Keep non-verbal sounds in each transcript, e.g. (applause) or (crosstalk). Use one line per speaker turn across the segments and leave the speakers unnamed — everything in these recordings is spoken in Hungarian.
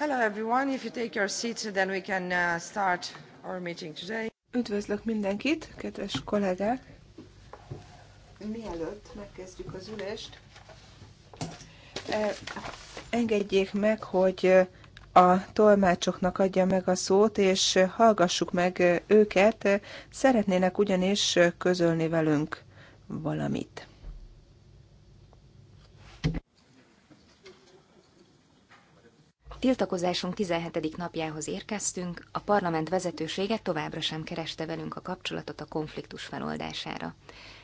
Hello everyone, if you take your seats, then we can uh, start our meeting today. Üdvözlök mindenkit, kedves kollégák! Mielőtt megkezdjük az ülést, e, engedjék meg, hogy e, a tolmácsoknak adja meg a szót, és hallgassuk meg e, őket. Szeretnének ugyanis közölni velünk valamit.
Tiltakozásunk 17. napjához érkeztünk, a parlament vezetősége továbbra sem kereste velünk a kapcsolatot a konfliktus feloldására.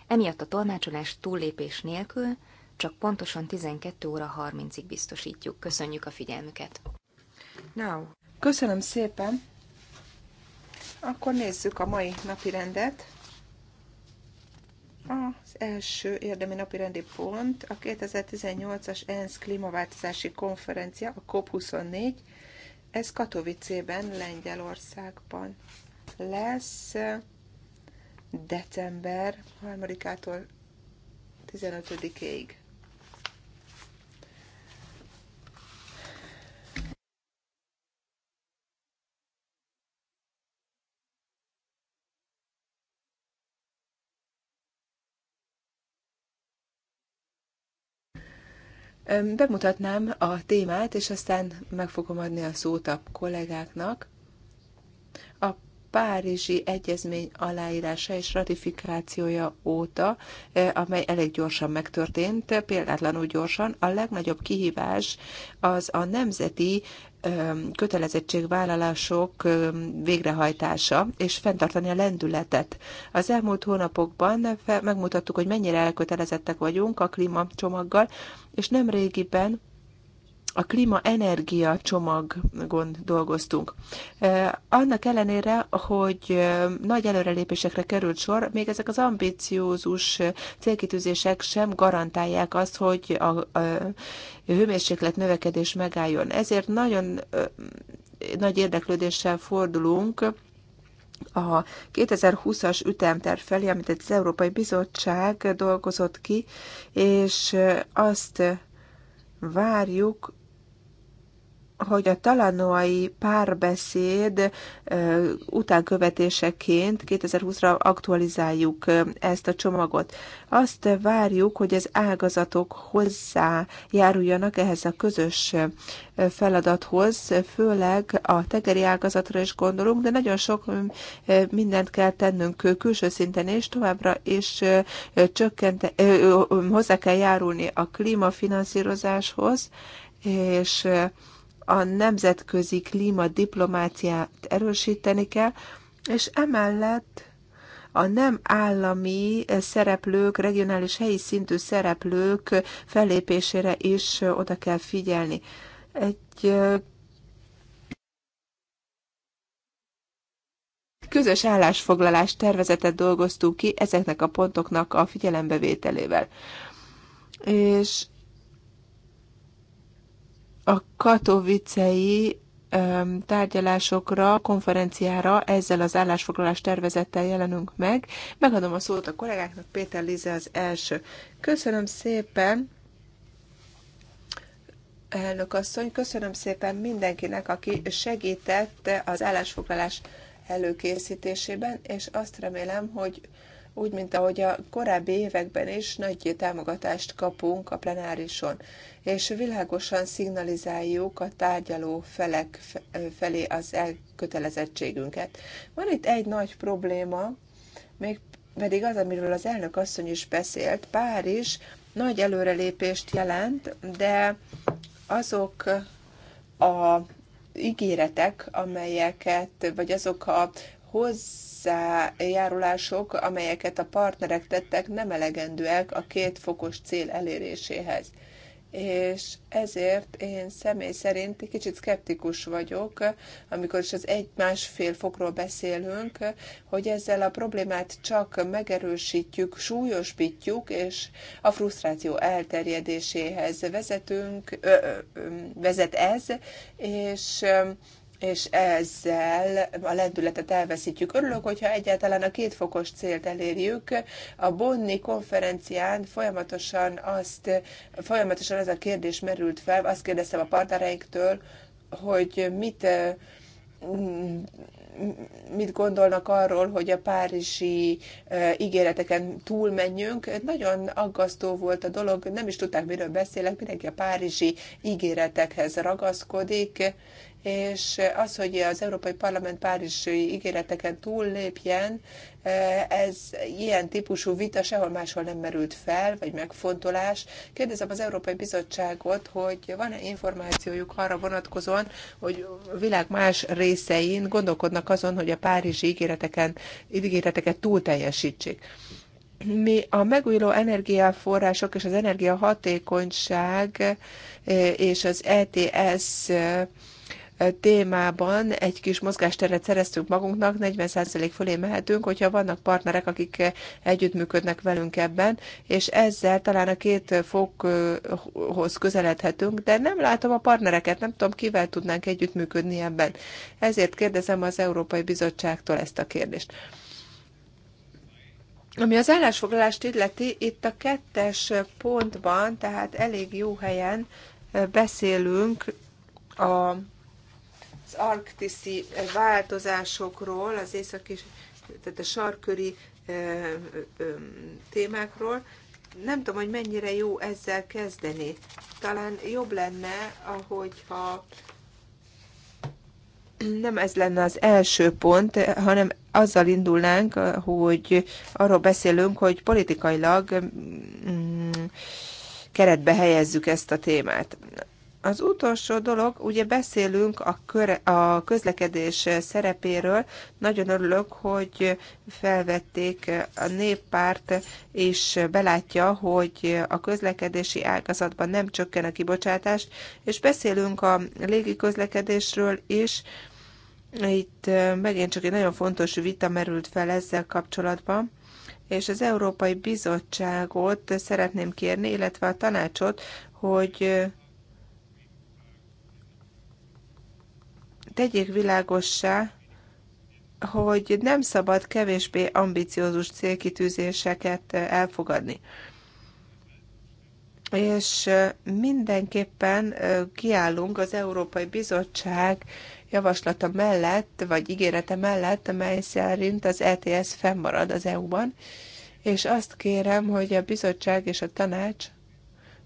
Emiatt a tolmácsolás túllépés nélkül csak pontosan 12 óra 30-ig biztosítjuk. Köszönjük a figyelmüket!
Now. Köszönöm szépen!
Akkor nézzük
a mai napi rendet. Az első érdemi napi rendi pont a 2018-as ENSZ klímaváltozási konferencia, a COP24. Ez Katowice-ben, Lengyelországban lesz december 3-ától 15-ig. Bemutatnám a témát, és aztán meg fogom adni a szót a kollégáknak. A Párizsi Egyezmény aláírása és ratifikációja óta, eh, amely elég gyorsan megtörtént, példátlanul gyorsan, a legnagyobb kihívás az a nemzeti eh, kötelezettségvállalások eh, végrehajtása és fenntartani a lendületet. Az elmúlt hónapokban megmutattuk, hogy mennyire elkötelezettek vagyunk a klímacsomaggal, és nem régiben a klíma-energia csomagon dolgoztunk. E, annak ellenére, hogy e, nagy előrelépésekre került sor, még ezek az ambiciózus célkitűzések sem garantálják azt, hogy a, a hőmérséklet növekedés megálljon. Ezért nagyon e, nagy érdeklődéssel fordulunk a 2020-as ütemterv felé, amit az Európai Bizottság dolgozott ki, és azt várjuk, hogy a talanoai párbeszéd utánkövetéseként 2020-ra aktualizáljuk ezt a csomagot. Azt várjuk, hogy az ágazatok hozzájáruljanak ehhez a közös feladathoz, főleg a tegeri ágazatra is gondolunk, de nagyon sok mindent kell tennünk külső szinten, és továbbra is csökkente, hozzá kell járulni a klímafinanszírozáshoz, és a nemzetközi diplomáciát erősíteni kell, és emellett a nem állami szereplők, regionális helyi szintű szereplők fellépésére is oda kell figyelni. Egy közös állásfoglalás tervezetet dolgoztunk ki ezeknek a pontoknak a figyelembevételével. És a katovicei tárgyalásokra, konferenciára ezzel az állásfoglalás tervezettel jelenünk meg. Megadom a szót a kollégáknak, Péter Lize az első. Köszönöm szépen, elnök asszony, köszönöm szépen mindenkinek, aki segítette az állásfoglalás előkészítésében, és azt remélem, hogy úgy, mint ahogy a korábbi években is nagy támogatást kapunk a plenárison, és világosan szignalizáljuk a tárgyaló felek felé az elkötelezettségünket. Van itt egy nagy probléma, még pedig az, amiről az elnök asszony is beszélt, Párizs nagy előrelépést jelent, de azok a ígéretek, amelyeket, vagy azok a hozzájárulások, amelyeket a partnerek tettek, nem elegendőek a két fokos cél eléréséhez. És ezért én személy szerint kicsit szkeptikus vagyok, amikor is az egy-másfél fokról beszélünk, hogy ezzel a problémát csak megerősítjük, súlyosbítjuk, és a frusztráció elterjedéséhez vezetünk, ö, ö, vezet ez, és és ezzel a lendületet elveszítjük. Örülök, hogyha egyáltalán a kétfokos célt elérjük. A Bonni konferencián folyamatosan, azt, folyamatosan ez a kérdés merült fel, azt kérdeztem a partnereinktől, hogy mit, mit gondolnak arról, hogy a párizsi ígéreteken túlmenjünk. Nagyon aggasztó volt a dolog, nem is tudták, miről beszélek, mindenki a párizsi ígéretekhez ragaszkodik, és az, hogy az Európai Parlament Párizsi ígéreteken túllépjen, ez ilyen típusú vita sehol máshol nem merült fel, vagy megfontolás. Kérdezem az Európai Bizottságot, hogy van-e információjuk arra vonatkozóan, hogy a világ más részein gondolkodnak azon, hogy a párizsi ígéreteken, ígéreteket túl teljesítsék. Mi a megújuló energiaforrások és az energiahatékonyság eh, és az ETS eh, témában egy kis mozgásteret szereztünk magunknak, 40% fölé mehetünk, hogyha vannak partnerek, akik eh, együttműködnek velünk ebben, és ezzel talán a két eh, fokhoz közeledhetünk, de nem látom a partnereket, nem tudom, kivel tudnánk együttműködni ebben. Ezért kérdezem az Európai Bizottságtól ezt a kérdést. Ami az állásfoglalást illeti, itt a kettes pontban, tehát elég jó helyen eh, beszélünk a arktiszi eh, változásokról, az északi, tehát a sarköri eh, eh, témákról. Nem tudom, hogy mennyire jó ezzel kezdeni. Talán jobb lenne, ahogyha nem ez lenne az első pont, hanem azzal indulnánk, hogy arról beszélünk, hogy politikailag mm, keretbe helyezzük ezt a témát. Az utolsó dolog, ugye beszélünk a, köre, a közlekedés szerepéről. Nagyon örülök, hogy felvették a néppárt, és belátja, hogy a közlekedési ágazatban nem csökken a kibocsátás, és beszélünk a légi közlekedésről is. Itt megint csak egy nagyon fontos vita merült fel ezzel kapcsolatban és az Európai Bizottságot szeretném kérni, illetve a tanácsot, hogy tegyék világossá, hogy nem szabad kevésbé ambiciózus célkitűzéseket eh, elfogadni. És eh, mindenképpen eh, kiállunk az Európai Bizottság javaslata mellett, vagy ígérete mellett, amely szerint az ETS fennmarad az EU-ban, és azt kérem, hogy a bizottság és a tanács,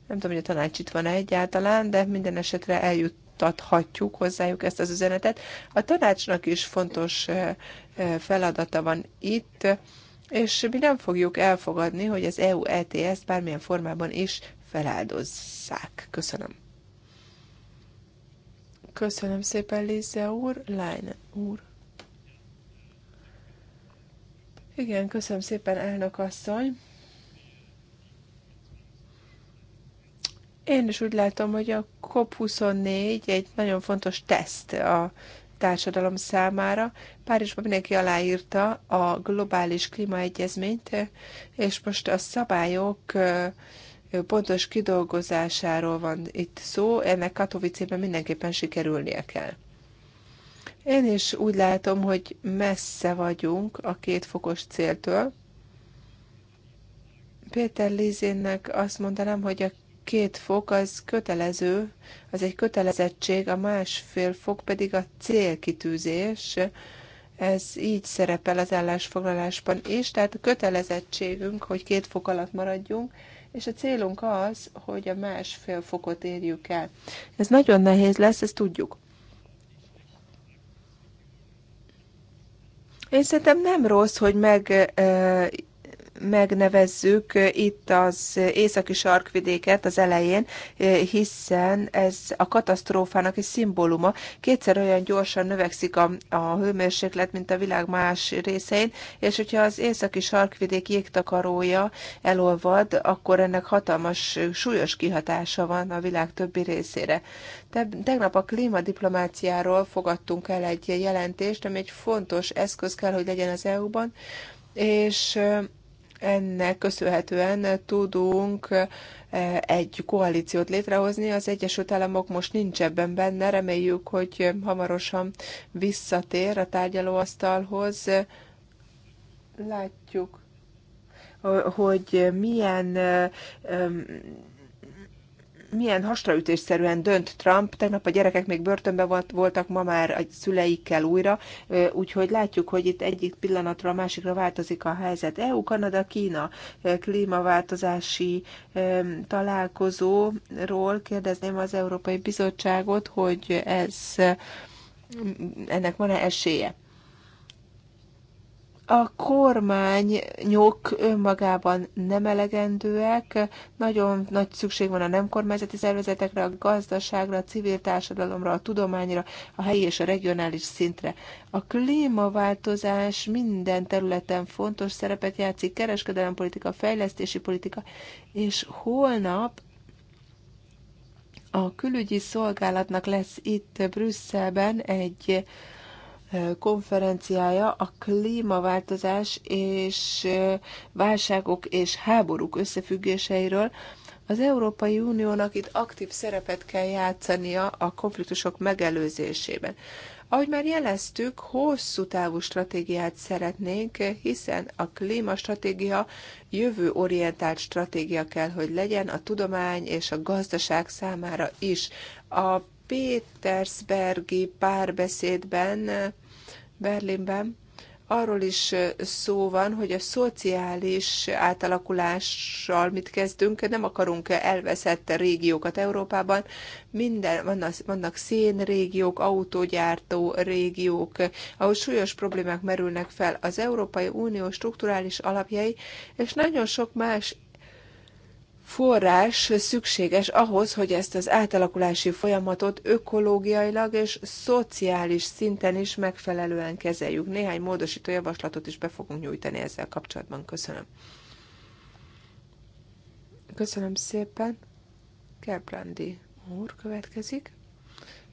nem tudom, hogy a tanács itt van -e egyáltalán, de minden esetre eljut, juttathatjuk hozzájuk ezt az üzenetet. A tanácsnak is fontos feladata van itt, és mi nem fogjuk elfogadni, hogy az EU ETS-t bármilyen formában is feláldozzák. Köszönöm. Köszönöm szépen, Lize úr, Leinen úr. Igen, köszönöm szépen, elnök asszony. Én is úgy látom, hogy a COP24 egy nagyon fontos teszt a társadalom számára. Párizsban mindenki aláírta a globális klímaegyezményt, és most a szabályok pontos kidolgozásáról van itt szó, ennek Katowice-ben mindenképpen sikerülnie kell. Én is úgy látom, hogy messze vagyunk a két fokos céltől. Péter Lizénnek azt mondanám, hogy a két fok az kötelező, az egy kötelezettség, a másfél fok pedig a célkitűzés, ez így szerepel az állásfoglalásban is, tehát a kötelezettségünk, hogy két fok alatt maradjunk, és a célunk az, hogy a másfél fokot érjük el. Ez nagyon nehéz lesz, ezt tudjuk. Én szerintem nem rossz, hogy meg megnevezzük itt az északi sarkvidéket az elején, hiszen ez a katasztrófának egy szimbóluma. Kétszer olyan gyorsan növekszik a, a hőmérséklet, mint a világ más részein, és hogyha az északi sarkvidék jégtakarója elolvad, akkor ennek hatalmas, súlyos kihatása van a világ többi részére. Te, tegnap a klímadiplomáciáról fogadtunk el egy jelentést, ami egy fontos eszköz kell, hogy legyen az EU-ban, és ennek köszönhetően tudunk e, egy koalíciót létrehozni. Az Egyesült Államok most nincs ebben benne, reméljük, hogy hamarosan visszatér a tárgyalóasztalhoz. Látjuk, hogy milyen e, e, milyen hasraütésszerűen dönt Trump. Tegnap a gyerekek még börtönben voltak, ma már a szüleikkel újra, úgyhogy látjuk, hogy itt egyik pillanatra a másikra változik a helyzet. EU, Kanada, Kína klímaváltozási találkozóról kérdezném az Európai Bizottságot, hogy ez ennek van-e esélye? a kormányok önmagában nem elegendőek, nagyon nagy szükség van a nem kormányzati szervezetekre, a gazdaságra, a civil társadalomra, a tudományra, a helyi és a regionális szintre. A klímaváltozás minden területen fontos szerepet játszik, kereskedelempolitika, fejlesztési politika, és holnap a külügyi szolgálatnak lesz itt Brüsszelben egy konferenciája a klímaváltozás és válságok és háborúk összefüggéseiről. Az Európai Uniónak itt aktív szerepet kell játszania a konfliktusok megelőzésében. Ahogy már jeleztük, hosszú távú stratégiát szeretnénk, hiszen a klímastratégia jövőorientált stratégia kell, hogy legyen a tudomány és a gazdaság számára is. A Petersbergi párbeszédben Berlinben arról is szó van, hogy a szociális átalakulással mit kezdünk, nem akarunk elveszett régiókat Európában, minden, vannak, vannak szénrégiók, autógyártó régiók, ahol súlyos problémák merülnek fel. Az Európai Unió strukturális alapjai, és nagyon sok más forrás szükséges ahhoz, hogy ezt az átalakulási folyamatot ökológiailag és szociális szinten is megfelelően kezeljük. Néhány módosító javaslatot is be fogunk nyújtani ezzel kapcsolatban. Köszönöm. Köszönöm szépen. Kerbrandi úr következik.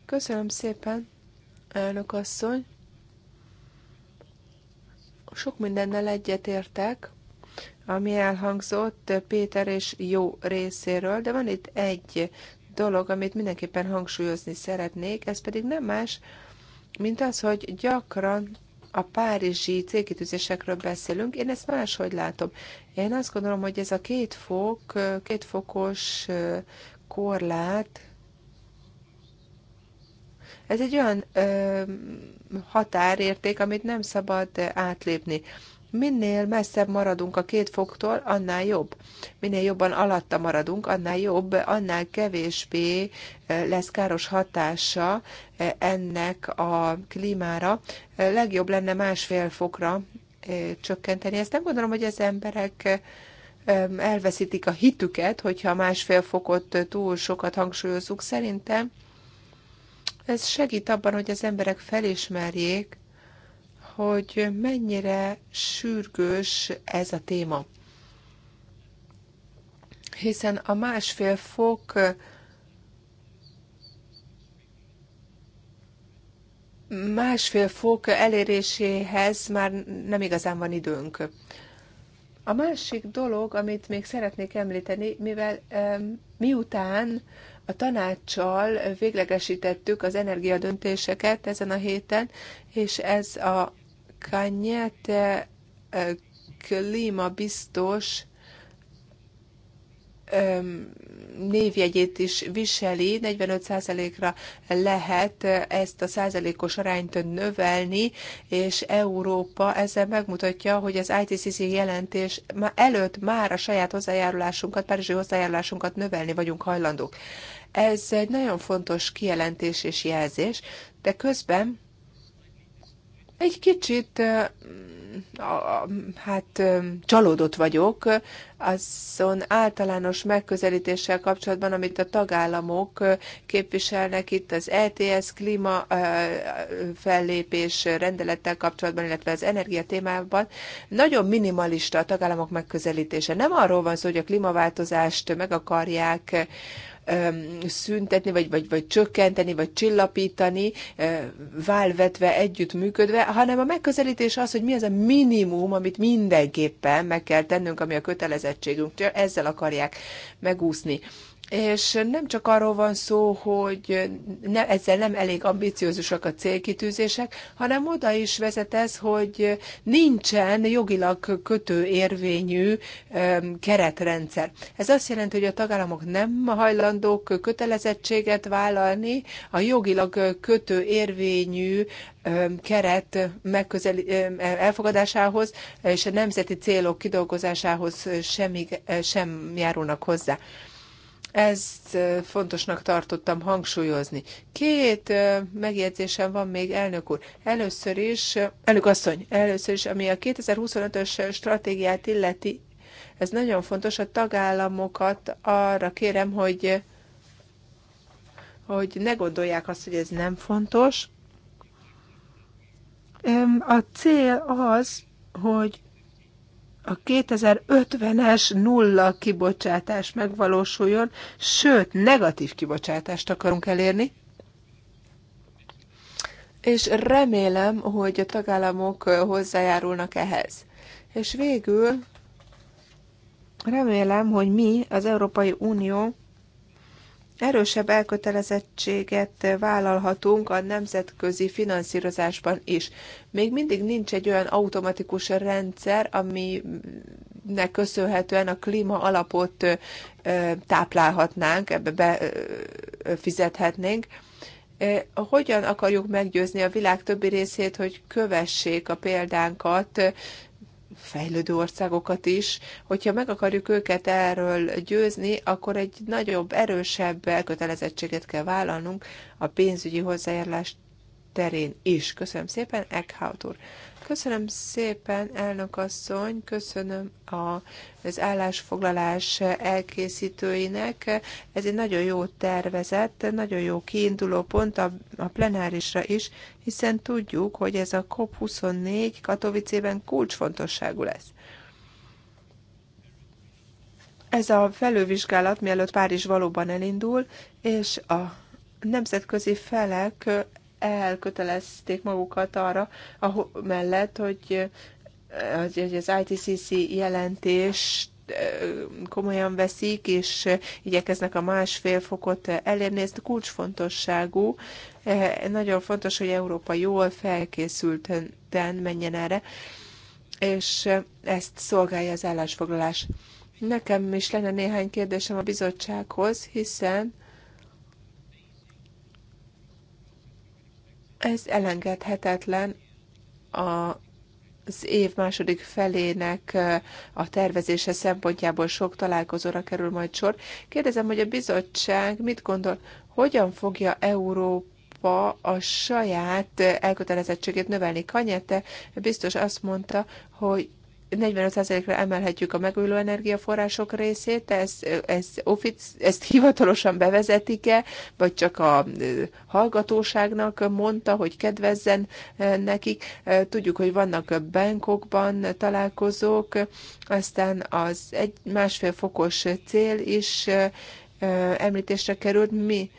Köszönöm szépen, elnök asszony. Sok mindennel egyetértek, ami elhangzott Péter és jó részéről, de van itt egy dolog, amit mindenképpen hangsúlyozni szeretnék, ez pedig nem más, mint az, hogy gyakran a párizsi célkitűzésekről beszélünk, én ezt máshogy látom. Én azt gondolom, hogy ez a két fok, két fokos korlát, ez egy olyan ö, határérték, amit nem szabad átlépni minél messzebb maradunk a két foktól, annál jobb. Minél jobban alatta maradunk, annál jobb, annál kevésbé e, lesz káros hatása e, ennek a klímára. E, legjobb lenne másfél fokra csökkenteni. Ezt nem gondolom, hogy az emberek elveszítik a hitüket, hogyha másfél fokot túl sokat hangsúlyozzuk. Szerintem ez segít abban, hogy az emberek felismerjék, hogy mennyire sürgős ez a téma. Hiszen a másfél fok másfél fok eléréséhez már nem igazán van időnk. A másik dolog, amit még szeretnék említeni, mivel miután a tanácssal véglegesítettük az energiadöntéseket ezen a héten, és ez a Kanyete klímabiztos névjegyét is viseli, 45%-ra lehet ezt a százalékos arányt növelni, és Európa ezzel megmutatja, hogy az ITCC jelentés előtt már a saját hozzájárulásunkat, párizsi hozzájárulásunkat növelni vagyunk hajlandók. Ez egy nagyon fontos kijelentés és jelzés, de közben egy kicsit hát csalódott vagyok azon általános megközelítéssel kapcsolatban, amit a tagállamok képviselnek itt az ETS klíma fellépés rendelettel kapcsolatban, illetve az energia témában. Nagyon minimalista a tagállamok megközelítése. Nem arról van szó, hogy a klímaváltozást meg akarják szüntetni, vagy, vagy, vagy csökkenteni, vagy csillapítani, válvetve, együttműködve, hanem a megközelítés az, hogy mi az a minimum, amit mindenképpen meg kell tennünk, ami a kötelezettségünk, ezzel akarják megúszni és nem csak arról van szó, hogy ne, ezzel nem elég ambiciózusak a célkitűzések, hanem oda is vezet ez, hogy nincsen jogilag kötő érvényű keretrendszer. Ez azt jelenti, hogy a tagállamok nem hajlandók kötelezettséget vállalni a jogilag kötő érvényű keret megközeli, elfogadásához és a nemzeti célok kidolgozásához sem, sem járulnak hozzá. Ezt fontosnak tartottam hangsúlyozni. Két megjegyzésem van még, elnök úr. Először is, elnök asszony, először is, ami a 2025-ös stratégiát illeti, ez nagyon fontos, a tagállamokat arra kérem, hogy, hogy ne gondolják azt, hogy ez nem fontos. A cél az, hogy a 2050-es nulla kibocsátás megvalósuljon, sőt, negatív kibocsátást akarunk elérni. És remélem, hogy a tagállamok hozzájárulnak ehhez. És végül remélem, hogy mi, az Európai Unió, erősebb elkötelezettséget vállalhatunk a nemzetközi finanszírozásban is. Még mindig nincs egy olyan automatikus rendszer, aminek köszönhetően a klíma alapot táplálhatnánk, ebbe befizethetnénk. Hogyan akarjuk meggyőzni a világ többi részét, hogy kövessék a példánkat, fejlődő országokat is, hogyha meg akarjuk őket erről győzni, akkor egy nagyobb, erősebb elkötelezettséget kell vállalnunk a pénzügyi hozzájárlást terén is. Köszönöm szépen, Eckhout úr. Köszönöm szépen, elnök asszony, köszönöm a, az állásfoglalás elkészítőinek. Ez egy nagyon jó tervezet, nagyon jó kiinduló pont a, a plenárisra is, hiszen tudjuk, hogy ez a COP24 Katowicében kulcsfontosságú lesz. Ez a felővizsgálat, mielőtt Párizs valóban elindul, és a nemzetközi felek elkötelezték magukat arra, ahol, mellett, hogy, eh, hogy az ITCC jelentést eh, komolyan veszik, és eh, igyekeznek a másfél fokot elérni. Ez kulcsfontosságú. Nagyon fontos, hogy Európa jól felkészülten menjen erre, és ezt szolgálja az állásfoglalás. Nekem is lenne néhány kérdésem a bizottsághoz, hiszen Ez elengedhetetlen a az év második felének a tervezése szempontjából sok találkozóra kerül majd sor. Kérdezem, hogy a bizottság mit gondol, hogyan fogja Európa a saját elkötelezettségét növelni? Kanyete biztos azt mondta, hogy 45%-ra emelhetjük a megújuló energiaforrások részét, ez, ez, offic, ezt hivatalosan bevezetik-e, vagy csak a hallgatóságnak mondta, hogy kedvezzen nekik. Tudjuk, hogy vannak bankokban találkozók, aztán az egy másfél fokos cél is említésre került. Mi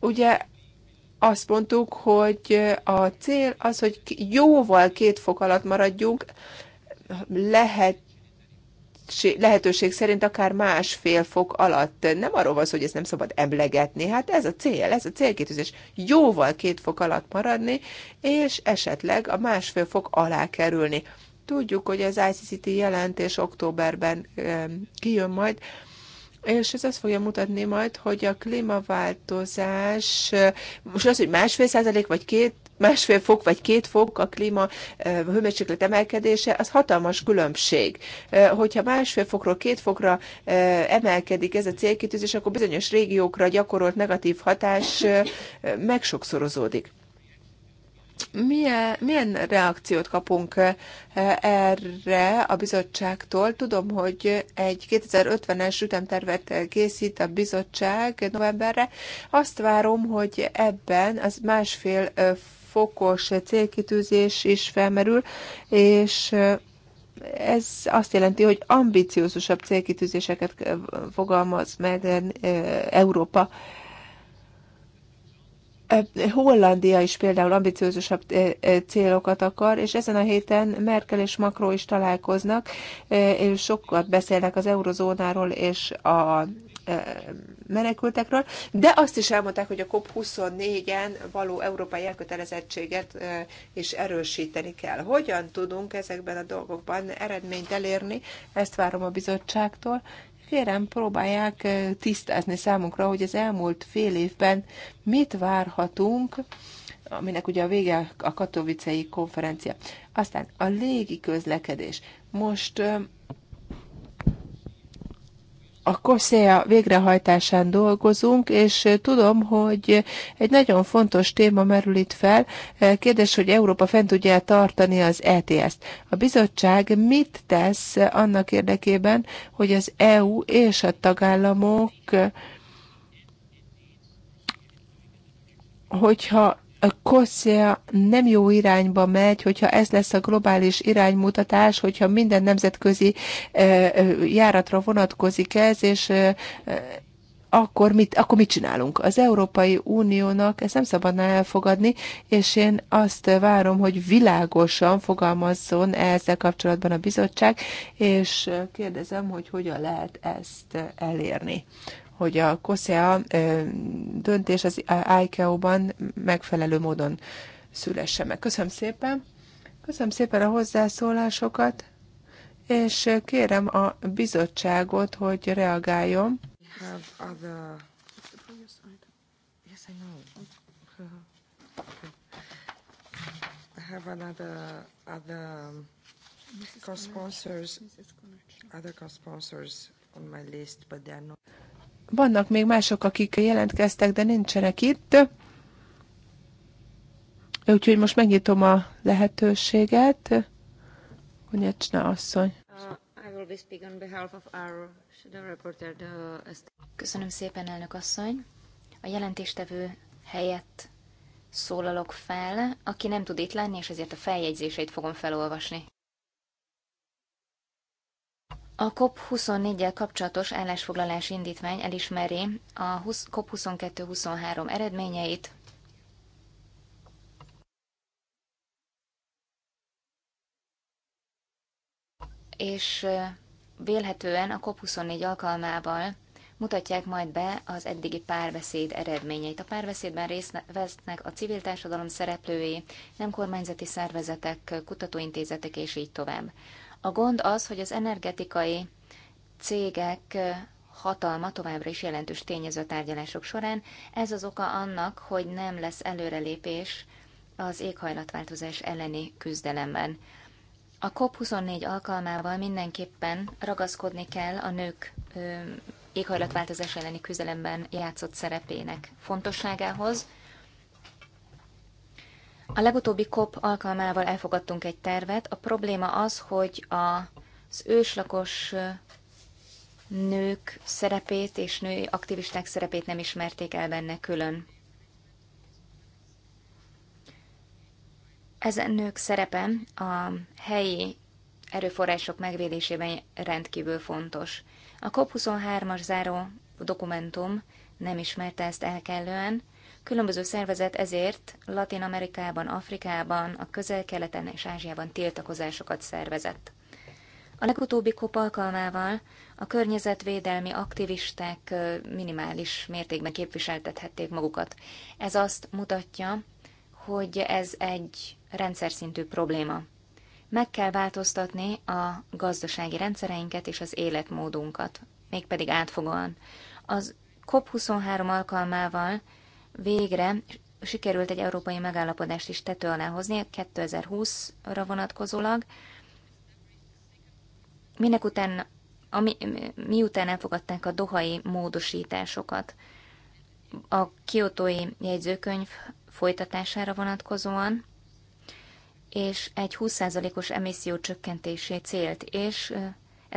ugye azt mondtuk, hogy a cél az, hogy jóval két fok alatt maradjunk, lehet lehetőség szerint akár másfél fok alatt. Nem arról van szó, hogy ezt nem szabad emlegetni, hát ez a cél, ez a célkétűzés. Jóval két fok alatt maradni, és esetleg a másfél fok alá kerülni. Tudjuk, hogy az ICCT jelentés októberben kijön majd, és ez azt fogja mutatni majd, hogy a klímaváltozás, eh, most az, hogy másfél százalék vagy két másfél fok vagy két fok a klíma a hőmérséklet emelkedése, az hatalmas különbség. Hogyha másfél fokról két fokra emelkedik ez a célkitűzés, akkor bizonyos régiókra gyakorolt negatív hatás megsokszorozódik. Milyen, milyen reakciót kapunk erre a bizottságtól? Tudom, hogy egy 2050-es ütemtervet készít a bizottság novemberre. Azt várom, hogy ebben az másfél fokos célkitűzés is felmerül, és ez azt jelenti, hogy ambiciózusabb célkitűzéseket fogalmaz meg Európa. Hollandia is például ambiciózusabb célokat akar, és ezen a héten Merkel és Macron is találkoznak, és sokat beszélnek az eurozónáról és a menekültekről, de azt is elmondták, hogy a COP24-en való európai elkötelezettséget is erősíteni kell. Hogyan tudunk ezekben a dolgokban eredményt elérni? Ezt várom a bizottságtól. Kérem, próbálják tisztázni számunkra, hogy az elmúlt fél évben mit várhatunk, aminek ugye a vége a Katowicei konferencia. Aztán a légi közlekedés. Most a COSEA végrehajtásán dolgozunk, és tudom, hogy egy nagyon fontos téma merül itt fel. Kérdés, hogy Európa fent tudja -e tartani az ETS-t. A bizottság mit tesz annak érdekében, hogy az EU és a tagállamok hogyha Kosszia nem jó irányba megy, hogyha ez lesz a globális iránymutatás, hogyha minden nemzetközi járatra vonatkozik ez, és akkor mit, akkor mit csinálunk? Az Európai Uniónak ezt nem szabadna elfogadni, és én azt várom, hogy világosan fogalmazzon ezzel kapcsolatban a bizottság, és kérdezem, hogy hogyan lehet ezt elérni hogy a COSEA döntés az ICAO-ban e megfelelő módon szülesse meg. Köszönöm szépen! Köszönöm szépen a hozzászólásokat, és kérem a bizottságot, hogy reagáljon. have another other um, co-sponsors, other co-sponsors on my list, but they are not. Vannak még mások, akik jelentkeztek, de nincsenek itt. Úgyhogy most megnyitom a lehetőséget.
Konyecsna asszony. Uh, Köszönöm szépen, elnök asszony. A jelentéstevő helyett szólalok fel, aki nem tud itt lenni, és ezért a feljegyzéseit fogom felolvasni. A COP24-el kapcsolatos állásfoglalás indítvány elismeri a COP22-23 eredményeit, és vélhetően a COP24 alkalmával mutatják majd be az eddigi párbeszéd eredményeit. A párbeszédben részt vesznek a civil társadalom szereplői, nem kormányzati szervezetek, kutatóintézetek és így tovább. A gond az, hogy az energetikai cégek hatalma továbbra is jelentős tényező a tárgyalások során. Ez az oka annak, hogy nem lesz előrelépés az éghajlatváltozás elleni küzdelemben. A COP24 alkalmával mindenképpen ragaszkodni kell a nők ö, éghajlatváltozás elleni küzdelemben játszott szerepének fontosságához, a legutóbbi COP alkalmával elfogadtunk egy tervet. A probléma az, hogy az őslakos nők szerepét és női aktivisták szerepét nem ismerték el benne külön. Ezen nők szerepe a helyi erőforrások megvédésében rendkívül fontos. A COP23-as záró dokumentum nem ismerte ezt elkellően, Különböző szervezet ezért Latin Amerikában, Afrikában, a közel-keleten és Ázsiában tiltakozásokat szervezett. A legutóbbi kop alkalmával a környezetvédelmi aktivisták minimális mértékben képviseltethették magukat. Ez azt mutatja, hogy ez egy rendszer szintű probléma. Meg kell változtatni a gazdasági rendszereinket és az életmódunkat, mégpedig átfogóan. Az COP23 alkalmával végre sikerült egy európai megállapodást is tető alá hozni 2020-ra vonatkozólag, minek után, ami, miután elfogadták a dohai módosításokat a kiotói jegyzőkönyv folytatására vonatkozóan, és egy 20%-os emisszió csökkentési célt, és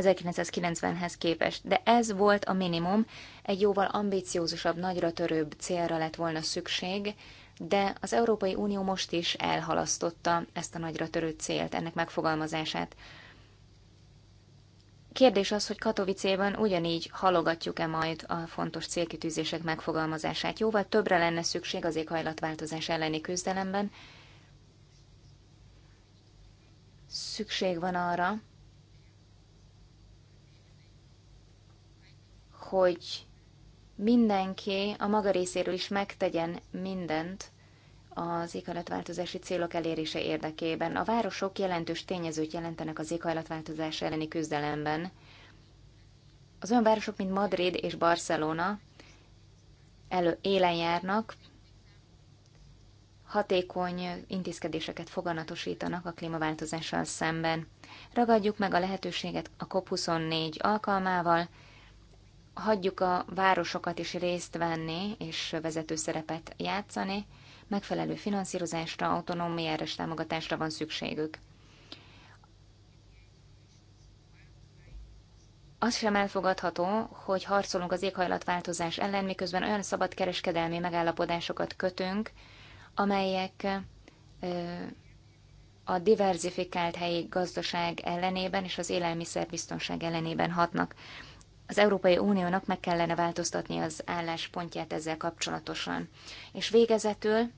1990-hez képest. De ez volt a minimum, egy jóval ambíciózusabb, nagyra törőbb célra lett volna szükség, de az Európai Unió most is elhalasztotta ezt a nagyra törő célt, ennek megfogalmazását. Kérdés az, hogy Katowicében ugyanígy halogatjuk-e majd a fontos célkitűzések megfogalmazását. Jóval többre lenne szükség az éghajlatváltozás elleni küzdelemben. Szükség van arra, hogy mindenki a maga részéről is megtegyen mindent az éghajlatváltozási célok elérése érdekében. A városok jelentős tényezőt jelentenek az éghajlatváltozás elleni küzdelemben. Az olyan városok, mint Madrid és Barcelona elő, élen járnak, hatékony intézkedéseket foganatosítanak a klímaváltozással szemben. Ragadjuk meg a lehetőséget a COP24 alkalmával, hagyjuk a városokat is részt venni és vezető szerepet játszani, megfelelő finanszírozásra, autonómiára és támogatásra van szükségük. Az sem elfogadható, hogy harcolunk az éghajlatváltozás ellen, miközben olyan szabadkereskedelmi megállapodásokat kötünk, amelyek a diverzifikált helyi gazdaság ellenében és az élelmiszerbiztonság ellenében hatnak az Európai Uniónak meg kellene változtatni az álláspontját ezzel kapcsolatosan. És végezetül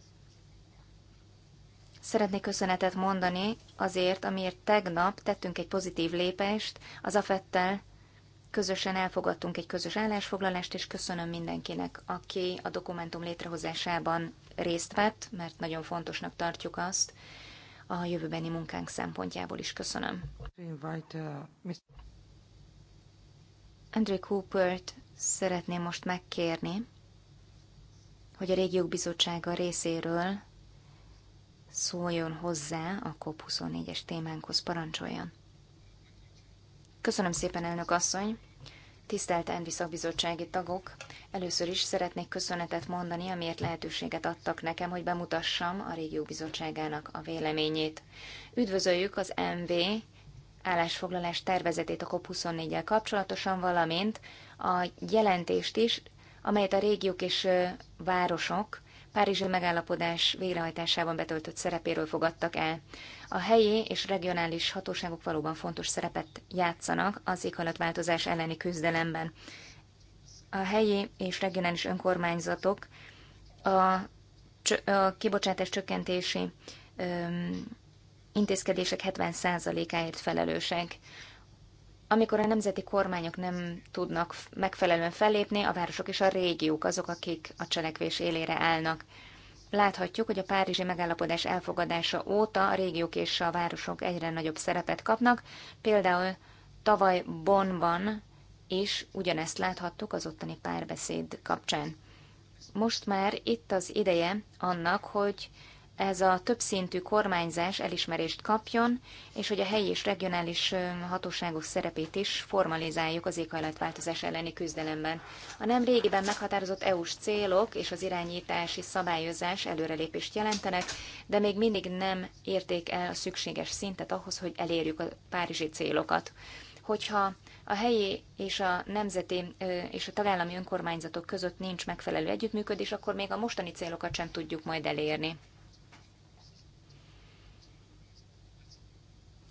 szeretnék köszönetet mondani azért, amiért tegnap tettünk egy pozitív lépést az AFET-tel, közösen elfogadtunk egy közös állásfoglalást, és köszönöm mindenkinek, aki a dokumentum létrehozásában részt vett, mert nagyon fontosnak tartjuk azt, a jövőbeni munkánk szempontjából is köszönöm. Andrew Coopert szeretném most megkérni, hogy a Régiók Bizottsága részéről szóljon hozzá a COP24-es témánkhoz, parancsoljon. Köszönöm szépen, elnök asszony! Tisztelt Envi szakbizottsági tagok! Először is szeretnék köszönetet mondani, amiért lehetőséget adtak nekem, hogy bemutassam a Régió Bizottságának a véleményét. Üdvözöljük az MV állásfoglalás tervezetét a COP24-el kapcsolatosan, valamint a jelentést is, amelyet a régiók és városok Párizsi megállapodás végrehajtásában betöltött szerepéről fogadtak el. A helyi és regionális hatóságok valóban fontos szerepet játszanak az éghajlatváltozás elleni küzdelemben. A helyi és regionális önkormányzatok a, a kibocsátás csökkentési öm, intézkedések 70%-áért felelősek. Amikor a nemzeti kormányok nem tudnak megfelelően fellépni, a városok és a régiók azok, akik a cselekvés élére állnak. Láthatjuk, hogy a Párizsi megállapodás elfogadása óta a régiók és a városok egyre nagyobb szerepet kapnak, például tavaly Bonnban is ugyanezt láthattuk az ottani párbeszéd kapcsán. Most már itt az ideje annak, hogy ez a többszintű kormányzás elismerést kapjon, és hogy a helyi és regionális hatóságok szerepét is formalizáljuk az éghajlatváltozás elleni küzdelemben. A nem régiben meghatározott EU-s célok és az irányítási szabályozás előrelépést jelentenek, de még mindig nem érték el a szükséges szintet ahhoz, hogy elérjük a párizsi célokat. Hogyha a helyi és a nemzeti és a tagállami önkormányzatok között nincs megfelelő együttműködés, akkor még a mostani célokat sem tudjuk majd elérni.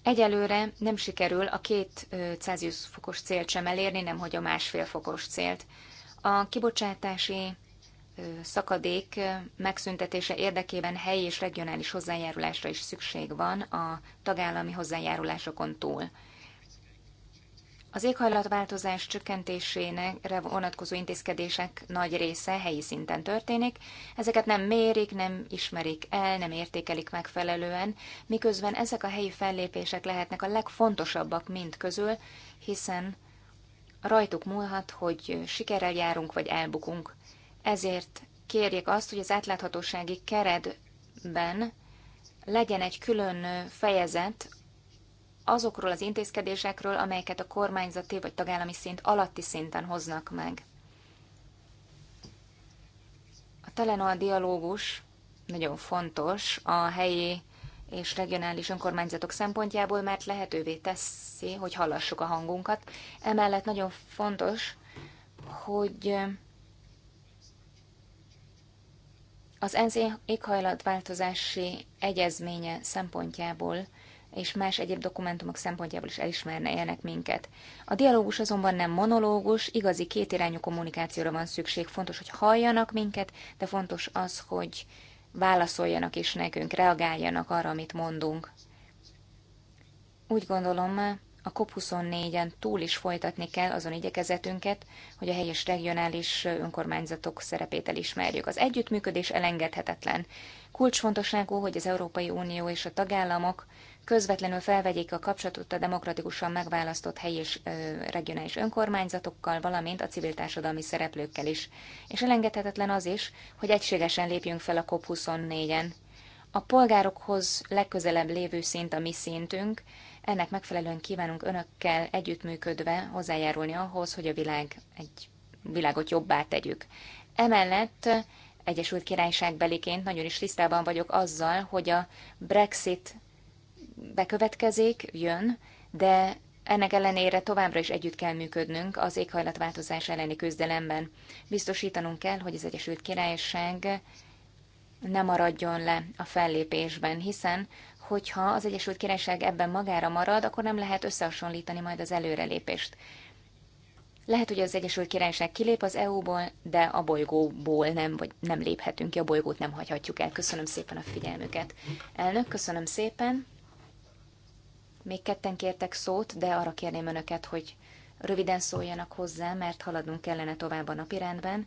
Egyelőre nem sikerül a két Celsius fokos célt sem elérni, nemhogy a másfél fokos célt. A kibocsátási szakadék megszüntetése érdekében helyi és regionális hozzájárulásra is szükség van a tagállami hozzájárulásokon túl. Az éghajlatváltozás csökkentésére vonatkozó intézkedések nagy része helyi szinten történik, ezeket nem mérik, nem ismerik el, nem értékelik megfelelően, miközben ezek a helyi fellépések lehetnek a legfontosabbak mind közül, hiszen rajtuk múlhat, hogy sikerrel járunk vagy elbukunk. Ezért kérjék azt, hogy az átláthatósági keretben legyen egy külön fejezet azokról az intézkedésekről, amelyeket a kormányzati vagy tagállami szint alatti szinten hoznak meg. A Telenor dialógus nagyon fontos a helyi és regionális önkormányzatok szempontjából, mert lehetővé teszi, hogy hallassuk a hangunkat. Emellett nagyon fontos, hogy az ENSZ éghajlatváltozási egyezménye szempontjából és más egyéb dokumentumok szempontjából is elismerne élnek minket. A dialógus azonban nem monológus, igazi kétirányú kommunikációra van szükség. Fontos, hogy halljanak minket, de fontos az, hogy válaszoljanak is nekünk, reagáljanak arra, amit mondunk. Úgy gondolom, a COP24-en túl is folytatni kell azon igyekezetünket, hogy a helyes regionális önkormányzatok szerepét elismerjük. Az együttműködés elengedhetetlen. Kulcsfontosságú, hogy az Európai Unió és a tagállamok közvetlenül felvegyék a kapcsolatot a demokratikusan megválasztott helyi és regionális önkormányzatokkal, valamint a civil társadalmi szereplőkkel is. És elengedhetetlen az is, hogy egységesen lépjünk fel a COP24-en. A polgárokhoz legközelebb lévő szint a mi szintünk, ennek megfelelően kívánunk önökkel együttműködve hozzájárulni ahhoz, hogy a világ egy világot jobbá tegyük. Emellett Egyesült Királyság beliként nagyon is tisztában vagyok azzal, hogy a Brexit bekövetkezik, jön, de ennek ellenére továbbra is együtt kell működnünk az éghajlatváltozás elleni küzdelemben. Biztosítanunk kell, hogy az Egyesült Királyság ne maradjon le a fellépésben, hiszen hogyha az Egyesült Királyság ebben magára marad, akkor nem lehet összehasonlítani majd az előrelépést. Lehet, hogy az Egyesült Királyság kilép az EU-ból, de a bolygóból nem, vagy nem léphetünk ki, a bolygót nem hagyhatjuk el. Köszönöm szépen a figyelmüket. Elnök, köszönöm szépen. Még ketten kértek szót, de arra kérném önöket, hogy röviden szóljanak hozzá, mert haladnunk kellene tovább a napirendben,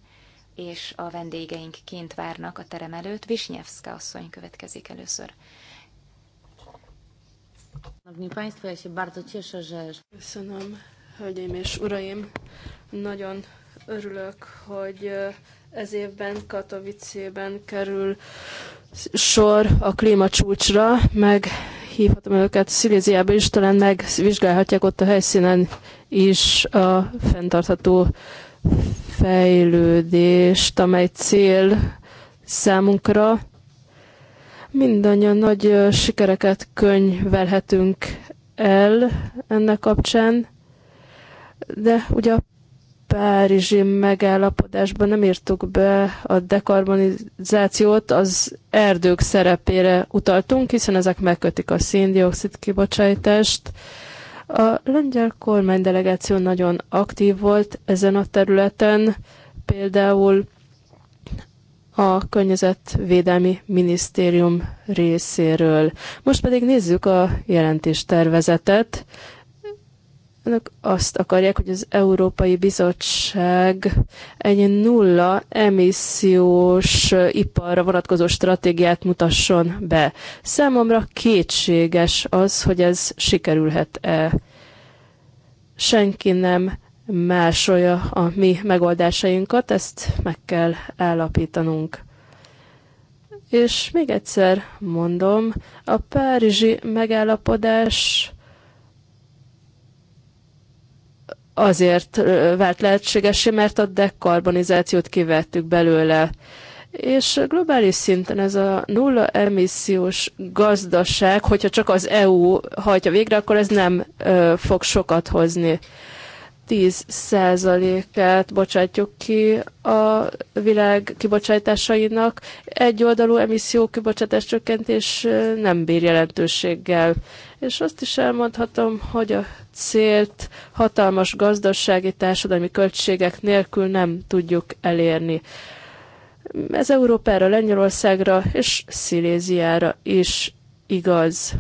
és a vendégeink kint várnak a terem előtt. Visnyevszka asszony következik
először. Köszönöm, hölgyeim és uraim! Nagyon örülök, hogy eh, ez évben Katowicében kerül sor a klímacsúcsra, meg meghívhatom őket Sziléziába is, talán megvizsgálhatják ott a helyszínen is a fenntartható fejlődést, amely cél számunkra. Mindannyian nagy sikereket könyvelhetünk el ennek kapcsán, de ugye a Párizsi megállapodásban nem írtuk be a dekarbonizációt, az erdők szerepére utaltunk, hiszen ezek megkötik a széndiokszid kibocsátást. A lengyel kormány delegáció nagyon aktív volt ezen a területen, például a Környezetvédelmi Minisztérium részéről. Most pedig nézzük a jelentéstervezetet. Önök azt akarják, hogy az Európai Bizottság egy nulla emissziós iparra vonatkozó stratégiát mutasson be. Számomra kétséges az, hogy ez sikerülhet-e. Senki nem másolja a mi megoldásainkat, ezt meg kell állapítanunk. És még egyszer mondom, a párizsi megállapodás azért vált lehetségesé, mert a dekarbonizációt kivettük belőle. És globális szinten ez a nulla emissziós gazdaság, hogyha csak az EU hajtja végre, akkor ez nem ö, fog sokat hozni. 10%-át bocsátjuk ki a világ kibocsátásainak. Egyoldalú emisszió kibocsátás csökkentés nem bír jelentőséggel. És azt is elmondhatom, hogy a célt hatalmas gazdasági társadalmi költségek nélkül nem tudjuk elérni. Ez Európára, Lengyelországra és Sziléziára is igaz.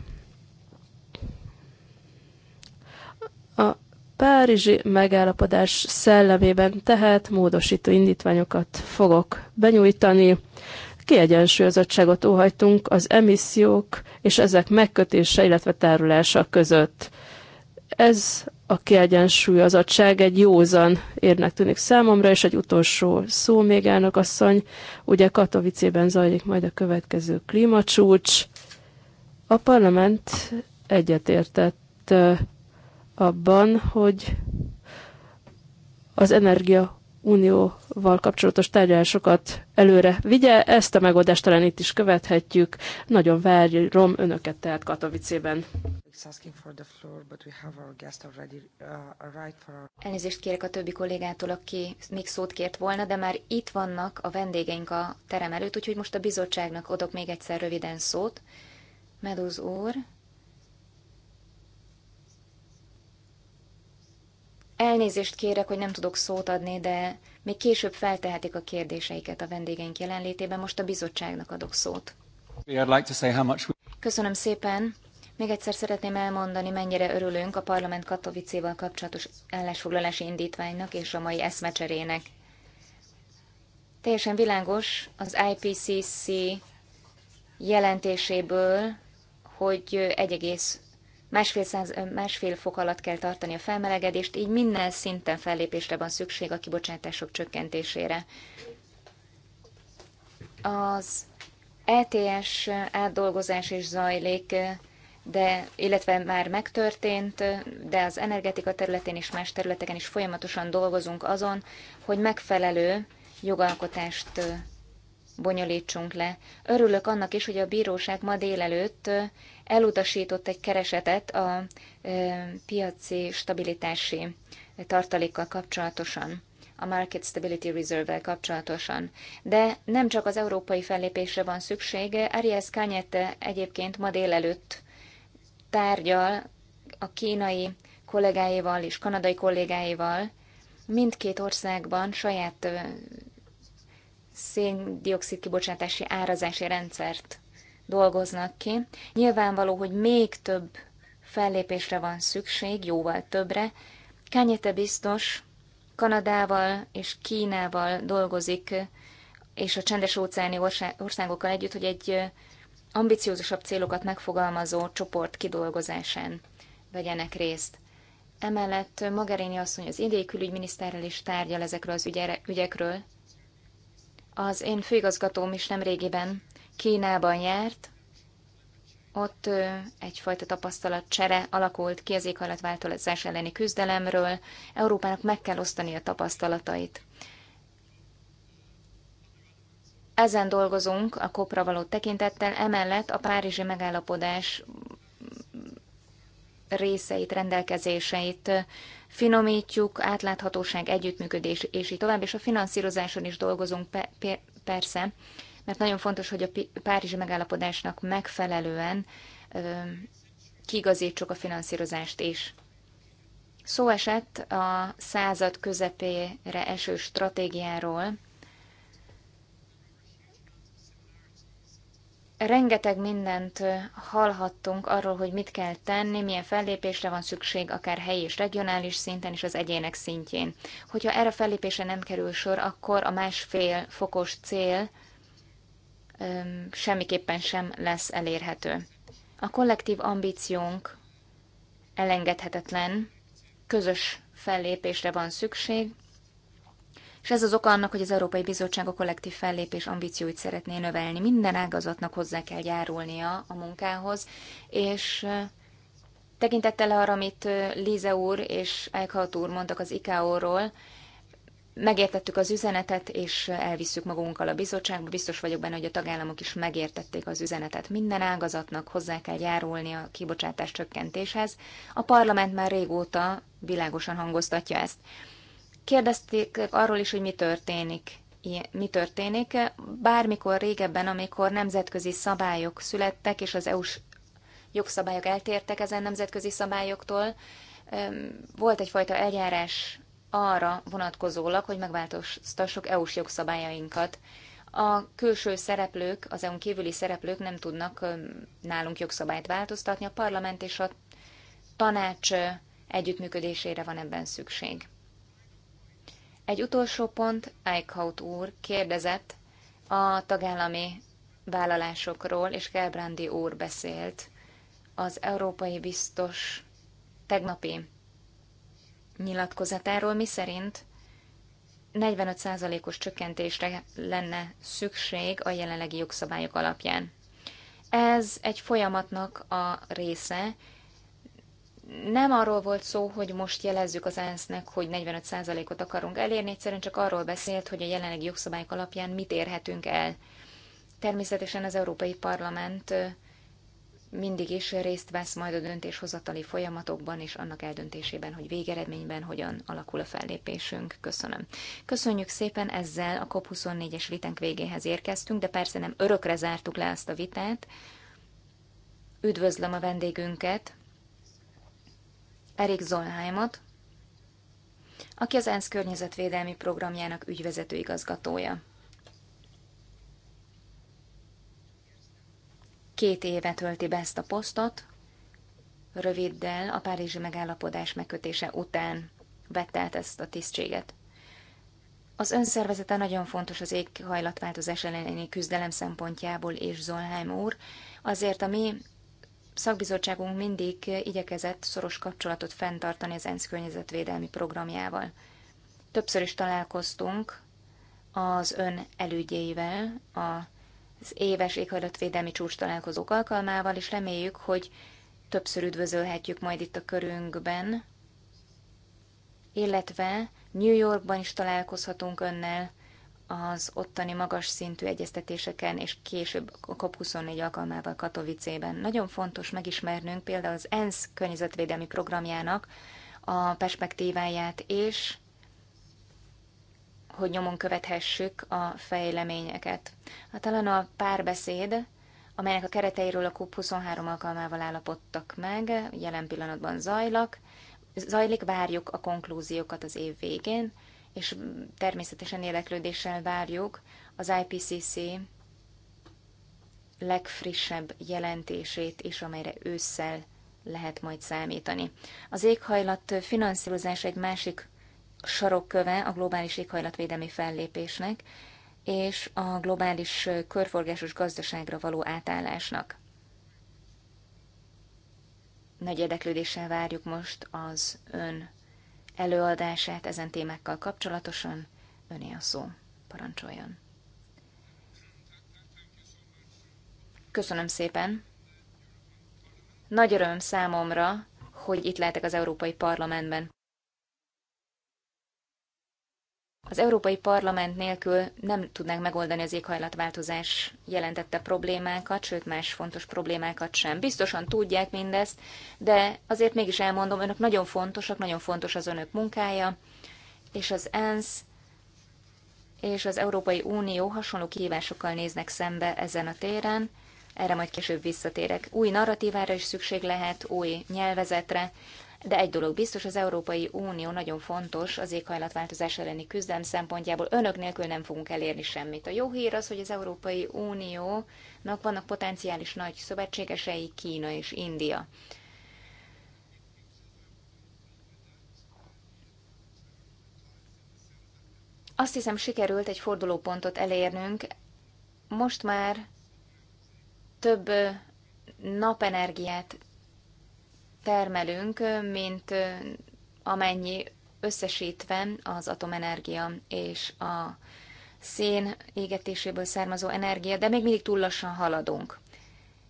A Párizsi megállapodás szellemében tehát módosító indítványokat fogok benyújtani. Kiegyensúlyozottságot óhajtunk az emissziók és ezek megkötése, illetve tárolása között. Ez a kiegyensúlyozottság egy józan érnek tűnik számomra, és egy utolsó szó még elnök asszony, ugye Katowicében zajlik majd a következő klímacsúcs. A parlament egyetértett abban, hogy az energia unióval kapcsolatos tárgyalásokat előre vigye. Ezt a megoldást talán itt is követhetjük. Nagyon várom önöket tehát Katowicében. Uh,
Elnézést kérek a többi kollégától, aki még szót kért volna, de már itt vannak a vendégeink a terem előtt, úgyhogy most a bizottságnak adok még egyszer röviden szót. Medúz úr, Elnézést kérek, hogy nem tudok szót adni, de még később feltehetik a kérdéseiket a vendégeink jelenlétében. Most a bizottságnak adok szót. Köszönöm szépen. Még egyszer szeretném elmondani, mennyire örülünk a parlament Katowicéval kapcsolatos állásfoglalási indítványnak és a mai eszmecserének. Teljesen világos az IPCC jelentéséből, hogy másfél, száz, másfél fok alatt kell tartani a felmelegedést, így minden szinten fellépésre van szükség a kibocsátások csökkentésére. Az ETS átdolgozás is zajlik, de, illetve már megtörtént, de az energetika területén és más területeken is folyamatosan dolgozunk azon, hogy megfelelő jogalkotást bonyolítsunk le. Örülök annak is, hogy a bíróság ma délelőtt elutasított egy keresetet a piaci stabilitási tartalékkal kapcsolatosan a Market Stability Reserve-vel kapcsolatosan. De nem csak az európai fellépésre van szüksége, Arias Kanyete egyébként ma délelőtt tárgyal a kínai kollégáival és kanadai kollégáival, mindkét országban saját széndiokszid kibocsátási árazási rendszert dolgoznak ki. Nyilvánvaló, hogy még több fellépésre van szükség, jóval többre. Kányete biztos Kanadával és Kínával dolgozik, és a csendes óceáni országokkal együtt, hogy egy ambiciózusabb célokat megfogalmazó csoport kidolgozásán vegyenek részt. Emellett Magarini asszony az indiai külügyminiszterrel is tárgyal ezekről az ügyekről, az én főigazgatóm is nemrégiben Kínában járt, ott egyfajta csere alakult ki az éghajlatváltozás elleni küzdelemről. Európának meg kell osztani a tapasztalatait. Ezen dolgozunk a kopra való tekintettel, emellett a párizsi megállapodás részeit, rendelkezéseit finomítjuk, átláthatóság, együttműködés, és így tovább, és a finanszírozáson is dolgozunk pe- pe- persze, mert nagyon fontos, hogy a Párizsi megállapodásnak megfelelően ö, kigazítsuk a finanszírozást is. Szó esett a század közepére eső stratégiáról, rengeteg mindent hallhattunk arról, hogy mit kell tenni, milyen fellépésre van szükség, akár helyi és regionális szinten és az egyének szintjén. Hogyha erre a fellépésre nem kerül sor, akkor a másfél fokos cél öm, semmiképpen sem lesz elérhető. A kollektív ambíciónk elengedhetetlen, közös fellépésre van szükség, és ez az oka annak, hogy az Európai Bizottság a kollektív fellépés ambícióit szeretné növelni. Minden ágazatnak hozzá kell járulnia a munkához, és tekintettel arra, amit Líze úr és Eichhardt úr mondtak az ICAO-ról, megértettük az üzenetet, és elvisszük magunkkal a bizottságba. Biztos vagyok benne, hogy a tagállamok is megértették az üzenetet. Minden ágazatnak hozzá kell járulni a kibocsátás csökkentéshez. A parlament már régóta világosan hangoztatja ezt. Kérdezték arról is, hogy mi történik. Mi történik? Bármikor régebben, amikor nemzetközi szabályok születtek, és az EU-s jogszabályok eltértek ezen nemzetközi szabályoktól, volt egyfajta eljárás arra vonatkozólag, hogy megváltoztassuk EU-s jogszabályainkat. A külső szereplők, az EU-n kívüli szereplők nem tudnak nálunk jogszabályt változtatni, a parlament és a tanács együttműködésére van ebben szükség. Egy utolsó pont, Eichhout úr kérdezett a tagállami vállalásokról, és Gelbrandi úr beszélt az európai biztos tegnapi nyilatkozatáról, miszerint 45%-os csökkentésre lenne szükség a jelenlegi jogszabályok alapján. Ez egy folyamatnak a része, nem arról volt szó, hogy most jelezzük az ENSZ-nek, hogy 45%-ot akarunk elérni, egyszerűen csak arról beszélt, hogy a jelenlegi jogszabályok alapján mit érhetünk el. Természetesen az Európai Parlament mindig is részt vesz majd a döntéshozatali folyamatokban és annak eldöntésében, hogy végeredményben hogyan alakul a fellépésünk. Köszönöm. Köszönjük szépen, ezzel a COP24-es vitánk végéhez érkeztünk, de persze nem örökre zártuk le ezt a vitát. Üdvözlöm a vendégünket, Erik Zollheimot, aki az ENSZ környezetvédelmi programjának ügyvezető igazgatója. Két éve tölti be ezt a posztot, röviddel a Párizsi megállapodás megkötése után vette át ezt a tisztséget. Az önszervezete nagyon fontos az éghajlatváltozás elleni küzdelem szempontjából és Zolheim úr, azért a mi szakbizottságunk mindig igyekezett szoros kapcsolatot fenntartani az ENSZ környezetvédelmi programjával. Többször is találkoztunk az ön elődjeivel, az éves éghajlatvédelmi csúcs találkozók alkalmával, és reméljük, hogy többször üdvözölhetjük majd itt a körünkben, illetve New Yorkban is találkozhatunk önnel, az ottani magas szintű egyeztetéseken, és később a COP24 alkalmával Katowicében. Nagyon fontos megismernünk például az ENSZ környezetvédelmi programjának a perspektíváját, és hogy nyomon követhessük a fejleményeket. Hát talán a párbeszéd, amelynek a kereteiről a COP23 alkalmával állapodtak meg, jelen pillanatban zajlak, zajlik, várjuk a konklúziókat az év végén, és természetesen érdeklődéssel várjuk az IPCC legfrissebb jelentését is, amelyre ősszel lehet majd számítani. Az éghajlat finanszírozás egy másik sarokköve a globális éghajlatvédelmi fellépésnek és a globális körforgásos gazdaságra való átállásnak. Nagy érdeklődéssel várjuk most az ön előadását ezen témákkal kapcsolatosan. Öné a szó. Parancsoljon. Köszönöm szépen. Nagy öröm számomra, hogy itt lehetek az Európai Parlamentben. Az Európai Parlament nélkül nem tudnánk megoldani az éghajlatváltozás jelentette problémákat, sőt más fontos problémákat sem. Biztosan tudják mindezt, de azért mégis elmondom, önök nagyon fontosak, nagyon fontos az önök munkája, és az ENSZ és az Európai Unió hasonló kihívásokkal néznek szembe ezen a téren, erre majd később visszatérek. Új narratívára is szükség lehet, új nyelvezetre. De egy dolog biztos, az Európai Unió nagyon fontos az éghajlatváltozás elleni küzdelem szempontjából. Önök nélkül nem fogunk elérni semmit. A jó hír az, hogy az Európai Uniónak vannak potenciális nagy szövetségesei, Kína és India. Azt hiszem, sikerült egy fordulópontot elérnünk. Most már több napenergiát termelünk, mint amennyi összesítve az atomenergia és a szén égetéséből származó energia, de még mindig túl lassan haladunk.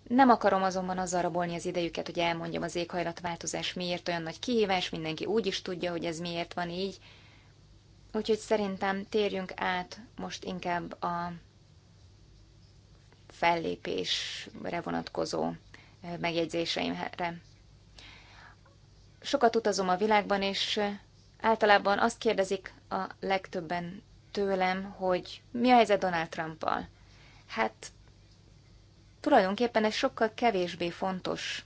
Nem akarom azonban azzal rabolni az idejüket, hogy elmondjam az éghajlatváltozás miért olyan nagy kihívás, mindenki úgy is tudja, hogy ez miért van így. Úgyhogy szerintem térjünk át most inkább a fellépésre vonatkozó megjegyzéseimre sokat utazom a világban, és általában azt kérdezik a legtöbben tőlem, hogy mi a helyzet Donald Trumpal. Hát tulajdonképpen ez sokkal kevésbé fontos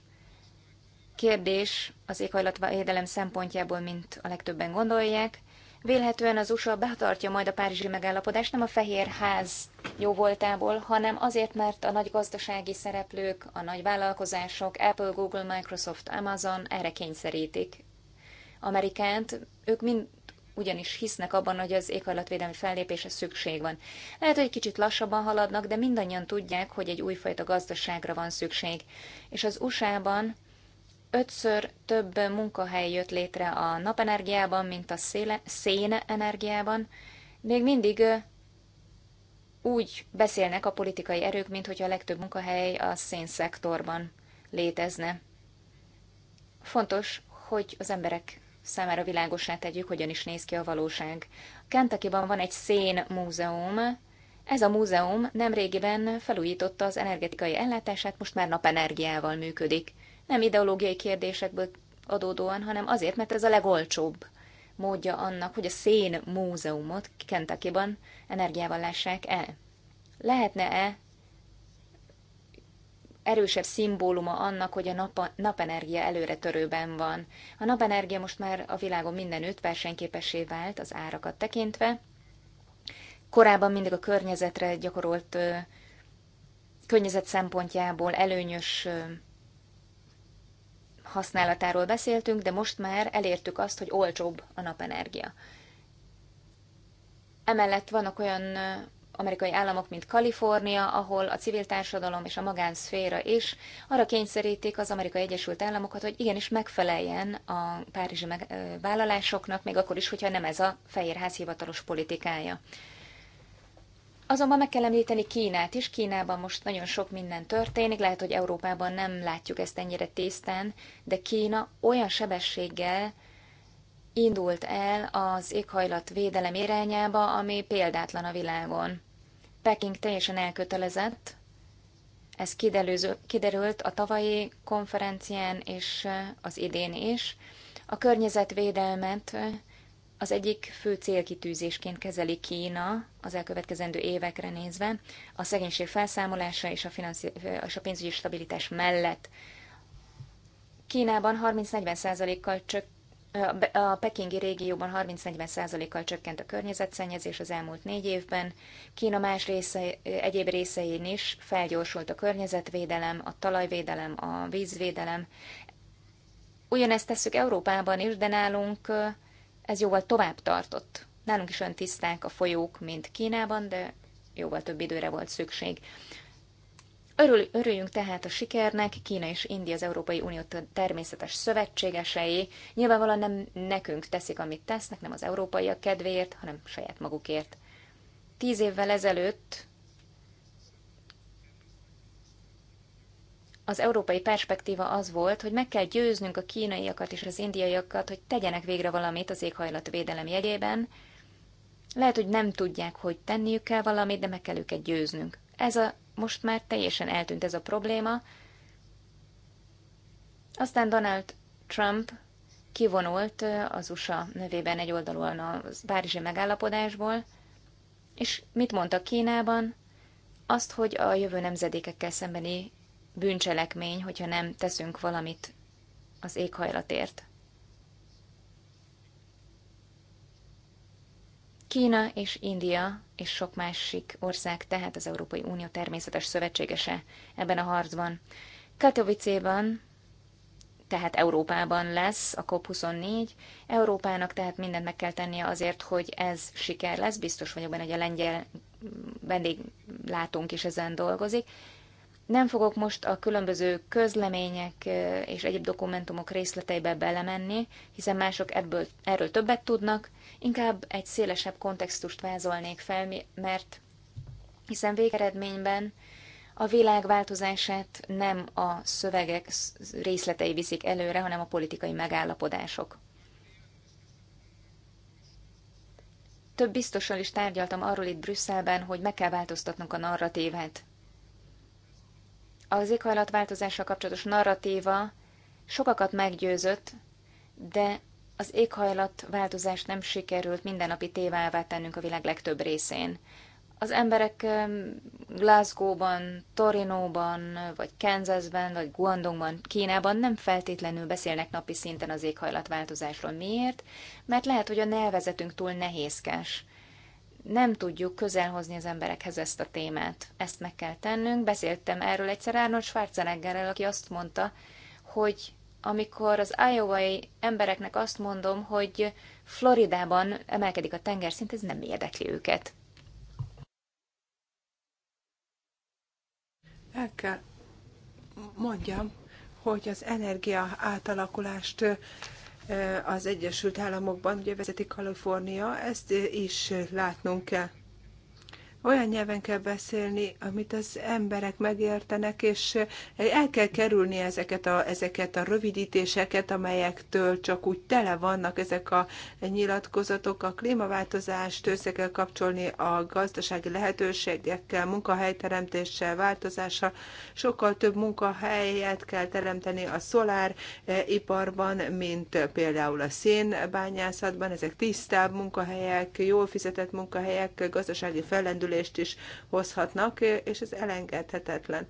kérdés az éghajlatvédelem szempontjából, mint a legtöbben gondolják. Vélhetően az USA betartja majd a párizsi megállapodást nem a fehér ház jó voltából, hanem azért, mert a nagy gazdasági szereplők, a nagy vállalkozások, Apple, Google, Microsoft, Amazon erre kényszerítik Amerikánt. Ők mind ugyanis hisznek abban, hogy az éghajlatvédelmi fellépése szükség van. Lehet, hogy kicsit lassabban haladnak, de mindannyian tudják, hogy egy újfajta gazdaságra van szükség. És az USA-ban ötször több munkahely jött létre a napenergiában, mint a széle, szénenergiában, még mindig úgy beszélnek a politikai erők, mint hogy a legtöbb munkahely a szénszektorban létezne. Fontos, hogy az emberek számára világosá tegyük, hogyan is néz ki a valóság. Kentakiban van egy szén múzeum. Ez a múzeum nemrégiben felújította az energetikai ellátását, most már napenergiával működik nem ideológiai kérdésekből adódóan, hanem azért, mert ez a legolcsóbb módja annak, hogy a szén múzeumot Kentuckyban energiával lássák el. Lehetne-e erősebb szimbóluma annak, hogy a nap, napenergia előre törőben van. A napenergia most már a világon mindenütt versenyképessé vált az árakat tekintve. Korábban mindig a környezetre gyakorolt környezet szempontjából előnyös használatáról beszéltünk, de most már elértük azt, hogy olcsóbb a napenergia. Emellett vannak olyan amerikai államok, mint Kalifornia, ahol a civil társadalom és a magánszféra is arra kényszerítik az Amerikai Egyesült Államokat, hogy igenis megfeleljen a párizsi vállalásoknak, még akkor is, hogyha nem ez a Fehérház hivatalos politikája. Azonban meg kell említeni Kínát is. Kínában most nagyon sok minden történik, lehet, hogy Európában nem látjuk ezt ennyire tisztán, de Kína olyan sebességgel indult el az éghajlat védelem irányába, ami példátlan a világon. Peking teljesen elkötelezett, ez kiderült a tavalyi konferencián és az idén is. A környezetvédelmet az egyik fő célkitűzésként kezeli Kína az elkövetkezendő évekre nézve a szegénység felszámolása és a, és a pénzügyi stabilitás mellett. Kínában 30-40%-kal csök, a pekingi régióban 30-40%-kal csökkent a környezetszennyezés az elmúlt négy évben. Kína más része, egyéb részein is felgyorsult a környezetvédelem, a talajvédelem, a vízvédelem. Ugyanezt tesszük Európában is, de nálunk ez jóval tovább tartott. Nálunk is olyan tiszták a folyók, mint Kínában, de jóval több időre volt szükség. Örül, örüljünk tehát a sikernek, Kína és India az Európai Unió természetes szövetségesei. Nyilvánvalóan nem nekünk teszik, amit tesznek, nem az európaiak kedvéért, hanem saját magukért. Tíz évvel ezelőtt az európai perspektíva az volt, hogy meg kell győznünk a kínaiakat és az indiaiakat, hogy tegyenek végre valamit az éghajlatvédelem jegyében. Lehet, hogy nem tudják, hogy tenniük kell valamit, de meg kell őket győznünk. Ez a most már teljesen eltűnt ez a probléma. Aztán Donald Trump kivonult az USA nevében egy oldalon a Párizsi megállapodásból, és mit mondta Kínában? Azt, hogy a jövő nemzedékekkel szembeni bűncselekmény, hogyha nem teszünk valamit az éghajlatért. Kína és India és sok másik ország, tehát az Európai Unió természetes szövetségese ebben a harcban. Katowice-ban, tehát Európában lesz a COP24, Európának tehát mindent meg kell tennie azért, hogy ez siker lesz, biztos vagyok benne, hogy a lengyel vendéglátónk is ezen dolgozik, nem fogok most a különböző közlemények és egyéb dokumentumok részleteibe belemenni, hiszen mások ebből, erről többet tudnak, inkább egy szélesebb kontextust vázolnék fel, mert hiszen végeredményben a világ változását nem a szövegek részletei viszik előre, hanem a politikai megállapodások. Több biztosan is tárgyaltam arról itt Brüsszelben, hogy meg kell változtatnunk a narratívát az éghajlatváltozással kapcsolatos narratíva sokakat meggyőzött, de az éghajlatváltozást nem sikerült mindennapi tévává tennünk a világ legtöbb részén. Az emberek Glasgow-ban, Torinóban, vagy Kansasben, vagy Guangdongban, Kínában nem feltétlenül beszélnek napi szinten az éghajlatváltozásról. Miért? Mert lehet, hogy a nevezetünk túl nehézkes nem tudjuk közelhozni az emberekhez ezt a témát. Ezt meg kell tennünk. Beszéltem erről egyszer Arnold Schwarzeneggerrel, aki azt mondta, hogy amikor az iowai embereknek azt mondom, hogy Floridában emelkedik a tengerszint, ez nem érdekli őket.
El kell mondjam, hogy az energia átalakulást az Egyesült Államokban, ugye vezeti Kalifornia, ezt is látnunk kell. Olyan nyelven kell beszélni, amit az emberek megértenek, és el kell kerülni ezeket a, ezeket a rövidítéseket, amelyektől csak úgy tele vannak ezek a nyilatkozatok. A klímaváltozást össze kell kapcsolni a gazdasági lehetőségekkel, munkahelyteremtéssel, változással. Sokkal több munkahelyet kell teremteni a szoláriparban, e, mint például a szénbányászatban. Ezek tisztább munkahelyek, jól fizetett munkahelyek, gazdasági fellendülés döntést is hozhatnak, és ez elengedhetetlen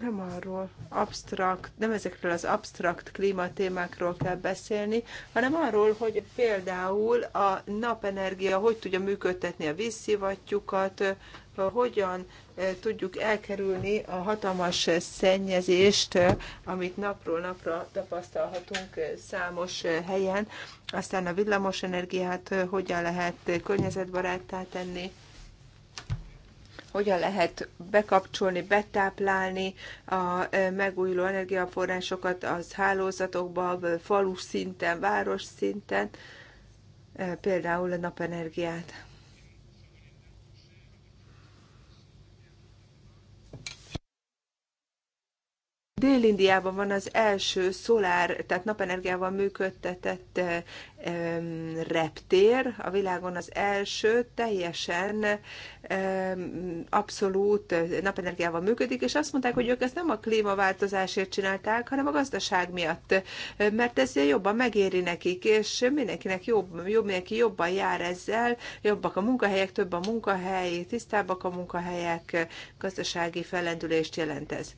nem arról abstrakt, nem ezekről az abstrakt klímatémákról kell beszélni, hanem arról, hogy például a napenergia hogy tudja működtetni a vízszivattyúkat, hogyan eh, tudjuk elkerülni a hatalmas szennyezést, eh, amit napról napra tapasztalhatunk eh, számos helyen, aztán a villamosenergiát hogyan lehet környezetbaráttá tenni, hogyan lehet bekapcsolni, betáplálni a megújuló energiaforrásokat az hálózatokba, falu szinten, város szinten, például a napenergiát. Dél-Indiában van az első szolár, tehát napenergiával működtetett reptér, a világon az első, teljesen abszolút napenergiával működik, és azt mondták, hogy ők ezt nem a klímaváltozásért csinálták, hanem a gazdaság miatt, mert ez jobban megéri nekik, és mindenkinek jobb, jobb mindenki jobban jár ezzel, jobbak a munkahelyek, több a munkahely, tisztábbak a munkahelyek, gazdasági fellendülést jelent ez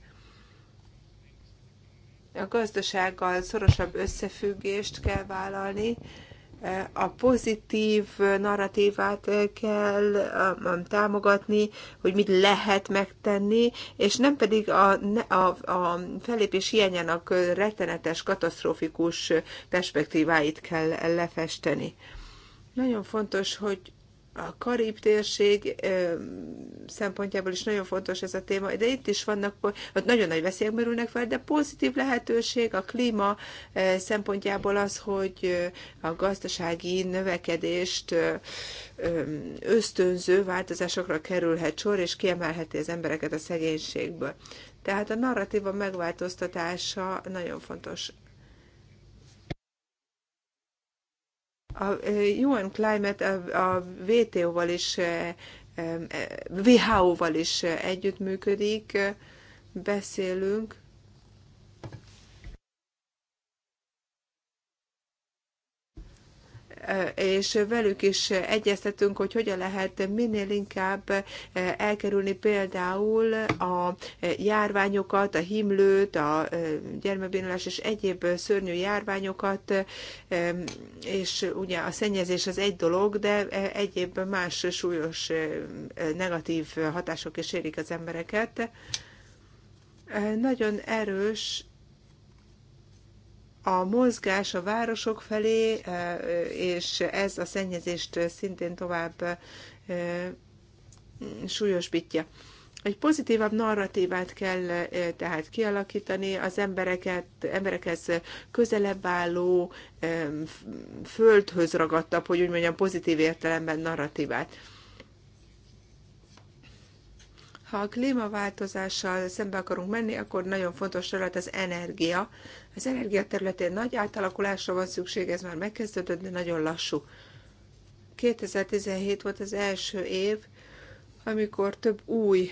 a gazdasággal szorosabb összefüggést kell vállalni, a pozitív narratívát kell um, támogatni, hogy mit lehet megtenni, és nem pedig a, a, a felépés hiányának rettenetes, katasztrofikus perspektíváit kell lefesteni. Nagyon fontos, hogy a Karib térség szempontjából is nagyon fontos ez a téma, de itt is vannak, ott nagyon nagy veszélyek merülnek fel, de pozitív lehetőség a klíma szempontjából az, hogy a gazdasági növekedést ösztönző változásokra kerülhet sor, és kiemelheti az embereket a szegénységből. Tehát a narratíva megváltoztatása nagyon fontos. A UN Climate a WTO-val is, WHO-val is együttműködik, beszélünk és velük is egyeztetünk, hogy hogyan lehet minél inkább eh, elkerülni például a eh, járványokat, a himlőt, a eh, gyermekbénulás és egyéb szörnyű járványokat, és ugye a szennyezés az egy dolog, de egyéb más súlyos negatív hatások is érik az embereket. Nagyon erős a mozgás a városok felé, eh, és ez a szennyezést szintén tovább eh, súlyosbítja. Egy pozitívabb narratívát kell eh, tehát kialakítani, az embereket, emberekhez közelebb álló, földhöz ragadtabb, hogy úgy mondjam, pozitív értelemben narratívát. Ha a klímaváltozással szembe akarunk menni, akkor nagyon fontos terület az energia. Az energia területén nagy átalakulásra van szükség, ez már megkezdődött, de nagyon lassú. 2017 volt az első év, amikor több új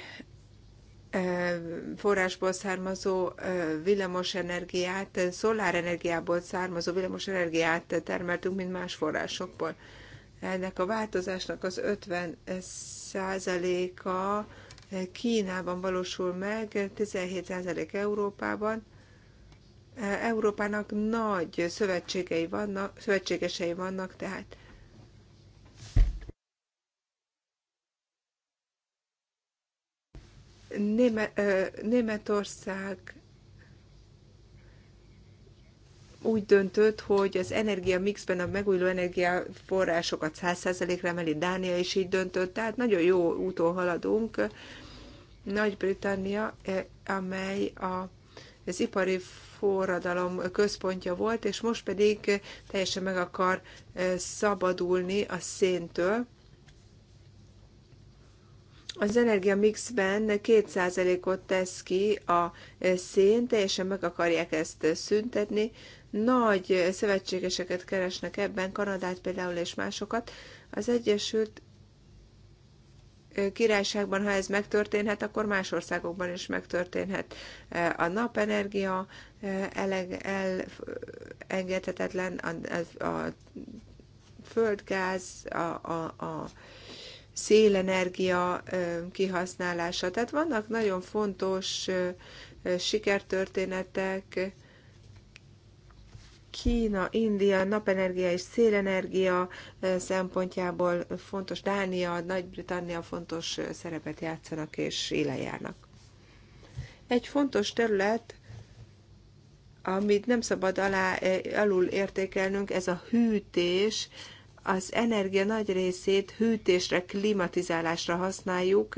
e, forrásból származó e, villamosenergiát, szolárenergiából származó villamosenergiát termeltünk, mint más forrásokból. Ennek a változásnak az 50 százaléka Kínában valósul meg, 17% Európában. E, Európának nagy szövetségei vannak, szövetségesei vannak, tehát Német, Németország úgy döntött, hogy az energia mixben a megújuló energiaforrásokat 100%-ra emeli, Dánia is így döntött, tehát nagyon jó úton haladunk. Nagy-Britannia, eh, amely a, az ipari forradalom központja volt, és most pedig teljesen meg akar eh, szabadulni a széntől. Az energia mixben 2%-ot tesz ki a eh, szén, teljesen meg akarják ezt szüntetni nagy szövetségeseket keresnek ebben, Kanadát például és másokat. Az Egyesült Királyságban, ha ez megtörténhet, akkor más országokban is megtörténhet. A napenergia elengedhetetlen, a, a földgáz, a, a, a szélenergia kihasználása. Tehát vannak nagyon fontos sikertörténetek, Kína, India, napenergia és szélenergia szempontjából fontos, Dánia, Nagy-Britannia fontos szerepet játszanak és élejárnak. Egy fontos terület, amit nem szabad alá, alul értékelnünk, ez a hűtés. Az energia nagy részét hűtésre, klimatizálásra használjuk,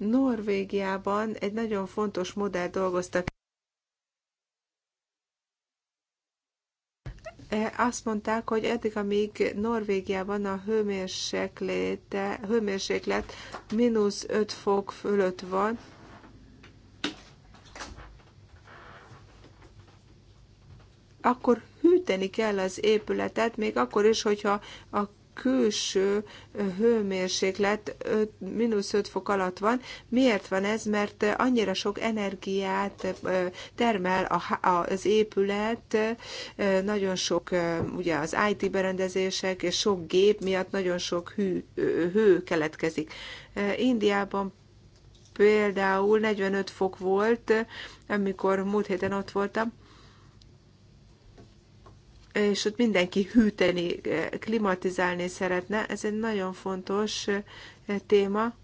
Norvégiában egy nagyon fontos modell dolgoztak. E, azt mondták, hogy eddig, amíg Norvégiában a hőmérséklet mínusz 5 fok fölött van, akkor hűteni kell az épületet, még akkor is, hogyha a külső hőmérséklet mínusz 5 fok alatt van. Miért van ez? Mert annyira sok energiát termel az épület, nagyon sok ugye az IT berendezések és sok gép miatt nagyon sok hű, hő keletkezik. Indiában például 45 fok volt, amikor múlt héten ott voltam, és ott mindenki hűteni, eh, klimatizálni szeretne. Ez egy nagyon fontos eh, téma.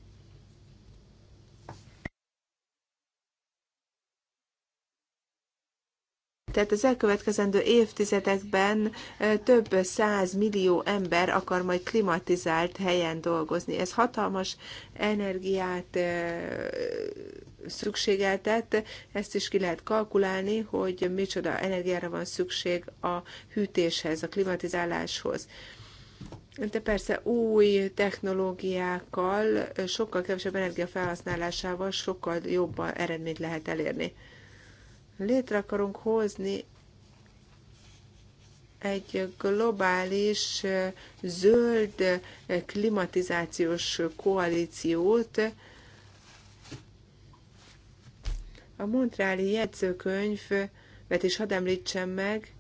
Tehát az elkövetkezendő évtizedekben több száz millió ember akar majd klimatizált helyen dolgozni. Ez hatalmas energiát szükségeltet, ezt is ki lehet kalkulálni, hogy micsoda energiára van szükség a hűtéshez, a klimatizáláshoz. De persze új technológiákkal, sokkal kevesebb energiafelhasználásával sokkal jobban eredményt lehet elérni. Létre akarunk hozni egy globális zöld klimatizációs koalíciót. A Montreali mert is hadd említsem meg,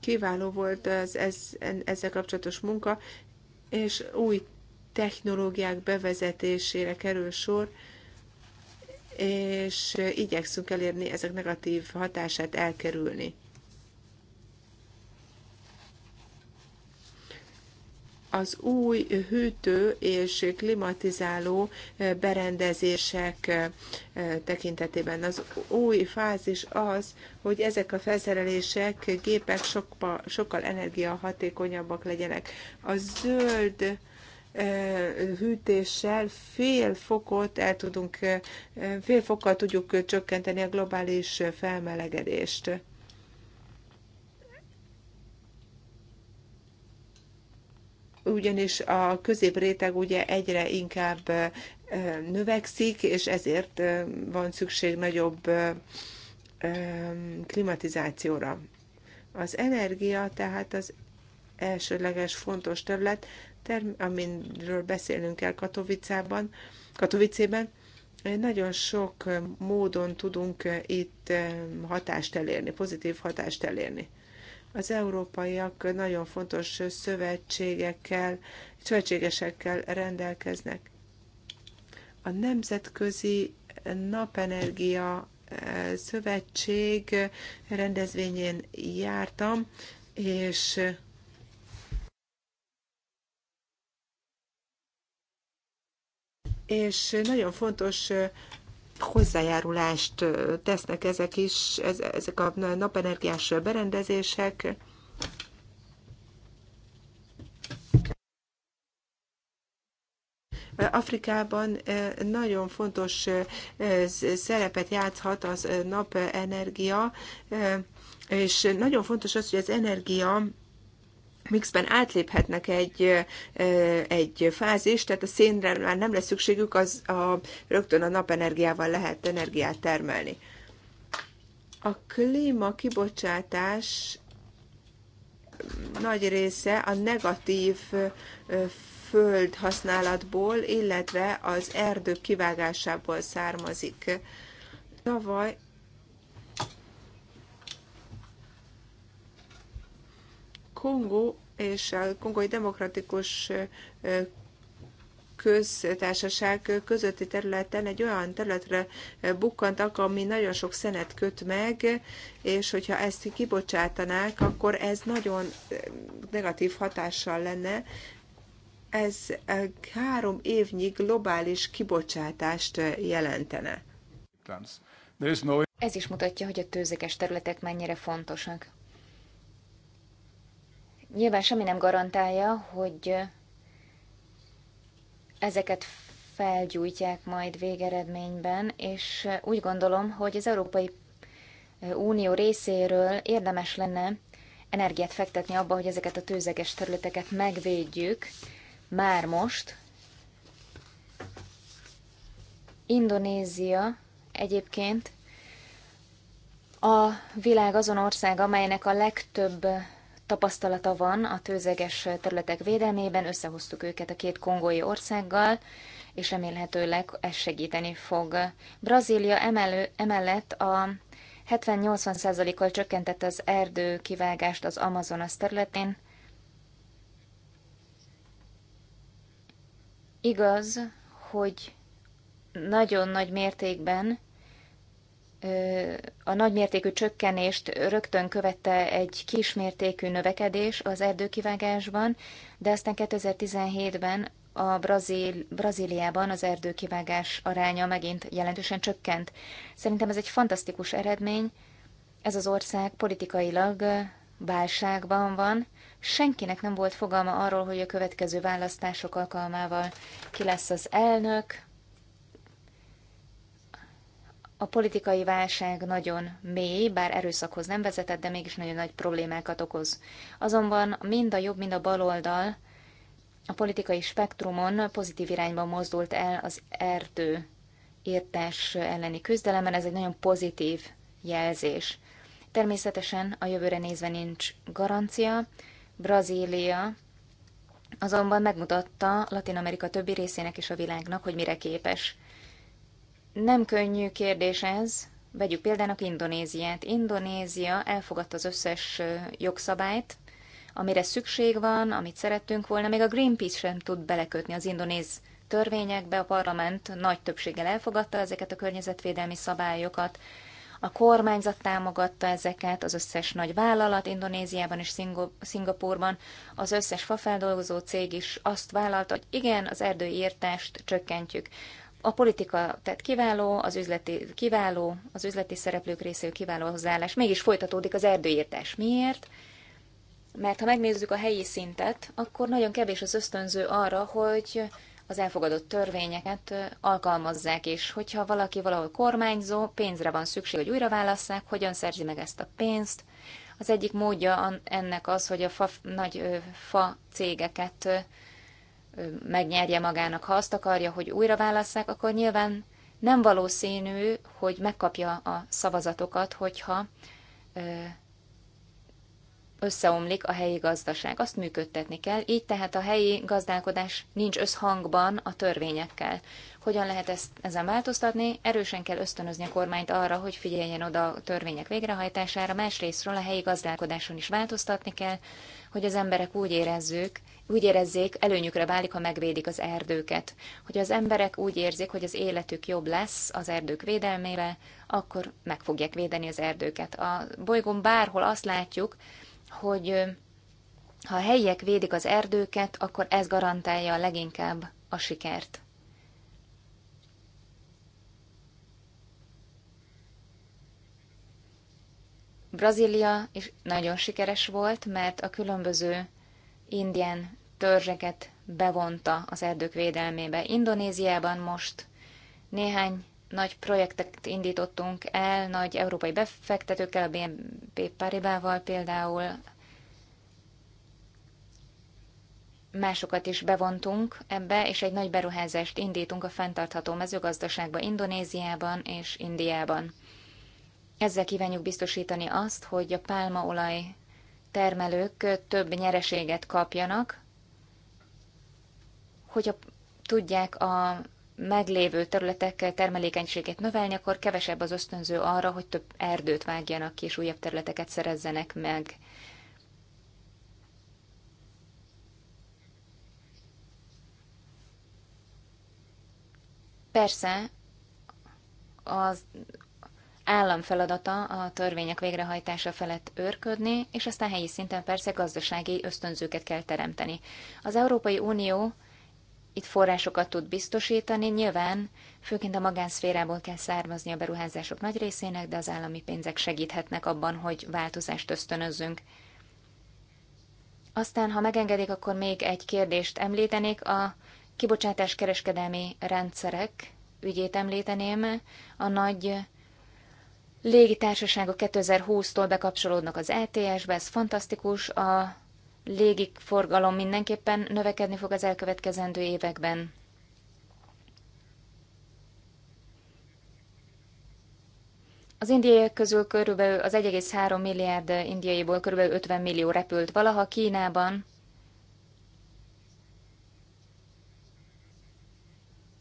kiváló volt az ez, ezzel kapcsolatos munka, és új technológiák bevezetésére kerül sor, és igyekszünk elérni ezek negatív hatását elkerülni. az új hűtő és klimatizáló berendezések eh, tekintetében. Az új fázis az, hogy ezek a felszerelések, gépek sokkal energiahatékonyabbak legyenek. A zöld hűtéssel fél fokot el tudunk, fél fokkal tudjuk csökkenteni a globális felmelegedést. ugyanis a középréteg ugye egyre inkább növekszik, és ezért van szükség nagyobb klimatizációra. Az energia tehát az elsődleges fontos terület, term- amiről beszélnünk kell Katowicában, Katowicében, nagyon sok módon tudunk itt hatást elérni, pozitív hatást elérni. Az európaiak nagyon fontos szövetségekkel, szövetségesekkel rendelkeznek. A Nemzetközi Napenergia Szövetség rendezvényén jártam, és és nagyon fontos hozzájárulást tesznek ezek is, ezek a napenergiás berendezések. Afrikában nagyon fontos szerepet játszhat az napenergia, és nagyon fontos az, hogy az energia mixben átléphetnek egy, egy fázist, tehát a szénre már nem lesz szükségük, az a, rögtön a napenergiával lehet energiát termelni. A klíma kibocsátás nagy része a negatív földhasználatból, illetve az erdők kivágásából származik. Tavaly Kongó és a Kongói Demokratikus köztársaság közötti területen egy olyan területre bukkantak, ami nagyon sok szenet köt meg, és hogyha ezt kibocsátanák, akkor ez nagyon negatív hatással lenne. Ez három évnyi globális kibocsátást jelentene.
Ez is mutatja, hogy a tőzeges területek mennyire fontosak. Nyilván semmi nem garantálja, hogy ezeket felgyújtják majd végeredményben, és úgy gondolom, hogy az Európai Unió részéről érdemes lenne energiát fektetni abba, hogy ezeket a tőzeges területeket megvédjük már most. Indonézia egyébként a világ azon ország, amelynek a legtöbb tapasztalata van a tőzeges területek védelmében, összehoztuk őket a két kongói országgal, és remélhetőleg ez segíteni fog. Brazília emelő, emellett a 70-80%-kal csökkentett az erdő kivágást az Amazonas területén. Igaz, hogy nagyon nagy mértékben a nagymértékű csökkenést rögtön követte egy kismértékű növekedés az erdőkivágásban, de aztán 2017-ben a Brazíl, Brazíliában az erdőkivágás aránya megint jelentősen csökkent. Szerintem ez egy fantasztikus eredmény. Ez az ország politikailag válságban van. Senkinek nem volt fogalma arról, hogy a következő választások alkalmával ki lesz az elnök, a politikai válság nagyon mély, bár erőszakhoz nem vezetett, de mégis nagyon nagy problémákat okoz. Azonban mind a jobb, mind a bal oldal a politikai spektrumon pozitív irányba mozdult el az erdő értés elleni küzdelemben, ez egy nagyon pozitív jelzés. Természetesen a jövőre nézve nincs garancia. Brazília azonban megmutatta Latin Amerika többi részének és a világnak, hogy mire képes. Nem könnyű kérdés ez. Vegyük példának Indonéziát. Indonézia elfogadta az összes jogszabályt, amire szükség van, amit szerettünk volna. Még a Greenpeace sem tud belekötni az indonéz törvényekbe. A parlament nagy többséggel elfogadta ezeket a környezetvédelmi szabályokat. A kormányzat támogatta ezeket, az összes nagy vállalat Indonéziában és Szingapurban, az összes fafeldolgozó cég is azt vállalta, hogy igen, az erdőírtást csökkentjük a politika tehát kiváló, az üzleti kiváló, az üzleti szereplők részéről kiváló a hozzáállás. Mégis folytatódik az erdőírtás. Miért? Mert ha megnézzük a helyi szintet, akkor nagyon kevés az ösztönző arra, hogy az elfogadott törvényeket alkalmazzák, és hogyha valaki valahol kormányzó, pénzre van szükség, hogy újra válasszák, hogyan szerzi meg ezt a pénzt. Az egyik módja ennek az, hogy a fa, nagy fa cégeket megnyerje magának, ha azt akarja, hogy újra válasszák, akkor nyilván nem valószínű, hogy megkapja a szavazatokat, hogyha összeomlik a helyi gazdaság. Azt működtetni kell, így tehát a helyi gazdálkodás nincs összhangban a törvényekkel. Hogyan lehet ezt, ezen változtatni? Erősen kell ösztönözni a kormányt arra, hogy figyeljen oda a törvények végrehajtására, másrésztről a helyi gazdálkodáson is változtatni kell, hogy az emberek úgy érezzük, úgy érezzék, előnyükre válik, ha megvédik az erdőket. Hogy az emberek úgy érzik, hogy az életük jobb lesz az erdők védelmével, akkor meg fogják védeni az erdőket. A bolygón bárhol azt látjuk, hogy ha a helyiek védik az erdőket, akkor ez garantálja a leginkább a sikert. Brazília is nagyon sikeres volt, mert a különböző indián törzseket bevonta az erdők védelmébe. Indonéziában most néhány nagy projektet indítottunk el, nagy európai befektetőkkel, a BNP Paribával például. Másokat is bevontunk ebbe, és egy nagy beruházást indítunk a fenntartható mezőgazdaságba Indonéziában és Indiában. Ezzel kívánjuk biztosítani azt, hogy a pálmaolaj termelők több nyereséget kapjanak, hogyha tudják a meglévő területek termelékenységét növelni, akkor kevesebb az ösztönző arra, hogy több erdőt vágjanak ki, és újabb területeket szerezzenek meg. Persze, az állam feladata a törvények végrehajtása felett őrködni, és aztán helyi szinten persze gazdasági ösztönzőket kell teremteni. Az Európai Unió itt forrásokat tud biztosítani. Nyilván főként a magánszférából kell származni a beruházások nagy részének, de az állami pénzek segíthetnek abban, hogy változást ösztönözzünk. Aztán, ha megengedik, akkor még egy kérdést említenék. A kibocsátás kereskedelmi rendszerek ügyét említeném. A nagy légitársaságok 2020-tól bekapcsolódnak az ETS-be, ez fantasztikus. A légiforgalom mindenképpen növekedni fog az elkövetkezendő években. Az indiaiak közül körülbelül az 1,3 milliárd indiaiból körülbelül 50 millió repült valaha Kínában,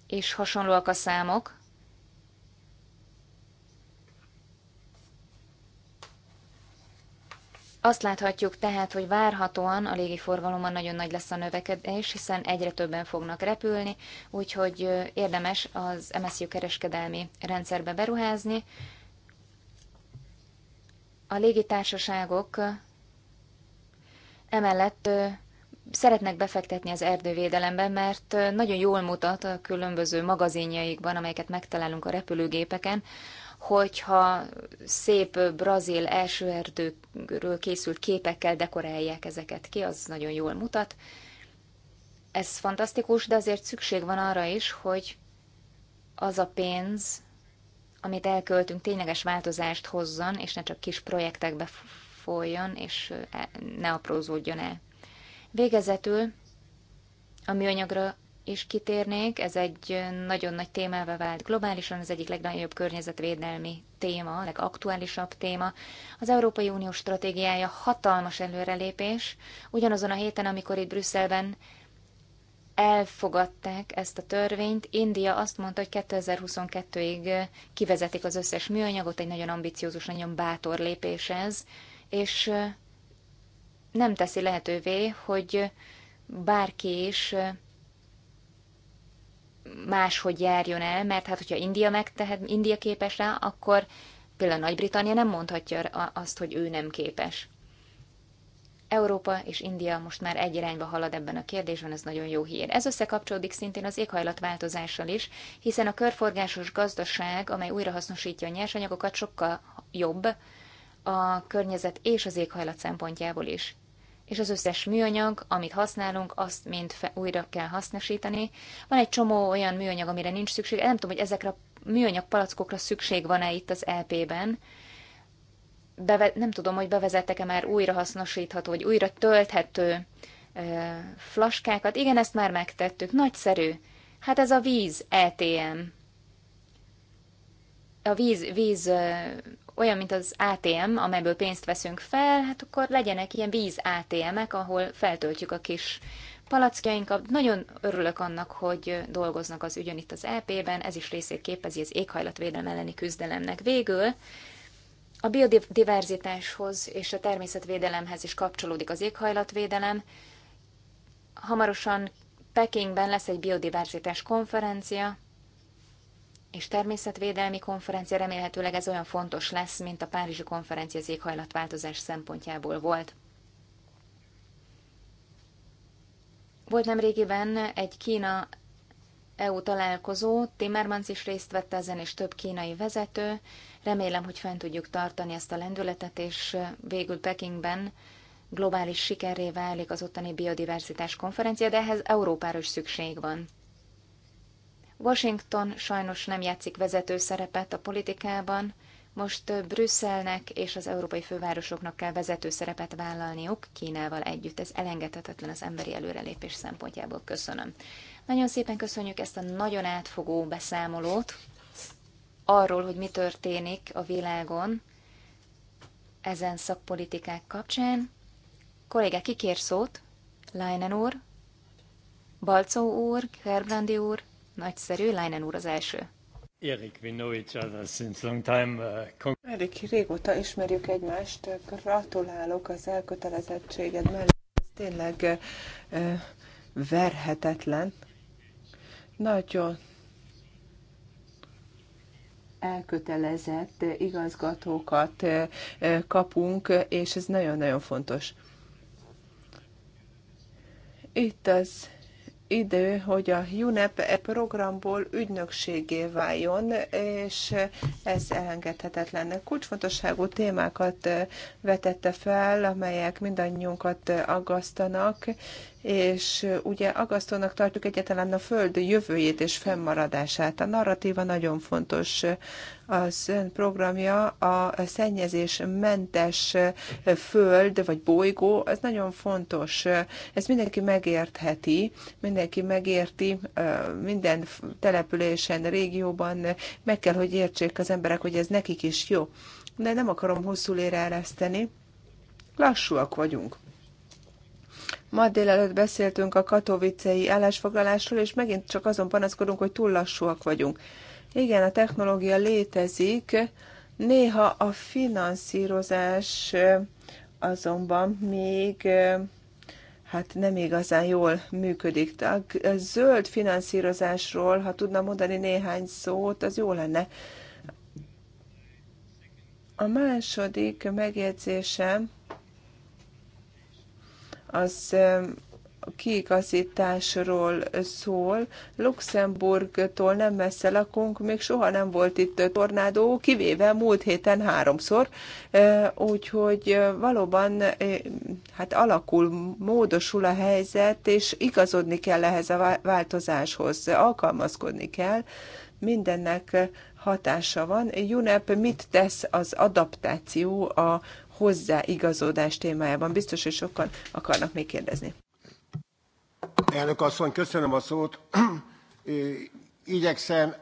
és hasonlóak a számok. Azt láthatjuk tehát, hogy várhatóan a légiforgalomban nagyon nagy lesz a növekedés, hiszen egyre többen fognak repülni, úgyhogy érdemes az MSZU kereskedelmi rendszerbe beruházni. A légitársaságok emellett szeretnek befektetni az erdővédelembe, mert nagyon jól mutat a különböző magazinjaikban, amelyeket megtalálunk a repülőgépeken, hogyha szép brazil első erdőről készült képekkel dekorálják ezeket ki, az nagyon jól mutat. Ez fantasztikus, de azért szükség van arra is, hogy az a pénz, amit elköltünk, tényleges változást hozzon, és ne csak kis projektekbe folyjon, és e-, ne aprózódjon el. Végezetül a műanyagra is kitérnék, ez egy nagyon nagy témává vált globálisan, az egyik legnagyobb környezetvédelmi téma, a legaktuálisabb téma. Az Európai Unió stratégiája hatalmas előrelépés. Ugyanazon a héten, amikor itt Brüsszelben elfogadták ezt a törvényt, India azt mondta, hogy 2022-ig kivezetik az összes műanyagot, egy nagyon ambiciózus, nagyon bátor lépés ez, és nem teszi lehetővé, hogy bárki is máshogy járjon el, mert hát hogyha India megtehet, India képes rá, akkor például Nagy-Britannia nem mondhatja azt, hogy ő nem képes. Európa és India most már egy irányba halad ebben a kérdésben, ez nagyon jó hír. Ez összekapcsolódik szintén az éghajlatváltozással is, hiszen a körforgásos gazdaság, amely újrahasznosítja a nyersanyagokat, sokkal jobb a környezet és az éghajlat szempontjából is és az összes műanyag, amit használunk, azt mind fe, újra kell hasznosítani. Van egy csomó olyan műanyag, amire nincs szükség. Nem tudom, hogy ezekre a műanyag palackokra szükség van-e itt az LP-ben. Beve- nem tudom, hogy bevezettek-e már újrahasznosítható, vagy újra tölthető ö, flaskákat. Igen, ezt már megtettük. Nagyszerű. Hát ez a víz ETM. A víz, víz olyan, mint az ATM, amelyből pénzt veszünk fel, hát akkor legyenek ilyen víz ATM-ek, ahol feltöltjük a kis palackjainkat. Nagyon örülök annak, hogy dolgoznak az ügyön itt az EP-ben, ez is részét képezi az éghajlatvédelem elleni küzdelemnek. Végül a biodiverzitáshoz és a természetvédelemhez is kapcsolódik az éghajlatvédelem. Hamarosan Pekingben lesz egy biodiverzitás konferencia, és természetvédelmi konferencia remélhetőleg ez olyan fontos lesz, mint a Párizsi konferencia az éghajlatváltozás szempontjából volt. Volt nemrégiben egy Kína EU találkozó, Timmermans is részt vett ezen, és több kínai vezető. Remélem, hogy fent tudjuk tartani ezt a lendületet, és végül Pekingben globális sikerré válik az ottani biodiverzitás konferencia, de ehhez Európára is szükség van. Washington sajnos nem játszik vezető szerepet a politikában, most Brüsszelnek és az európai fővárosoknak kell vezető szerepet vállalniuk Kínával együtt. Ez elengedhetetlen az emberi előrelépés szempontjából. Köszönöm. Nagyon szépen köszönjük ezt a nagyon átfogó beszámolót arról, hogy mi történik a világon ezen szakpolitikák kapcsán. Kollégák, ki kér szót? Leinen úr, Balcó úr, Herbrandi úr, Nagyszerű, Leinen úr az első.
Erik, we know each other since long time. Uh,
Erik, régóta ismerjük egymást. Gratulálok az elkötelezettséged mellett. Ez tényleg uh, verhetetlen. Nagyon elkötelezett igazgatókat uh, kapunk, és ez nagyon-nagyon fontos. Itt az idő, hogy a UNEP e programból ügynökségé váljon, és ez elengedhetetlen. Kulcsfontosságú témákat vetette fel, amelyek mindannyiunkat aggasztanak, és ugye agasztónak tartjuk egyáltalán a Föld jövőjét és fennmaradását. A narratíva nagyon fontos. Az ön programja a szennyezésmentes Föld vagy bolygó, az nagyon fontos. Ezt mindenki megértheti, mindenki megérti, minden településen, régióban meg kell, hogy értsék az emberek, hogy ez nekik is jó. De nem akarom hosszú lére ereszteni. Lassúak vagyunk Ma délelőtt beszéltünk a katovicei állásfoglalásról, és megint csak azon panaszkodunk, hogy túl lassúak vagyunk. Igen, a technológia létezik, néha a finanszírozás azonban még hát nem igazán jól működik. A zöld finanszírozásról, ha tudna mondani néhány szót, az jó lenne. A második megjegyzésem az kiigazításról szól. Luxemburgtól nem messze lakunk, még soha nem volt itt tornádó, kivéve múlt héten háromszor, úgyhogy valóban hát alakul, módosul a helyzet, és igazodni kell ehhez a változáshoz, alkalmazkodni kell, mindennek hatása van. UNEP mit tesz az adaptáció a hozzáigazodás témájában. Biztos, hogy sokan akarnak még kérdezni.
Elnök asszony, köszönöm a szót. (clears throat) Igyekszem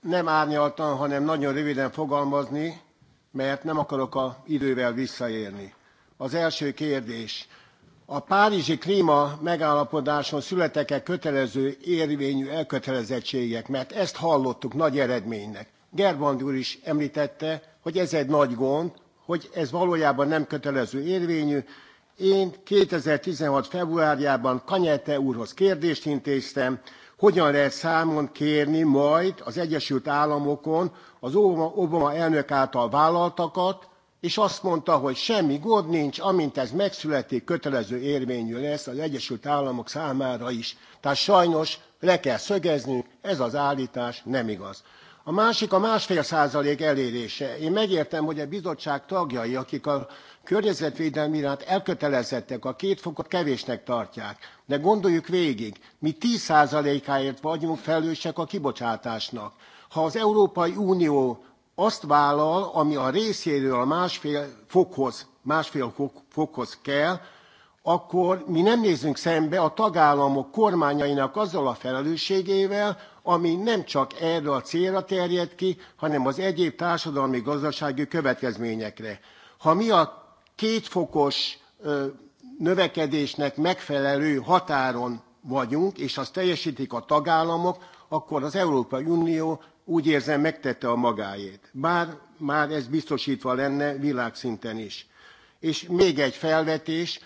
nem árnyaltan, hanem nagyon röviden fogalmazni, mert nem akarok a idővel visszaérni. Az első kérdés. A Párizsi klíma megállapodáson születek-e kötelező érvényű elkötelezettségek, mert ezt hallottuk nagy eredménynek. Gerband úr is említette, hogy ez egy nagy gond, hogy ez valójában nem kötelező érvényű. Én 2016. februárjában Kanyete úrhoz kérdést intéztem, hogyan lehet számon kérni majd az Egyesült Államokon az Obama elnök által vállaltakat, és azt mondta, hogy semmi gond nincs, amint ez megszületik, kötelező érvényű lesz az Egyesült Államok számára is. Tehát sajnos le kell szögeznünk, ez az állítás nem igaz. A másik a másfél százalék elérése. Én megértem, hogy a bizottság tagjai, akik a környezetvédelmi iránt elkötelezettek, a két fokot kevésnek tartják. De gondoljuk végig, mi 10 százalékáért vagyunk felelősek a kibocsátásnak. Ha az Európai Unió azt vállal, ami a részéről a másfél fokhoz, másfél fokhoz kell, akkor mi nem nézünk szembe a tagállamok kormányainak azzal a felelősségével, ami nem csak erre a célra terjed ki, hanem az egyéb társadalmi-gazdasági következményekre. Ha mi a kétfokos növekedésnek megfelelő határon vagyunk, és azt teljesítik a tagállamok, akkor az Európai Unió úgy érzem megtette a magáét. Bár már ez biztosítva lenne világszinten is. És még egy felvetés,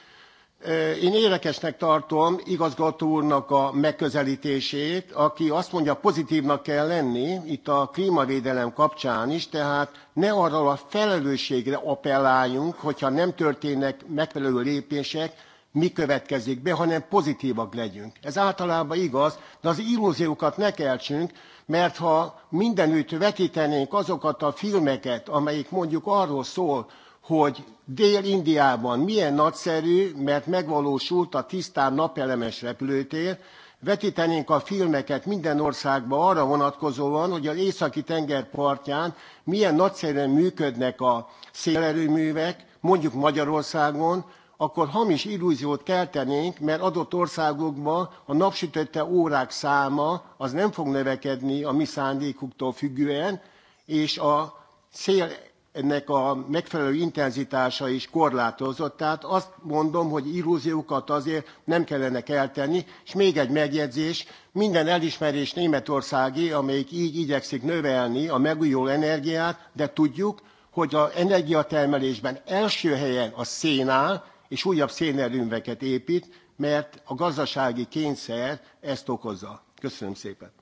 én érdekesnek tartom igazgató úrnak a megközelítését, aki azt mondja, pozitívnak kell lenni itt a klímavédelem kapcsán is, tehát ne arra a felelősségre appelláljunk, hogyha nem történnek megfelelő lépések, mi következik be, hanem pozitívak legyünk. Ez általában igaz, de az illúziókat ne keltsünk, mert ha mindenütt vetítenénk azokat a filmeket, amelyik mondjuk arról szól, hogy Dél-Indiában milyen nagyszerű, mert megvalósult a tisztán napelemes repülőtér, vetítenénk a filmeket minden országba arra vonatkozóan, hogy az északi tenger partján milyen nagyszerűen működnek a szélerőművek, mondjuk Magyarországon, akkor hamis illúziót keltenénk, mert adott országokban a napsütötte órák száma az nem fog növekedni a mi szándékuktól függően, és a szél ennek a megfelelő intenzitása is korlátozott. Tehát azt mondom, hogy illúziókat azért nem kellene eltenni. És még egy megjegyzés, minden elismerés németországi, amelyik így igyekszik növelni a megújuló energiát, de tudjuk, hogy a energiatermelésben első helyen a szén áll, és újabb szénerőműveket épít, mert a gazdasági kényszer ezt okozza. Köszönöm szépen.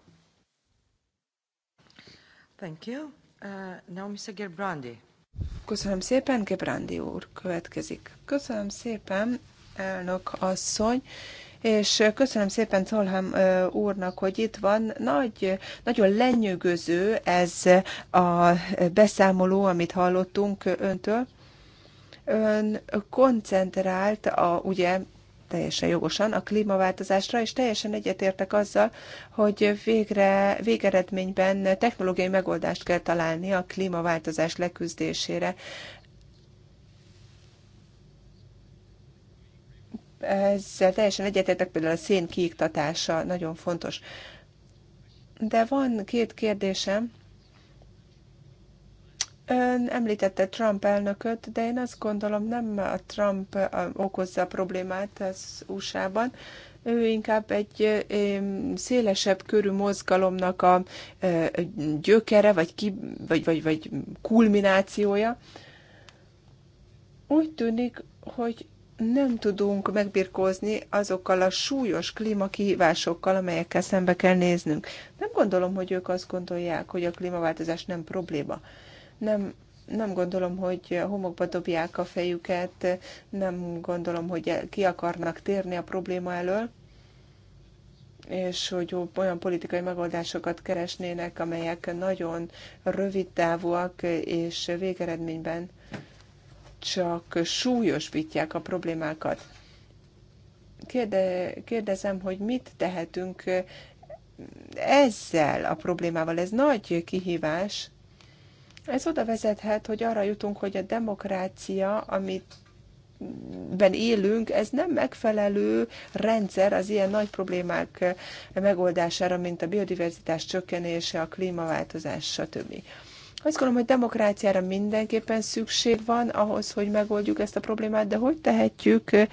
Thank you. Uh, now Köszönöm szépen, Gebrandi úr következik. Köszönöm szépen, elnök asszony, és köszönöm szépen Szolhám uh, úrnak, hogy itt van. Nagy, nagyon lenyűgöző ez a beszámoló, amit hallottunk öntől. Ön koncentrált a, ugye, teljesen jogosan a klímaváltozásra, és teljesen egyetértek azzal, hogy végre, végeredményben technológiai megoldást kell találni a klímaváltozás leküzdésére. Ezzel teljesen egyetértek, például a szén kiiktatása nagyon fontos. De van két kérdésem Ön említette Trump elnököt, de én azt gondolom nem a Trump okozza a problémát az USA-ban, ő inkább egy szélesebb körű mozgalomnak a gyökere, vagy, ki, vagy, vagy, vagy kulminációja. Úgy tűnik, hogy nem tudunk megbirkózni azokkal a súlyos klímakihívásokkal, amelyekkel szembe kell néznünk. Nem gondolom, hogy ők azt gondolják, hogy a klímaváltozás nem probléma nem nem gondolom, hogy a homokba dobják a fejüket, nem gondolom, hogy ki akarnak térni a probléma elől, és hogy olyan politikai megoldásokat keresnének, amelyek nagyon rövid távúak, és végeredményben csak súlyosbítják a problémákat. Kérde, kérdezem, hogy mit tehetünk ezzel a problémával? Ez nagy kihívás ez oda vezethet, hogy arra jutunk, hogy a demokrácia, amit ben élünk, ez nem megfelelő rendszer az ilyen nagy problémák megoldására, mint a biodiverzitás csökkenése, a klímaváltozás, stb. Azt gondolom, hogy demokráciára mindenképpen szükség van ahhoz, hogy megoldjuk ezt a problémát, de hogy tehetjük eh,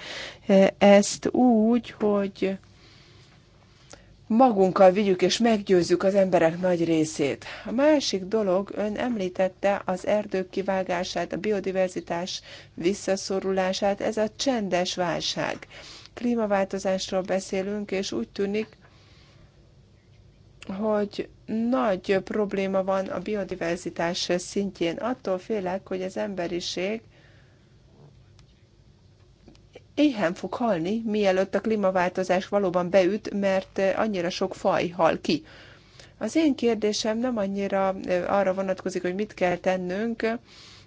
ezt úgy, hogy magunkkal vigyük és meggyőzzük az emberek nagy részét. A másik dolog, ön említette az erdők kivágását, a biodiverzitás visszaszorulását, ez a csendes válság. Klímaváltozásról beszélünk, és úgy tűnik, hogy nagy probléma van a biodiverzitás szintjén. Attól félek, hogy az emberiség éhen fog halni, mielőtt a klímaváltozás valóban beüt, mert eh, annyira sok faj hal ki. Az én kérdésem nem annyira eh, arra vonatkozik, hogy mit kell tennünk.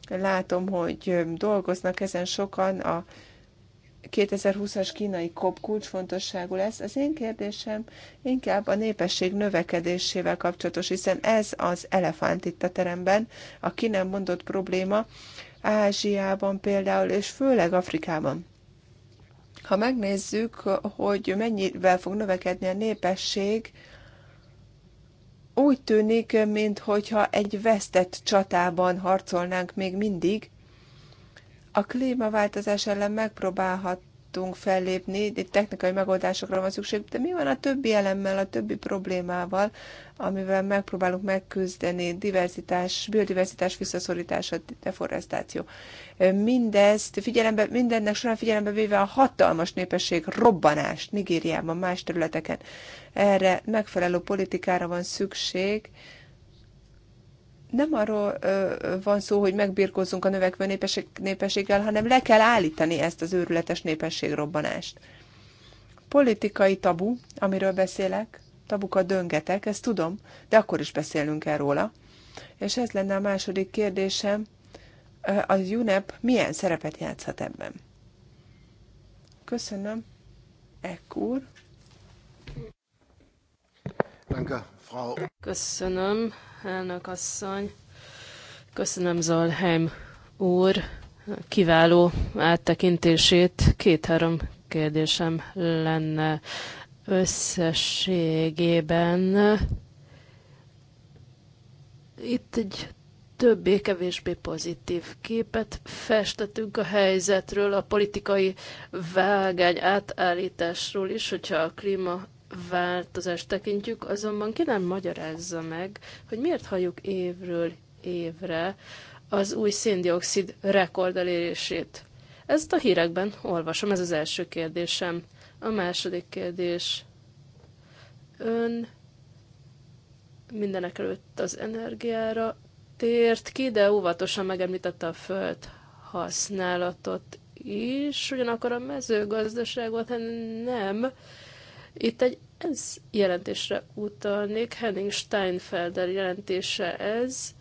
Látom, hogy eh, dolgoznak ezen sokan, a 2020-as kínai kop kulcsfontosságú lesz. Az én kérdésem inkább a népesség növekedésével kapcsolatos, hiszen ez az elefánt itt a teremben, a ki nem mondott probléma Ázsiában például, és főleg Afrikában. Ha megnézzük, hogy mennyivel fog növekedni a népesség, úgy tűnik, mintha egy vesztett csatában harcolnánk még mindig. A klímaváltozás ellen megpróbálhat, tudtunk fellépni, de technikai megoldásokra van szükség, de mi van a többi elemmel, a többi problémával, amivel megpróbálunk megküzdeni, diverzitás, biodiverzitás visszaszorítása, deforestáció. Mindezt figyelembe, mindennek során figyelembe véve a hatalmas népesség robbanást Nigériában, más területeken. Erre megfelelő politikára van szükség, nem arról van szó, hogy megbirkózzunk a növekvő népesség, népességgel, hanem le kell állítani ezt az őrületes népességrobbanást. Politikai tabu, amiről beszélek, tabukat döngetek, ezt tudom, de akkor is beszélnünk el róla. És ez lenne a második kérdésem, az UNEP milyen szerepet játszhat ebben?
Köszönöm. Ekkor. Danke. Köszönöm, elnök asszony. Köszönöm, Zalheim úr, kiváló áttekintését. Két-három kérdésem lenne összességében. Itt egy többé-kevésbé pozitív képet festetünk a helyzetről, a politikai vágány átállításról is, hogyha a klíma változást tekintjük, azonban ki nem magyarázza meg, hogy miért halljuk évről évre az új széndiokszid rekord elérését. Ezt a hírekben olvasom, ez az első kérdésem. A második kérdés. Ön mindenek előtt az energiára tért ki, de óvatosan megemlítette a föld használatot is, ugyanakkor a mezőgazdaságot nem itt egy ENSZ jelentésre utalnék, Henning Steinfelder jelentése ez.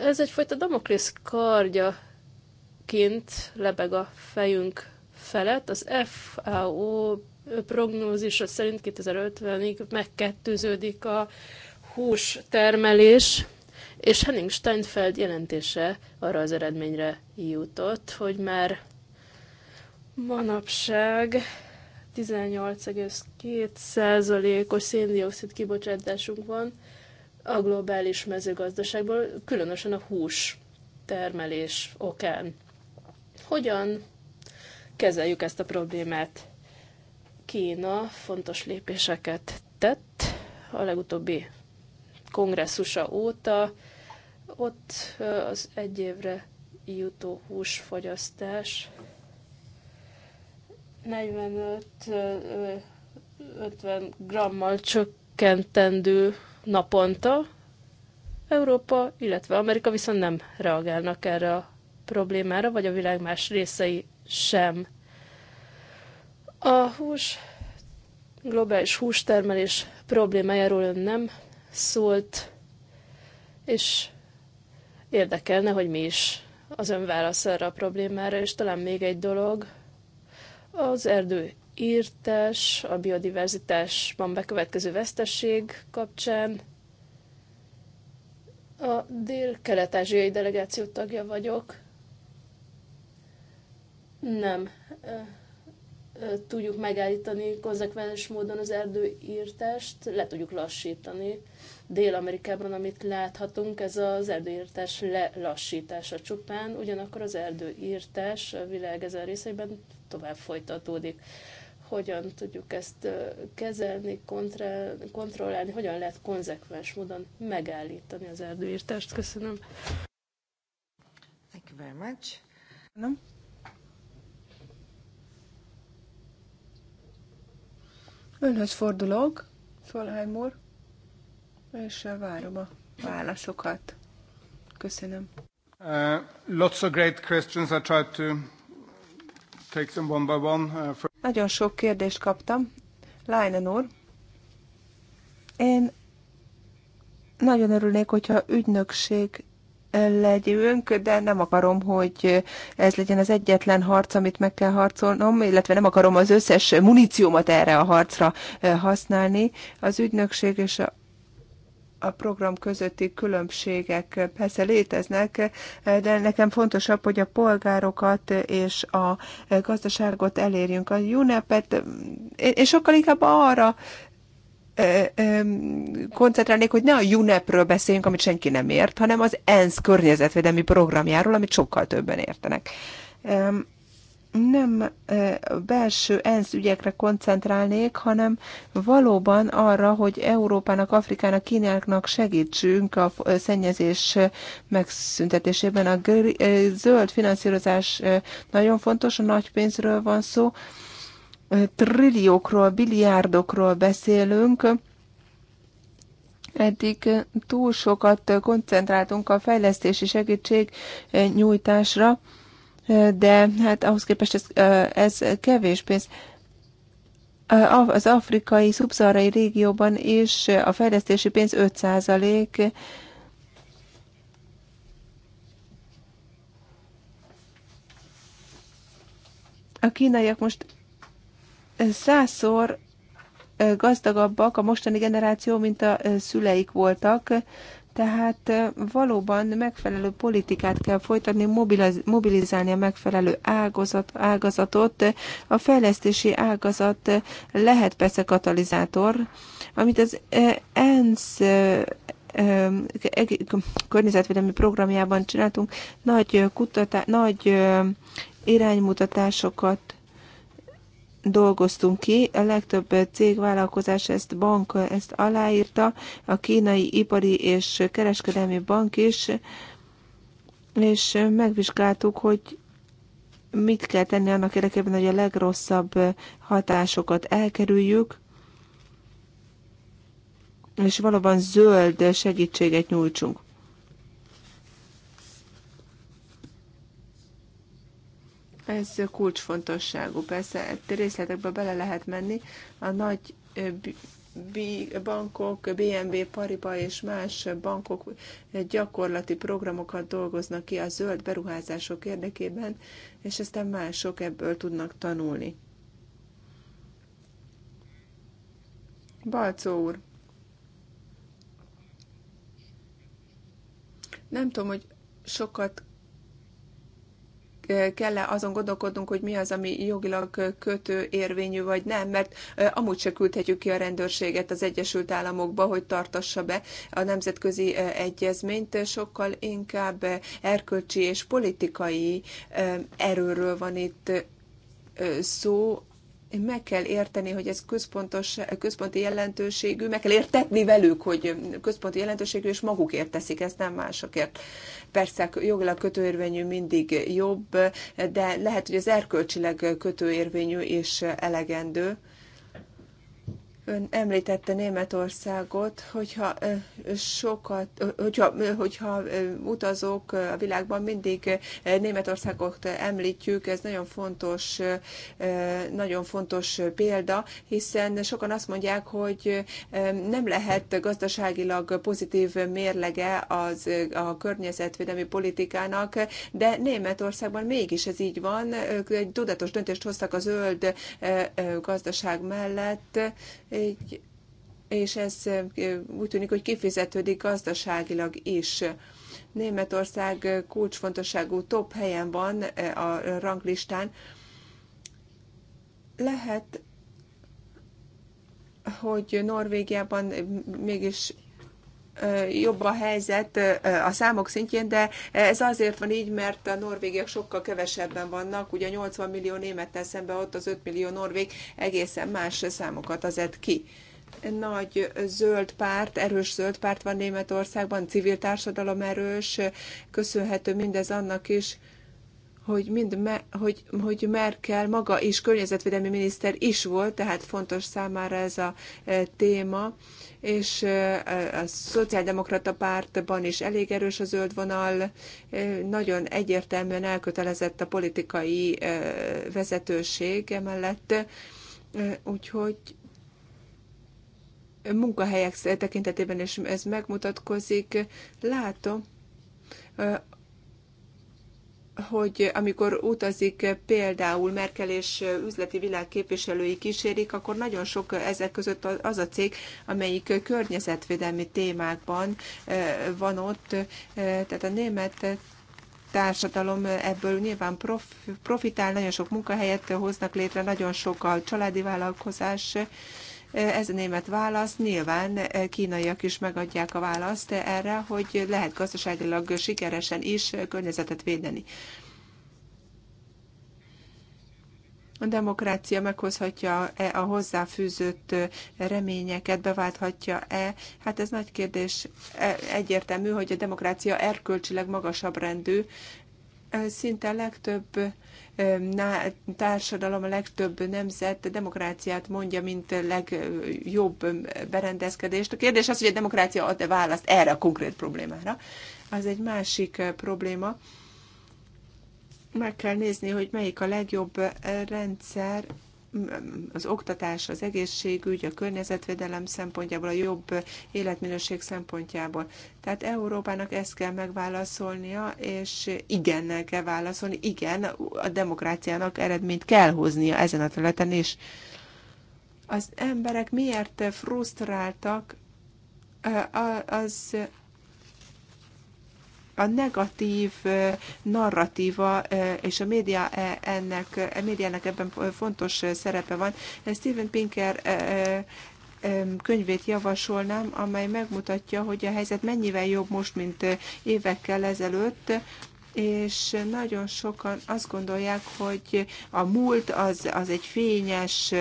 Ez egyfajta Damoklész kardja kint lebeg a fejünk felett. Az FAO prognózisa szerint 2050-ig megkettőződik a hús termelés, és Henning Steinfeld jelentése arra az eredményre jutott, hogy már manapság 18,2%-os széndiokszid kibocsátásunk van a globális mezőgazdaságból, különösen a hús termelés okán. Hogyan kezeljük ezt a problémát? Kína fontos lépéseket tett a legutóbbi kongresszusa óta. Ott az egy évre jutó húsfogyasztás 45-50 grammal csökkentendő naponta. Európa, illetve Amerika viszont nem reagálnak erre a problémára, vagy a világ más részei sem. A hús, globális hústermelés problémájáról ön nem szólt, és érdekelne, hogy mi is az ön válasz erre a problémára, és talán még egy dolog, az erdő írtás, a biodiverzitásban bekövetkező veszteség kapcsán. A dél-kelet-ázsiai delegáció tagja vagyok. Nem tudjuk megállítani konzekvens módon az erdőírtást, le tudjuk lassítani. Dél-Amerikában, amit láthatunk, ez az erdőírtás lelassítása csupán, ugyanakkor az erdőírtás a világ ezen részeiben tovább folytatódik. Hogyan tudjuk ezt kezelni, kontrollálni, hogyan lehet konzekvens módon megállítani az erdőírtást? Köszönöm. Thank you very much. No?
Önhöz fordulok, Szolheim úr, és várom a válaszokat. Köszönöm. Uh, lots of great questions. I tried to
take them one by one. Uh,
nagyon sok kérdést kaptam. Leinen úr, én nagyon örülnék, hogyha ügynökség legyünk, de nem akarom, hogy ez legyen az egyetlen harc, amit meg kell harcolnom, illetve nem akarom az összes muníciómat erre a harcra eh, használni. Az ügynökség és a a program közötti különbségek persze léteznek, de nekem fontosabb, hogy a polgárokat és a gazdaságot elérjünk. A UNEP-et sokkal inkább arra koncentrálnék, hogy ne a UNEP-ről beszéljünk, amit senki nem ért, hanem az ENSZ környezetvédelmi programjáról, amit sokkal többen értenek nem belső ENSZ ügyekre koncentrálnék, hanem valóban arra, hogy Európának, Afrikának, Kínának segítsünk a szennyezés megszüntetésében. A zöld finanszírozás nagyon fontos, a nagy pénzről van szó, trilliókról, biliárdokról beszélünk, Eddig túl sokat koncentráltunk a fejlesztési segítség nyújtásra, de hát ahhoz képest ez, ez kevés pénz. Az afrikai, szubszarai régióban is a fejlesztési pénz 5 százalék, a kínaiak most százszor gazdagabbak a mostani generáció, mint a szüleik voltak, tehát valóban megfelelő politikát kell folytatni, mobilizálni a megfelelő ágazat, ágazatot. A fejlesztési ágazat lehet persze katalizátor, amit az ENSZ e-, e-, környezetvédelmi programjában csináltunk, nagy, kutatá, nagy iránymutatásokat dolgoztunk ki. A legtöbb cégvállalkozás ezt bank ezt aláírta, a kínai ipari és kereskedelmi bank is, és megvizsgáltuk, hogy mit kell tenni annak érdekében, hogy a legrosszabb hatásokat elkerüljük, és valóban zöld segítséget nyújtsunk. Ez kulcsfontosságú, persze részletekbe bele lehet menni. A nagy bankok, BNB Pariba és más bankok gyakorlati programokat dolgoznak ki a zöld beruházások érdekében, és aztán mások ebből tudnak tanulni. Balcó úr, nem tudom, hogy sokat kell -e azon gondolkodnunk, hogy mi az, ami jogilag kötő érvényű vagy nem, mert amúgy se küldhetjük ki a rendőrséget az Egyesült Államokba, hogy tartassa be a nemzetközi egyezményt, sokkal inkább erkölcsi és politikai erőről van itt szó, meg kell érteni, hogy ez központos, központi jelentőségű, meg kell értetni velük, hogy központi jelentőségű, és magukért teszik ezt, nem másokért. Persze jogilag kötőérvényű mindig jobb, de lehet, hogy az erkölcsileg kötőérvényű és elegendő Ön említette Németországot, hogyha sokat, hogyha, hogyha utazók a világban mindig Németországot említjük, ez nagyon fontos, nagyon fontos példa, hiszen sokan azt mondják, hogy nem lehet gazdaságilag pozitív mérlege az, a környezetvédelmi politikának, de Németországban mégis ez így van. Ők egy tudatos döntést hoztak a zöld gazdaság mellett, egy, és ez úgy tűnik, hogy kifizetődik gazdaságilag is. Németország kulcsfontosságú top helyen van a ranglistán. Lehet, hogy Norvégiában mégis jobb a helyzet a számok szintjén, de ez azért van így, mert a norvégiek sokkal kevesebben vannak, ugye 80 millió némettel szemben ott az 5 millió norvég egészen más számokat azett ki nagy zöld párt, erős zöld párt van Németországban, civil társadalom erős, köszönhető mindez annak is, hogy, mind me, hogy, hogy Merkel maga is környezetvédelmi miniszter is volt, tehát fontos számára ez a e, téma, és e, a Szociáldemokrata Pártban is elég erős a zöld vonal, e, nagyon egyértelműen elkötelezett a politikai vezetőség emellett, úgyhogy munkahelyek tekintetében is ez megmutatkozik. Látom, hogy amikor utazik például Merkel és üzleti világ képviselői kísérik, akkor nagyon sok ezek között az a cég, amelyik környezetvédelmi témákban eh, van ott. Eh, tehát a német társadalom ebből nyilván prof, profitál, nagyon sok munkahelyet hoznak létre, nagyon sok a családi vállalkozás, ez a német válasz. Nyilván eh, kínaiak is megadják a választ erre, hogy lehet gazdaságilag sikeresen is környezetet védeni. A demokrácia meghozhatja-e a hozzáfűzött eh, reményeket, beválthatja-e? Hát ez nagy kérdés. E, egyértelmű, hogy a demokrácia erkölcsileg magasabb rendű, szinte a legtöbb társadalom, a legtöbb nemzet demokráciát mondja, mint legjobb berendezkedést. A kérdés az, hogy a demokrácia ad-e választ erre a konkrét problémára. Az egy másik probléma. Meg kell nézni, hogy melyik a legjobb rendszer az oktatás, az egészségügy, a környezetvédelem szempontjából, a jobb életminőség szempontjából. Tehát Európának ezt kell megválaszolnia, és igennel kell válaszolni. Igen, a demokráciának eredményt kell hoznia ezen a területen is. Az emberek miért frusztráltak az a negatív narratíva és a média e, ennek, a e, médiának ebben fontos szerepe van. Steven Pinker könyvét javasolnám, amely megmutatja, hogy a helyzet mennyivel jobb most, mint évekkel ezelőtt, és nagyon sokan azt gondolják, hogy a múlt az, az egy fényes,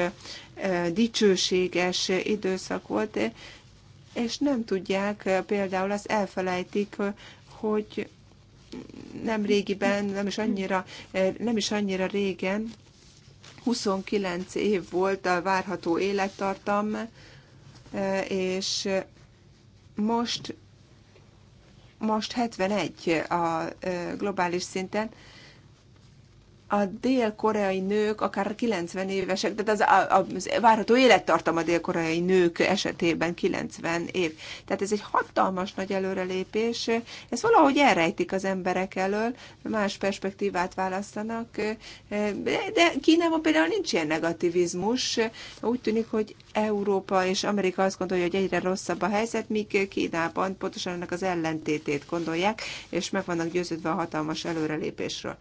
dicsőséges időszak volt, és nem tudják, például azt elfelejtik, hogy nem régiben, nem is annyira, nem is annyira régen, 29 év volt a várható élettartam, és most, most 71 a globális szinten, a dél-koreai nők akár 90 évesek, tehát az, a, az várható élettartam a dél-koreai nők esetében 90 év. Tehát ez egy hatalmas nagy előrelépés. Ez valahogy elrejtik az emberek elől, más perspektívát választanak, de Kínában például nincs ilyen negativizmus. Úgy tűnik, hogy Európa és Amerika azt gondolja, hogy egyre rosszabb a helyzet, míg Kínában pontosan ennek az ellentétét gondolják, és meg vannak győződve a hatalmas előrelépésről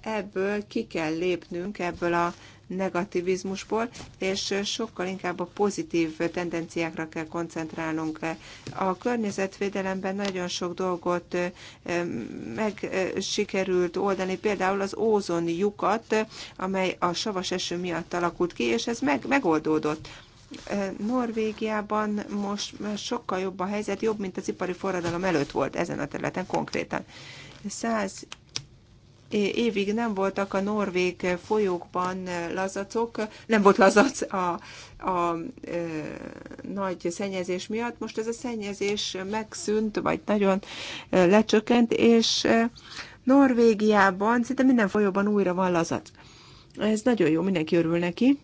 ebből ki kell lépnünk, ebből a negativizmusból, és sokkal inkább a pozitív tendenciákra kell koncentrálnunk. A környezetvédelemben nagyon sok dolgot meg sikerült oldani, például az ózon lyukat, amely a savas eső miatt alakult ki, és ez meg, megoldódott. Norvégiában most sokkal jobb a helyzet, jobb, mint az ipari forradalom előtt volt ezen a területen konkrétan. 100 évig nem voltak a norvég folyókban lazacok, nem volt lazac a, a, a e, nagy szennyezés miatt. Most ez a szennyezés megszűnt, vagy nagyon lecsökkent, és Norvégiában szinte minden folyóban újra van lazac. Ez nagyon jó, mindenki örül neki.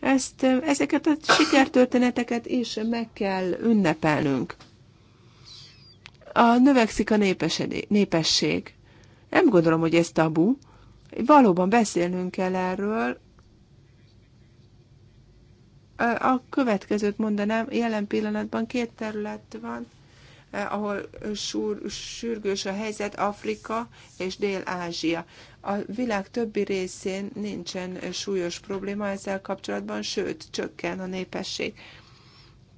Ezt, ezeket a sikertörténeteket is meg kell ünnepelnünk. A növekszik a népesség nem gondolom, hogy ez tabu. Valóban beszélnünk kell erről. A következőt mondanám, jelen pillanatban két terület van, ahol sur, sürgős a helyzet, Afrika és Dél-Ázsia. A világ többi részén nincsen súlyos probléma ezzel kapcsolatban, sőt, csökken a népesség.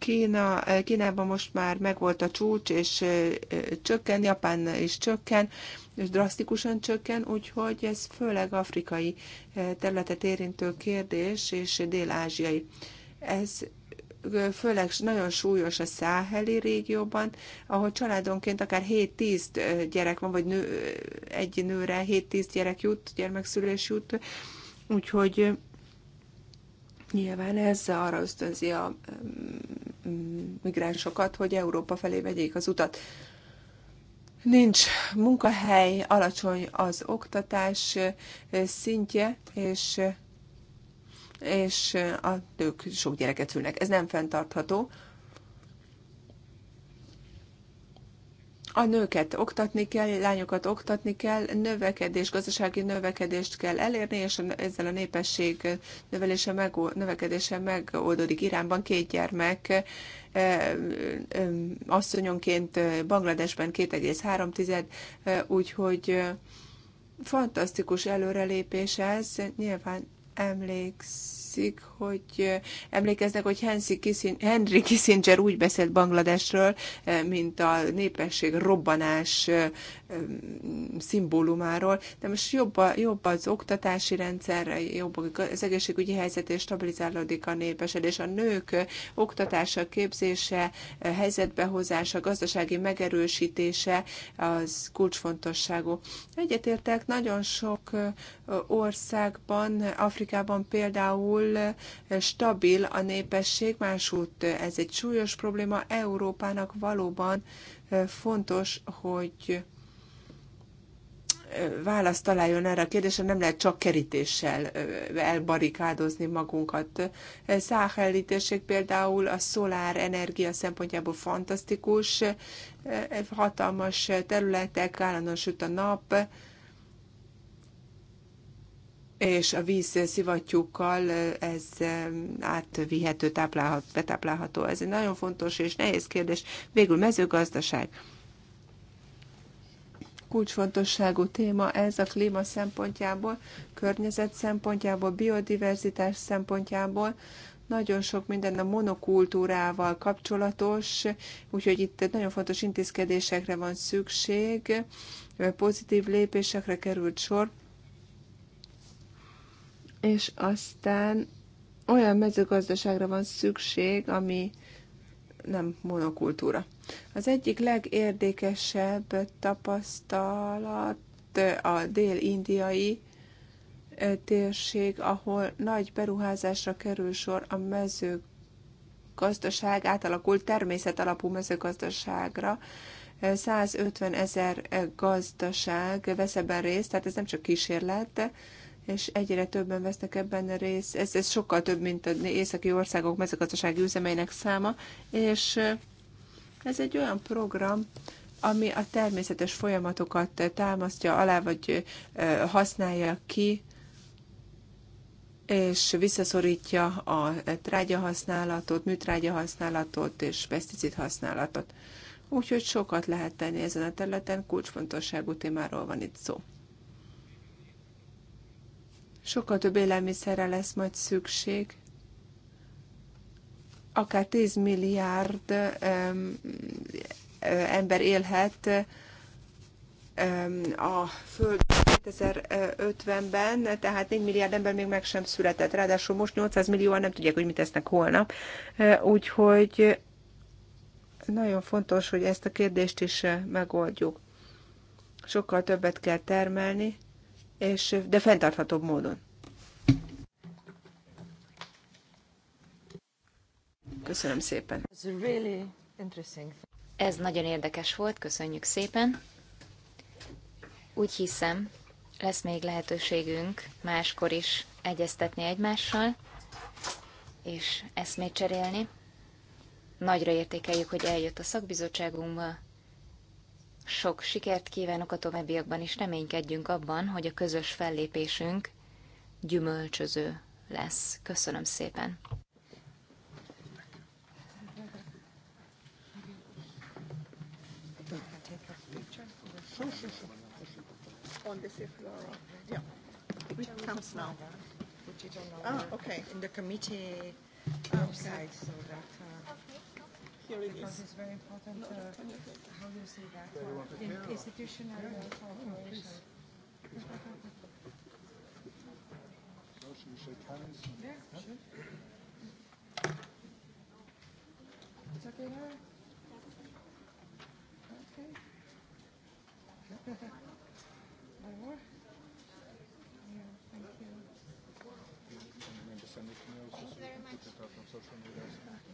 Kína, eh, Kínában most már megvolt a csúcs, és eh, eh, csökken, Japán is csökken, és drasztikusan csökken, úgyhogy ez főleg afrikai területet érintő kérdés, és dél-ázsiai. Ez főleg nagyon súlyos a száheli régióban, ahol családonként akár 7-10 gyerek van, vagy nő, egy nőre 7-10 gyerek jut, gyermekszülés jut, úgyhogy Nyilván ez arra ösztönzi a mm, migránsokat, hogy Európa felé vegyék az utat. Nincs munkahely, alacsony az oktatás szintje, és, és a nők sok gyereket szülnek. Ez nem fenntartható. a nőket oktatni kell, lányokat oktatni kell, növekedés, gazdasági növekedést kell elérni, és ezzel a népesség növelése, meg, növekedése megoldódik. Iránban két gyermek e, e, e, asszonyonként Bangladesben 2,3, úgyhogy fantasztikus előrelépés ez, nyilván emléksz emlékszik, hogy emlékeznek, hogy Henry Kissinger úgy beszélt Bangladesről, mint a népesség robbanás szimbólumáról, de most jobb, a, jobb az oktatási rendszer, jobb az egészségügyi helyzet, és stabilizálódik a népesedés. A nők oktatása, képzése, helyzetbehozása, gazdasági megerősítése az kulcsfontosságú. Egyetértek, nagyon sok országban, Afrikában például túl eh, stabil a népesség, másút eh, ez egy súlyos probléma. Európának valóban eh, fontos, hogy választ találjon erre a kérdésre, nem lehet csak kerítéssel elbarikádozni magunkat. Száheli például a szolár energia szempontjából fantasztikus, hatalmas területek, állandóan süt a nap, és a víz szivattyúkkal ez átvihető, táplálhat, betáplálható. Ez egy nagyon fontos és nehéz kérdés. Végül mezőgazdaság. Kulcsfontosságú téma ez a klíma szempontjából, környezet szempontjából, biodiverzitás szempontjából, nagyon sok minden a monokultúrával kapcsolatos, úgyhogy itt nagyon fontos intézkedésekre van szükség, pozitív lépésekre került sor és aztán olyan mezőgazdaságra van szükség, ami nem monokultúra. Az egyik legérdekesebb tapasztalat a dél-indiai térség, ahol nagy beruházásra kerül sor a mezőgazdaság átalakult természet alapú mezőgazdaságra. 150 ezer gazdaság vesz ebben részt, tehát ez nem csak kísérlet, és egyre többen vesznek ebben a részt. Ez, ez sokkal több, mint az északi országok mezőgazdasági üzemeinek száma, és ez egy olyan program, ami a természetes folyamatokat támasztja alá, vagy használja ki, és visszaszorítja a trágya használatot, műtrágya használatot és peszticid használatot. Úgyhogy sokat lehet tenni ezen a területen, kulcsfontosságú témáról van itt szó sokkal több élelmiszerre lesz majd szükség, akár 10 milliárd ember élhet a Föld 2050-ben, tehát 4 milliárd ember még meg sem született. Ráadásul most 800 millióan nem tudják, hogy mit tesznek holnap. Úgyhogy nagyon fontos, hogy ezt a kérdést is megoldjuk. Sokkal többet kell termelni, és, de fenntarthatóbb módon. Köszönöm szépen.
Ez nagyon érdekes volt, köszönjük szépen. Úgy hiszem, lesz még lehetőségünk máskor is egyeztetni egymással, és eszmét cserélni. Nagyra értékeljük, hogy eljött a szakbizottságunkba, sok sikert kívánok a továbbiakban, és reménykedjünk abban, hogy a közös fellépésünk gyümölcsöző lesz. Köszönöm szépen!
On the floor. Yeah. Which comes now? Which ah, okay. In the committee oh, outside, so that. Uh, it because is. it's very important uh, how you see that in institutional yeah. cooperation.
should we shake hands? Yeah, yeah. sure.
It's okay now? Okay. (laughs) more? Yeah, thank you. Remember sending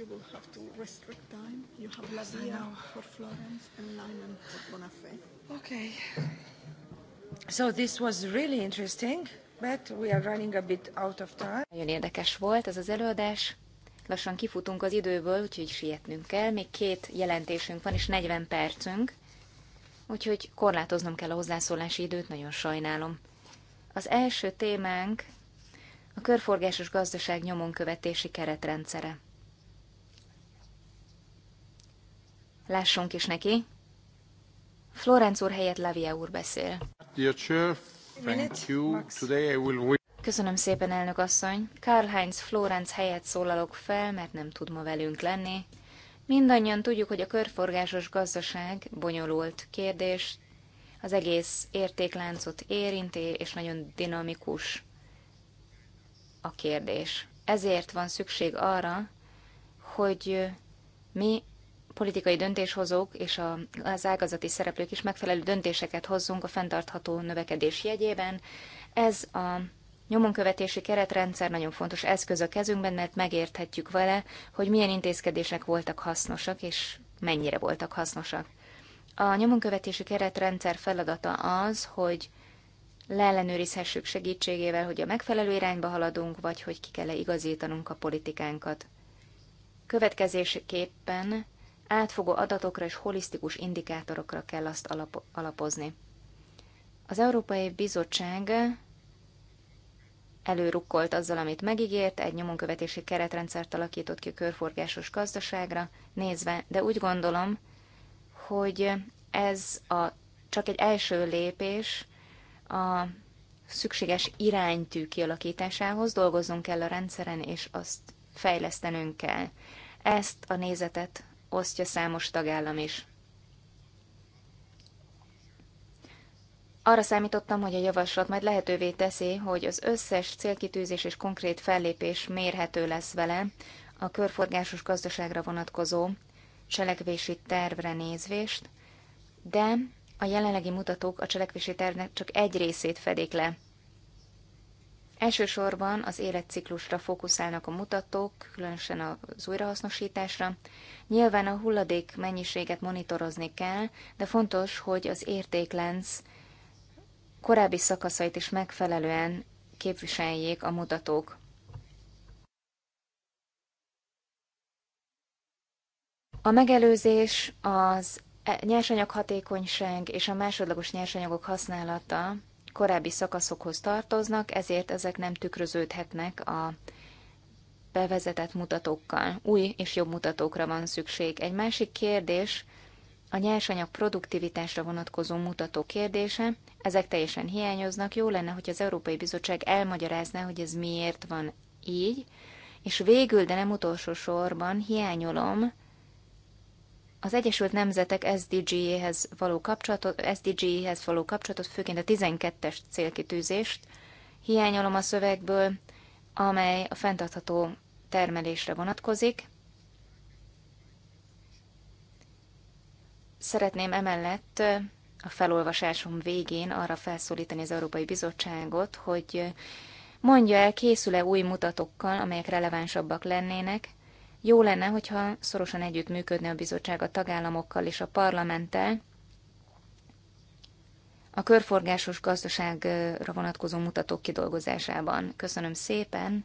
you will have to restrict time.
You have yes, Lavia for Florence and Lyman for Bonafé. Okay.
So this was really interesting, but we are running a bit out of time. Nagyon érdekes volt ez az előadás. Lassan kifutunk az időből, úgyhogy sietnünk kell. Még két jelentésünk van, és 40 percünk. Úgyhogy korlátoznom kell a hozzászólási időt, nagyon sajnálom. Az első témánk a körforgásos gazdaság nyomon követési keretrendszere. Lássunk is neki. Florence úr helyett Lavia úr beszél. Köszönöm szépen, elnök asszony. Karl-Heinz Florenc helyett szólalok fel, mert nem tud ma velünk lenni. Mindannyian tudjuk, hogy a körforgásos gazdaság bonyolult kérdés, az egész értékláncot érinti, és nagyon dinamikus a kérdés. Ezért van szükség arra, hogy mi politikai döntéshozók és az ágazati szereplők is megfelelő döntéseket hozzunk a fenntartható növekedés jegyében. Ez a nyomonkövetési keretrendszer nagyon fontos eszköz a kezünkben, mert megérthetjük vele, hogy milyen intézkedések voltak hasznosak, és mennyire voltak hasznosak. A nyomonkövetési keretrendszer feladata az, hogy leellenőrizhessük segítségével, hogy a megfelelő irányba haladunk, vagy hogy ki kell -e igazítanunk a politikánkat. Következésképpen átfogó adatokra és holisztikus indikátorokra kell azt alap- alapozni. Az Európai Bizottság előrukkolt azzal, amit megígért, egy nyomonkövetési keretrendszert alakított ki a körforgásos gazdaságra nézve, de úgy gondolom, hogy ez a, csak egy első lépés a szükséges iránytű kialakításához, Dolgozzunk kell a rendszeren, és azt fejlesztenünk kell. Ezt a nézetet osztja számos tagállam is. Arra számítottam, hogy a javaslat majd lehetővé teszi, hogy az összes célkitűzés és konkrét fellépés mérhető lesz vele a körforgásos gazdaságra vonatkozó cselekvési tervre nézvést, de a jelenlegi mutatók a cselekvési tervnek csak egy részét fedik le. Elsősorban az életciklusra fókuszálnak a mutatók, különösen az újrahasznosításra. Nyilván a hulladék mennyiséget monitorozni kell, de fontos, hogy az értéklenc korábbi szakaszait is megfelelően képviseljék a mutatók. A megelőzés, az e- nyersanyag hatékonyság és a másodlagos nyersanyagok használata korábbi szakaszokhoz tartoznak, ezért ezek nem tükröződhetnek a bevezetett mutatókkal. Új és jobb mutatókra van szükség. Egy másik kérdés a nyersanyag produktivitásra vonatkozó mutató kérdése. Ezek teljesen hiányoznak. Jó lenne, hogy az Európai Bizottság elmagyarázná, hogy ez miért van így. És végül, de nem utolsó sorban hiányolom az Egyesült Nemzetek SDG-hez való kapcsolatot, SDG-hez való kapcsolatot, főként a 12-es célkitűzést hiányolom a szövegből, amely a fenntartható termelésre vonatkozik. Szeretném emellett a felolvasásom végén arra felszólítani az Európai Bizottságot, hogy mondja el, készül-e új mutatókkal, amelyek relevánsabbak lennének, jó lenne, hogyha szorosan együttműködne a bizottság a tagállamokkal és a parlamenttel, a körforgásos gazdaságra vonatkozó mutatók kidolgozásában. Köszönöm szépen,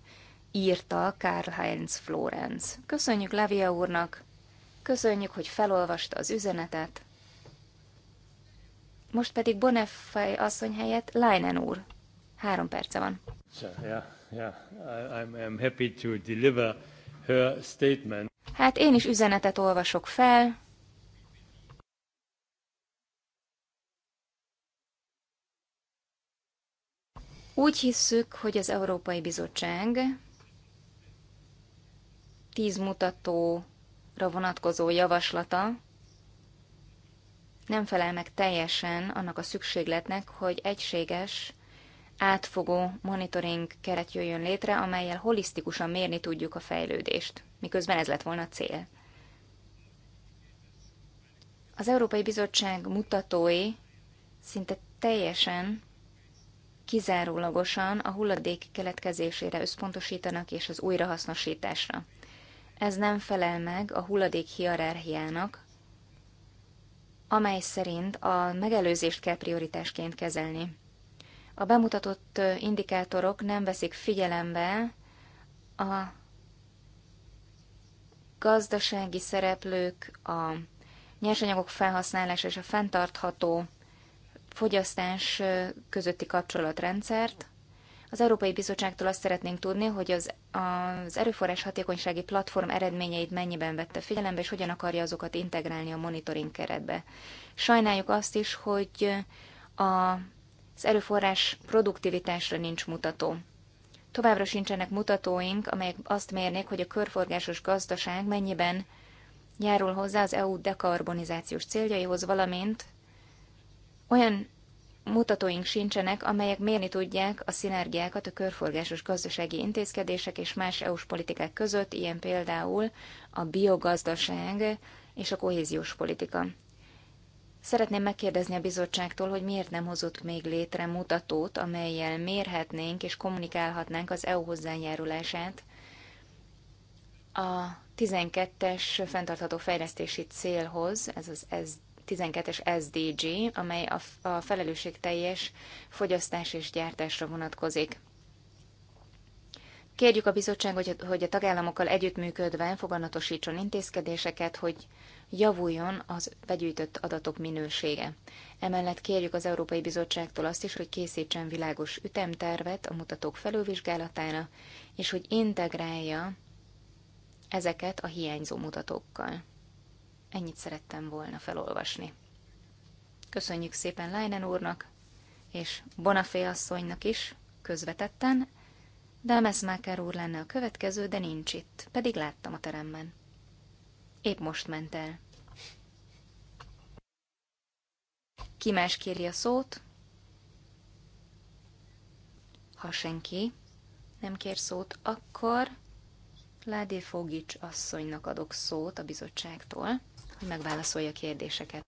írta Karl Heinz Florenz. Köszönjük Levia úrnak, köszönjük, hogy felolvasta az üzenetet. Most pedig Bonefaj asszony helyett Leinen úr. Három perce van.
So, yeah, yeah. I, I'm, I'm happy to deliver her statement.
Hát én is üzenetet olvasok fel. Úgy hisszük, hogy az Európai Bizottság tíz mutatóra vonatkozó javaslata nem felel meg teljesen annak a szükségletnek, hogy egységes átfogó monitoring keret jöjjön létre, amelyel holisztikusan mérni tudjuk a fejlődést, miközben ez lett volna a cél. Az Európai Bizottság mutatói szinte teljesen kizárólagosan a hulladék keletkezésére összpontosítanak és az újrahasznosításra. Ez nem felel meg a hulladék hierarchiának, amely szerint a megelőzést kell prioritásként kezelni. A bemutatott indikátorok nem veszik figyelembe a gazdasági szereplők, a nyersanyagok felhasználása és a fenntartható fogyasztás közötti kapcsolatrendszert. Az Európai Bizottságtól azt szeretnénk tudni, hogy az, az erőforrás hatékonysági platform eredményeit mennyiben vette figyelembe, és hogyan akarja azokat integrálni a monitoring keretbe. Sajnáljuk azt is, hogy a az erőforrás produktivitásra nincs mutató. Továbbra sincsenek mutatóink, amelyek azt mérnék, hogy a körforgásos gazdaság mennyiben járul hozzá az EU dekarbonizációs céljaihoz, valamint olyan mutatóink sincsenek, amelyek mérni tudják a szinergiákat a körforgásos gazdasági intézkedések és más EU-s politikák között, ilyen például a biogazdaság és a kohéziós politika. Szeretném megkérdezni a bizottságtól, hogy miért nem hozott még létre mutatót, amelyel mérhetnénk és kommunikálhatnánk az EU hozzájárulását a 12-es fenntartható fejlesztési célhoz, ez az ez 12-es SDG, amely a, a felelősségteljes fogyasztás és gyártásra vonatkozik. Kérjük a bizottságot, hogy, hogy a tagállamokkal együttműködve foganatosítson intézkedéseket, hogy javuljon az begyűjtött adatok minősége. Emellett kérjük az Európai Bizottságtól azt is, hogy készítsen világos ütemtervet a mutatók felülvizsgálatára, és hogy integrálja ezeket a hiányzó mutatókkal. Ennyit szerettem volna felolvasni. Köszönjük szépen Leinen úrnak, és Bonafé asszonynak is, közvetetten, de Meszmáker úr lenne a következő, de nincs itt, pedig láttam a teremben. Épp most ment el. Ki más kéri a szót? Ha senki nem kér szót, akkor Ládé Fogics asszonynak adok szót a bizottságtól, hogy megválaszolja a kérdéseket.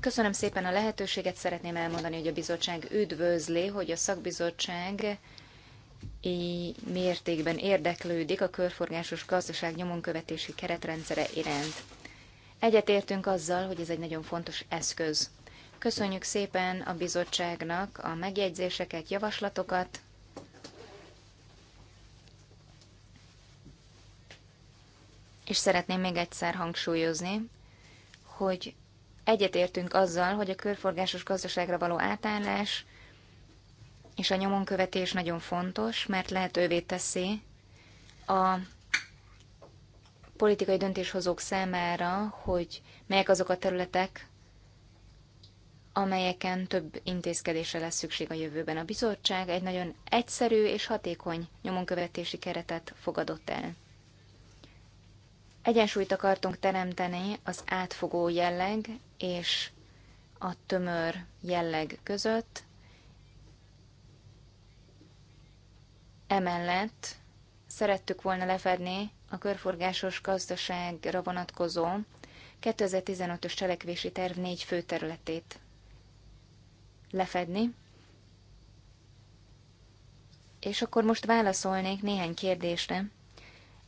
Köszönöm szépen a lehetőséget, szeretném elmondani, hogy a bizottság üdvözli, hogy a szakbizottság mértékben érdeklődik a körforgásos gazdaság nyomonkövetési keretrendszere iránt. Egyetértünk azzal, hogy ez egy nagyon fontos eszköz. Köszönjük szépen a bizottságnak a megjegyzéseket, javaslatokat. És szeretném még egyszer hangsúlyozni, hogy egyetértünk azzal, hogy a körforgásos gazdaságra való átállás és a nyomonkövetés nagyon fontos, mert lehetővé teszi a politikai döntéshozók számára, hogy melyek azok a területek, amelyeken több intézkedésre lesz szükség a jövőben. A bizottság egy nagyon egyszerű és hatékony nyomonkövetési keretet fogadott el. Egyensúlyt akartunk teremteni az átfogó jelleg és a tömör jelleg között, Emellett szerettük volna lefedni a körforgásos gazdaságra vonatkozó 2015-ös cselekvési terv négy fő területét lefedni. És akkor most válaszolnék néhány kérdésre,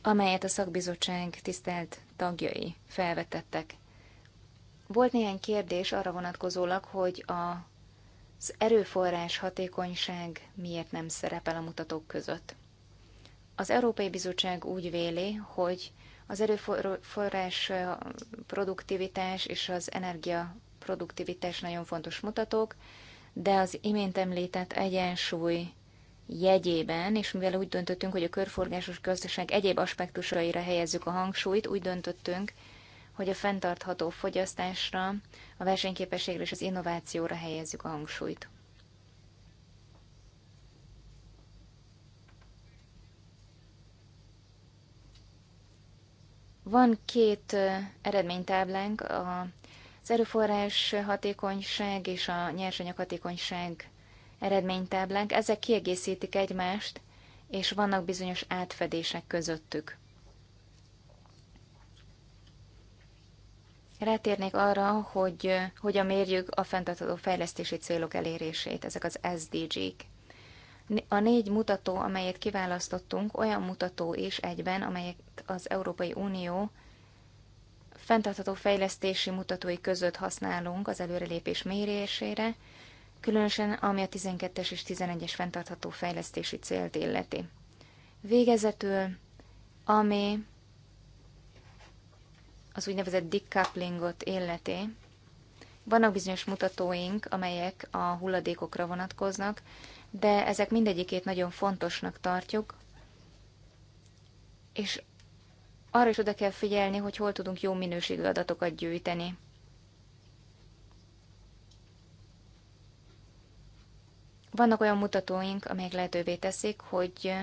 amelyet a szakbizottság tisztelt tagjai felvetettek. Volt néhány kérdés arra vonatkozólag, hogy a az erőforrás hatékonyság miért nem szerepel a mutatók között. Az Európai Bizottság úgy véli, hogy az erőforrás produktivitás és az energia produktivitás nagyon fontos mutatók, de az imént említett egyensúly jegyében, és mivel úgy döntöttünk, hogy a körforgásos gazdaság egyéb aspektusaira helyezzük a hangsúlyt, úgy döntöttünk, hogy a fenntartható fogyasztásra, a versenyképességre és az innovációra helyezzük a hangsúlyt. Van két eredménytáblánk, az erőforrás hatékonyság és a nyersanyag hatékonyság eredménytáblánk. Ezek kiegészítik egymást, és vannak bizonyos átfedések közöttük. Rátérnék arra, hogy hogyan mérjük a fenntartható fejlesztési célok elérését, ezek az SDG-k. A négy mutató, amelyet kiválasztottunk, olyan mutató is egyben, amelyet az Európai Unió fenntartható fejlesztési mutatói között használunk az előrelépés mérésére, különösen ami a 12-es és 11-es fenntartható fejlesztési célt illeti. Végezetül, ami az úgynevezett decouplingot illeti, vannak bizonyos mutatóink, amelyek a hulladékokra vonatkoznak, de ezek mindegyikét nagyon fontosnak tartjuk, és arra is oda kell figyelni, hogy hol tudunk jó minőségű adatokat gyűjteni. Vannak olyan mutatóink, amelyek lehetővé teszik, hogy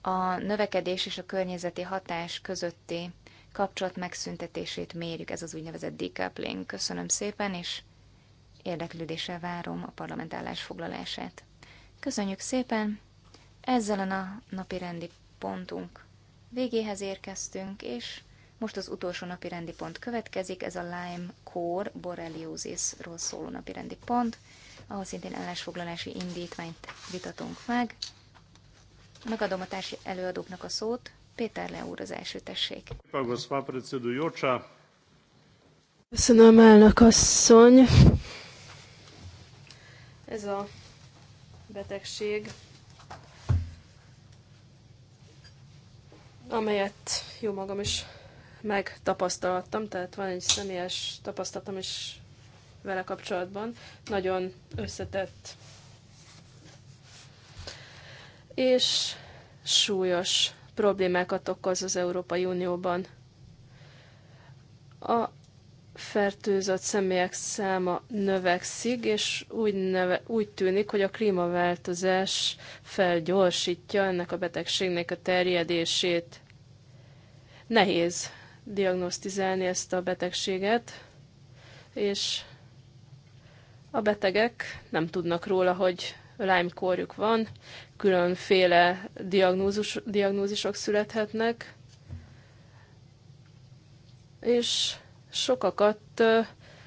a növekedés és a környezeti hatás közötti kapcsolat megszüntetését mérjük, ez az úgynevezett decoupling. Köszönöm szépen, és érdeklődéssel várom a parlament állásfoglalását. Köszönjük szépen! Ezzel a napi rendi pontunk végéhez érkeztünk, és most az utolsó napi rendi pont következik, ez a Lyme Core Borreliosisról szóló napi rendi pont, ahol szintén állásfoglalási indítványt vitatunk meg. Megadom a társi előadóknak a szót, Péter Leó úr az első, tessék.
Köszönöm, elnök asszony. Ez a betegség, amelyet jó magam is megtapasztaltam, tehát van egy személyes tapasztalatom is vele kapcsolatban. Nagyon összetett és súlyos problémákat okoz az Európai Unióban. A fertőzött személyek száma növekszik, és úgy, neve, úgy tűnik, hogy a klímaváltozás felgyorsítja ennek a betegségnek a terjedését. Nehéz diagnosztizálni ezt a betegséget, és a betegek nem tudnak róla, hogy Lyme van, különféle diagnózus, diagnózisok születhetnek, és sokakat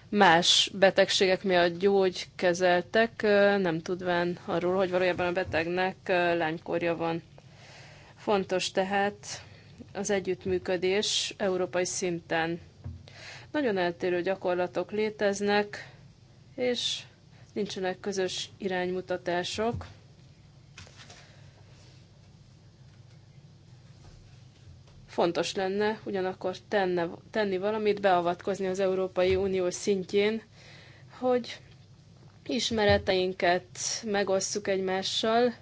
más betegségek miatt gyógykezeltek, nem tudván arról, hogy valójában a betegnek lánykorja van. Fontos tehát az együttműködés európai szinten. Nagyon eltérő gyakorlatok léteznek, és nincsenek közös iránymutatások. Fontos lenne ugyanakkor tenne, tenni valamit, beavatkozni az Európai Unió szintjén, hogy ismereteinket megosszuk egymással,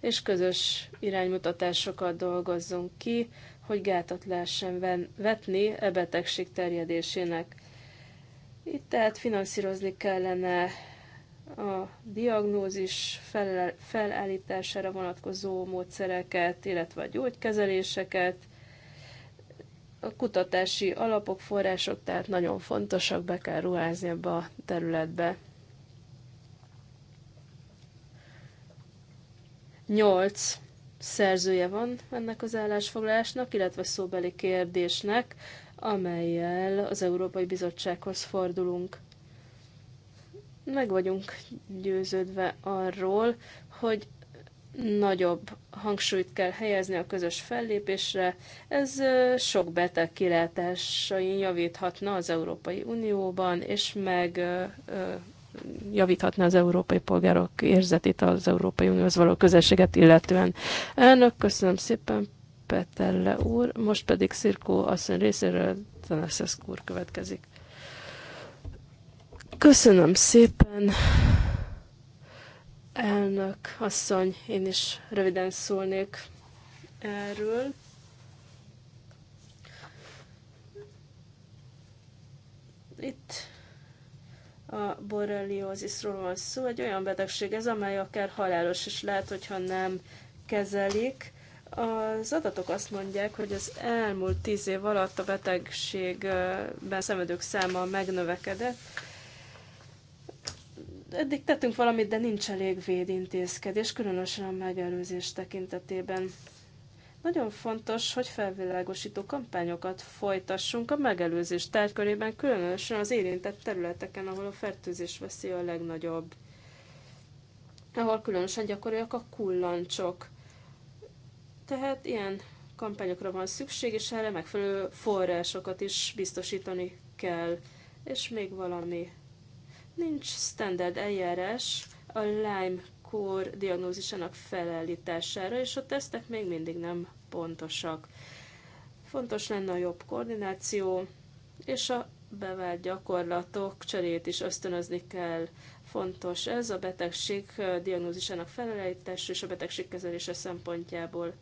és közös iránymutatásokat dolgozzunk ki, hogy gátat lehessen vetni e betegség terjedésének. Itt tehát finanszírozni kellene a diagnózis felállítására vonatkozó módszereket, illetve a gyógykezeléseket, a kutatási alapok, források, tehát nagyon fontosak, be kell ruházni ebbe a területbe. 8 szerzője van ennek az állásfoglalásnak, illetve szóbeli kérdésnek, amelyel az Európai Bizottsághoz fordulunk. Meg vagyunk győződve arról, hogy nagyobb hangsúlyt kell helyezni a közös fellépésre, ez sok beteg kilátásain javíthatna az Európai Unióban, és meg javíthatna az európai polgárok érzetét az Európai Unióhoz való közelséget illetően. Elnök, köszönöm szépen, Petelle úr, most pedig Szirkó asszony részéről Tanaszesz úr következik. Köszönöm szépen, Elnök asszony, én is röviden szólnék erről. Itt a borreliózisról van szó, egy olyan betegség ez, amely akár halálos is lehet, hogyha nem kezelik. Az adatok azt mondják, hogy az elmúlt tíz év alatt a betegségben szenvedők száma megnövekedett, eddig tettünk valamit, de nincs elég védintézkedés, különösen a megelőzés tekintetében. Nagyon fontos, hogy felvilágosító kampányokat folytassunk a megelőzés tárgykörében, különösen az érintett területeken, ahol a fertőzés veszély a legnagyobb, ahol különösen gyakoriak a kullancsok. Tehát ilyen kampányokra van szükség, és erre megfelelő forrásokat is biztosítani kell. És még valami Nincs standard eljárás a Lyme kór diagnózisának felállítására, és a tesztek még mindig nem pontosak. Fontos lenne a jobb koordináció, és a bevált gyakorlatok cserét is ösztönözni kell. Fontos ez a betegség diagnózisának felállítása és a betegség kezelése szempontjából.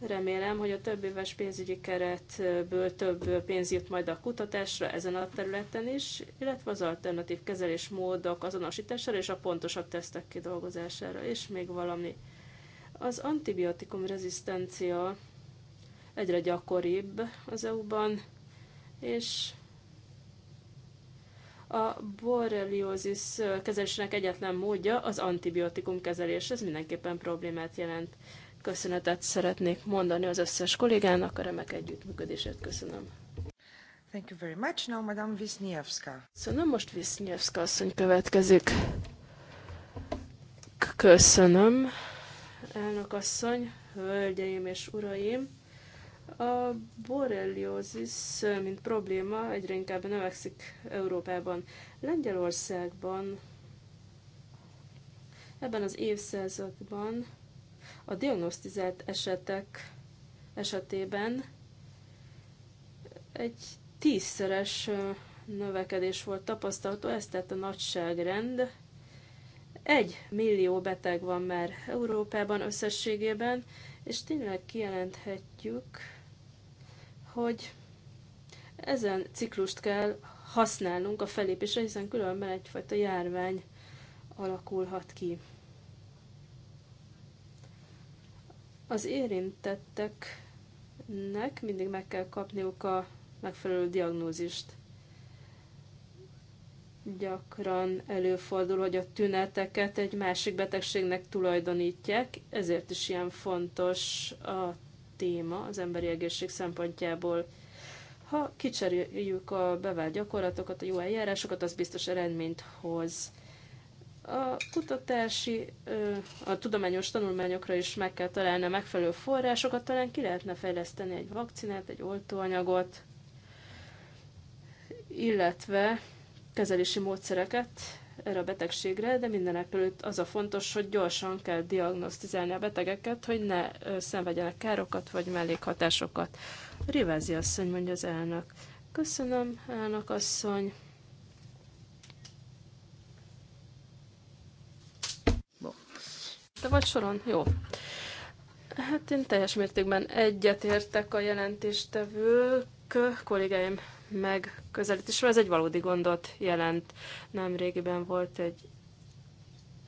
Remélem, hogy a több éves pénzügyi keretből több pénz jut majd a kutatásra ezen a területen is, illetve az alternatív kezelésmódok azonosítására és a pontosabb tesztek kidolgozására, és még valami. Az antibiotikum rezisztencia egyre gyakoribb az EU-ban, és a borreliózis kezelésének egyetlen módja az antibiotikum kezelés. Ez mindenképpen problémát jelent köszönetet szeretnék mondani az összes kollégának, a remek együttműködését köszönöm. Thank you very much. Now, Madame Wisniewska. Szóval most Wisniewska asszony következik. Köszönöm, elnök asszony, hölgyeim és uraim. A borreliózis, mint probléma, egyre inkább növekszik Európában. Lengyelországban ebben az évszázadban a diagnosztizált esetek esetében egy tízszeres növekedés volt tapasztalható, ez tett a nagyságrend. Egy millió beteg van már Európában összességében, és tényleg kijelenthetjük, hogy ezen ciklust kell használnunk a felépésre, hiszen különben egyfajta járvány alakulhat ki. Az érintetteknek mindig meg kell kapniuk a megfelelő diagnózist. Gyakran előfordul, hogy a tüneteket egy másik betegségnek tulajdonítják, ezért is ilyen fontos a téma az emberi egészség szempontjából. Ha kicseréljük a bevált gyakorlatokat, a jó eljárásokat, az biztos eredményt hoz. A kutatási, a tudományos tanulmányokra is meg kell találni a megfelelő forrásokat, talán ki lehetne fejleszteni egy vakcinát, egy oltóanyagot, illetve kezelési módszereket erre a betegségre, de mindenek előtt az a fontos, hogy gyorsan kell diagnosztizálni a betegeket, hogy ne szenvedjenek károkat vagy mellékhatásokat. Rivázi asszony, mondja az elnök. Köszönöm, elnök asszony. Te vagy soron? Jó. Hát én teljes mértékben egyetértek a jelentéstevők kollégáim meg közelítésre. Ez egy valódi gondot jelent. nem régiben volt egy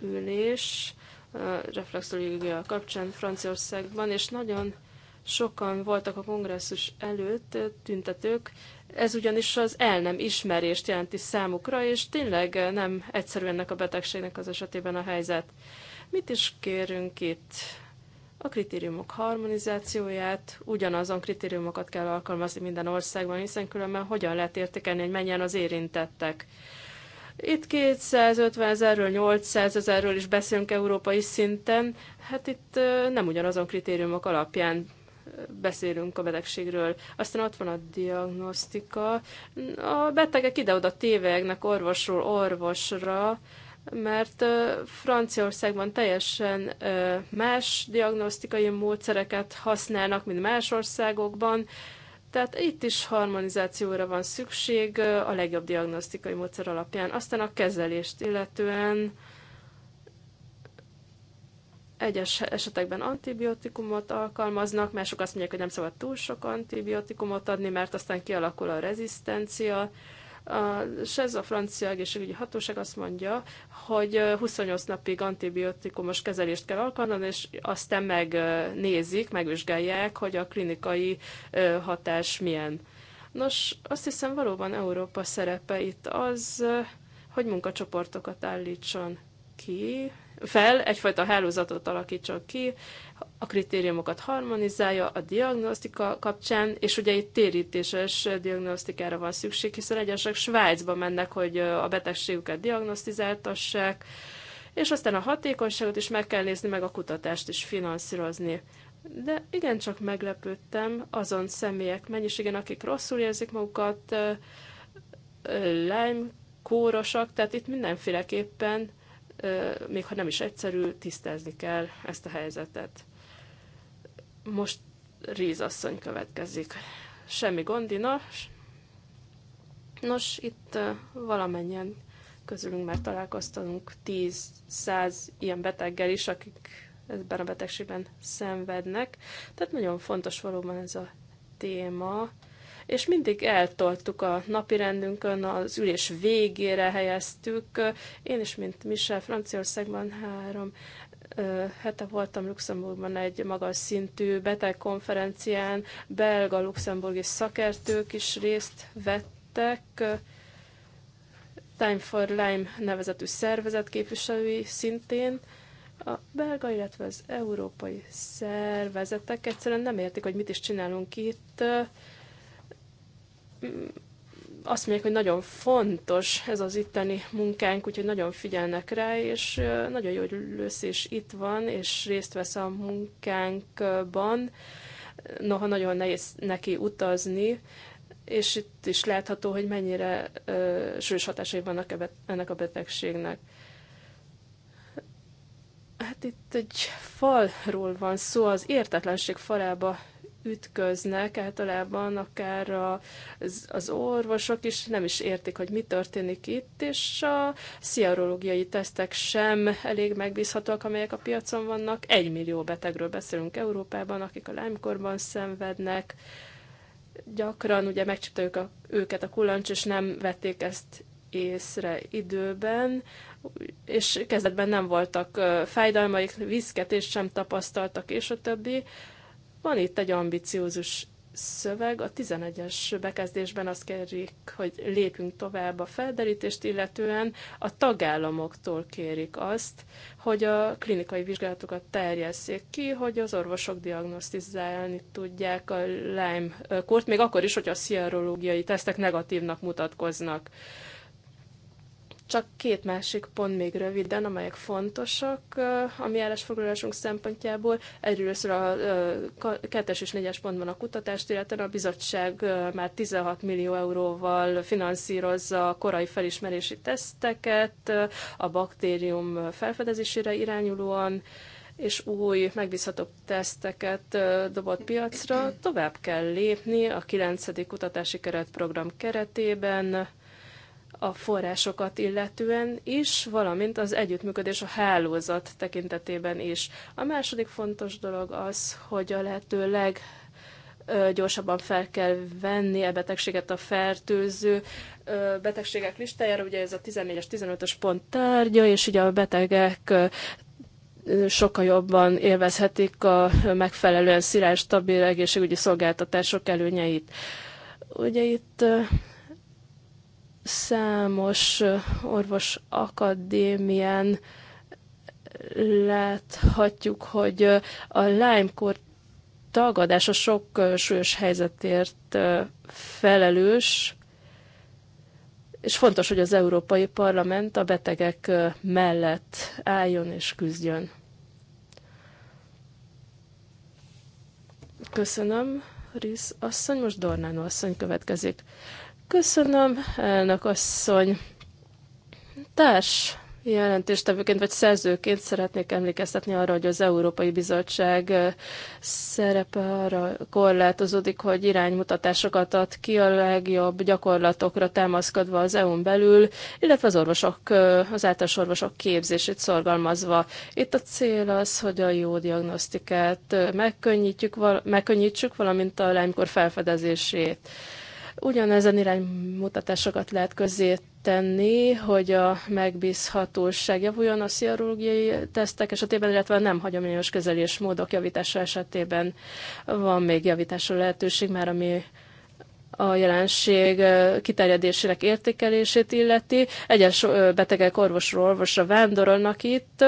ülés reflexológia kapcsán Franciaországban, és nagyon sokan voltak a kongresszus előtt tüntetők. Ez ugyanis az el nem ismerést jelenti számukra, és tényleg nem egyszerű ennek a betegségnek az esetében a helyzet. Mit is kérünk itt? A kritériumok harmonizációját, ugyanazon kritériumokat kell alkalmazni minden országban, hiszen különben hogyan lehet értékelni, hogy mennyien az érintettek. Itt 250 ezerről, 800 ezerről is beszélünk európai szinten. Hát itt nem ugyanazon kritériumok alapján beszélünk a betegségről. Aztán ott van a diagnosztika. A betegek ide-oda tévegnek orvosról orvosra, mert Franciaországban teljesen más diagnosztikai módszereket használnak, mint más országokban, tehát itt is harmonizációra van szükség a legjobb diagnosztikai módszer alapján. Aztán a kezelést illetően egyes esetekben antibiotikumot alkalmaznak, mások azt mondják, hogy nem szabad túl sok antibiotikumot adni, mert aztán kialakul a rezisztencia. A, ez a francia egészségügyi hatóság azt mondja, hogy 28 napig antibiotikumos kezelést kell alkalmazni, és aztán megnézik, megvizsgálják, hogy a klinikai hatás milyen. Nos, azt hiszem valóban Európa szerepe itt az, hogy munkacsoportokat állítson ki, fel, egyfajta hálózatot alakítson ki, a kritériumokat harmonizálja a diagnosztika kapcsán, és ugye itt térítéses diagnosztikára van szükség, hiszen egyesek Svájcba mennek, hogy a betegségüket diagnosztizáltassák, és aztán a hatékonyságot is meg kell nézni, meg a kutatást is finanszírozni. De igencsak meglepődtem azon személyek mennyiségen, akik rosszul érzik magukat, Lyme kórosak, tehát itt mindenféleképpen még ha nem is egyszerű, tisztázni kell ezt a helyzetet. Most Ríz asszony következik. Semmi gondi nos. Nos, itt valamennyien közülünk már találkoztunk 10-100 ilyen beteggel is, akik ebben a betegségben szenvednek. Tehát nagyon fontos valóban ez a téma és mindig eltoltuk a napi rendünkön, az ülés végére helyeztük. Én is, mint Michel, Franciaországban három hete voltam Luxemburgban egy magas szintű betegkonferencián, belga-luxemburgi szakértők is részt vettek, Time for Lyme nevezetű szervezet képviselői szintén. A belga, illetve az európai szervezetek egyszerűen nem értik, hogy mit is csinálunk itt, azt mondják, hogy nagyon fontos ez az itteni munkánk, úgyhogy nagyon figyelnek rá, és nagyon jó, hogy Lősz is itt van, és részt vesz a munkánkban. Noha nagyon nehéz neki utazni, és itt is látható, hogy mennyire uh, súlyos hatásai vannak e ennek a betegségnek. Hát itt egy falról van szó, az értetlenség falába ütköznek általában akár az, az orvosok is nem is értik, hogy mi történik itt, és a sziarológiai tesztek sem elég megbízhatóak, amelyek a piacon vannak. Egy millió betegről beszélünk Európában, akik a lánykorban szenvednek. Gyakran ugye megcsipte a, őket a kullancs, és nem vették ezt észre időben, és kezdetben nem voltak fájdalmaik, viszketést sem tapasztaltak, és a többi van itt egy ambiciózus szöveg, a 11-es bekezdésben azt kérik, hogy lépjünk tovább a felderítést, illetően a tagállamoktól kérik azt, hogy a klinikai vizsgálatokat terjesszék ki, hogy az orvosok diagnosztizálni tudják a Lyme kort, még akkor is, hogy a szierológiai tesztek negatívnak mutatkoznak. Csak két másik pont még röviden, amelyek fontosak a mi állásfoglalásunk szempontjából. Egyrészt a kettes és négyes pontban a kutatást, illetve a bizottság már 16 millió euróval finanszírozza a korai felismerési teszteket a baktérium felfedezésére irányulóan és új, megbízható teszteket dobott piacra. Tovább kell lépni a 9. kutatási keretprogram keretében a forrásokat illetően is, valamint az együttműködés a hálózat tekintetében is. A második fontos dolog az, hogy a lehető leg gyorsabban fel kell venni a e betegséget a fertőző betegségek listájára, ugye ez a 14-es, 15-ös pont tárgya, és ugye a betegek sokkal jobban élvezhetik a megfelelően szirás, stabil egészségügyi szolgáltatások előnyeit. Ugye itt Számos orvos akadémián láthatjuk, hogy a Lyme-kor tagadása sok súlyos helyzetért felelős, és fontos, hogy az Európai Parlament a betegek mellett álljon és küzdjön. Köszönöm, Riz asszony. Most Dornánó asszony következik. Köszönöm, elnök asszony. Társ jelentéstevőként vagy szerzőként szeretnék emlékeztetni arra, hogy az Európai Bizottság szerepe arra korlátozódik, hogy iránymutatásokat ad ki a legjobb gyakorlatokra támaszkodva az EU-n belül, illetve az orvosok, az általános orvosok képzését szorgalmazva. Itt a cél az, hogy a jó diagnosztikát megkönnyítjük, megkönnyítsük, valamint a lánykor felfedezését. Ugyanezen iránymutatásokat lehet közé tenni, hogy a megbízhatóság javuljon a szierológiai tesztek esetében, illetve a nem hagyományos kezelés módok javítása esetében van még javítási lehetőség, már ami a jelenség kiterjedésének értékelését illeti. Egyes betegek orvosról orvosra vándorolnak itt,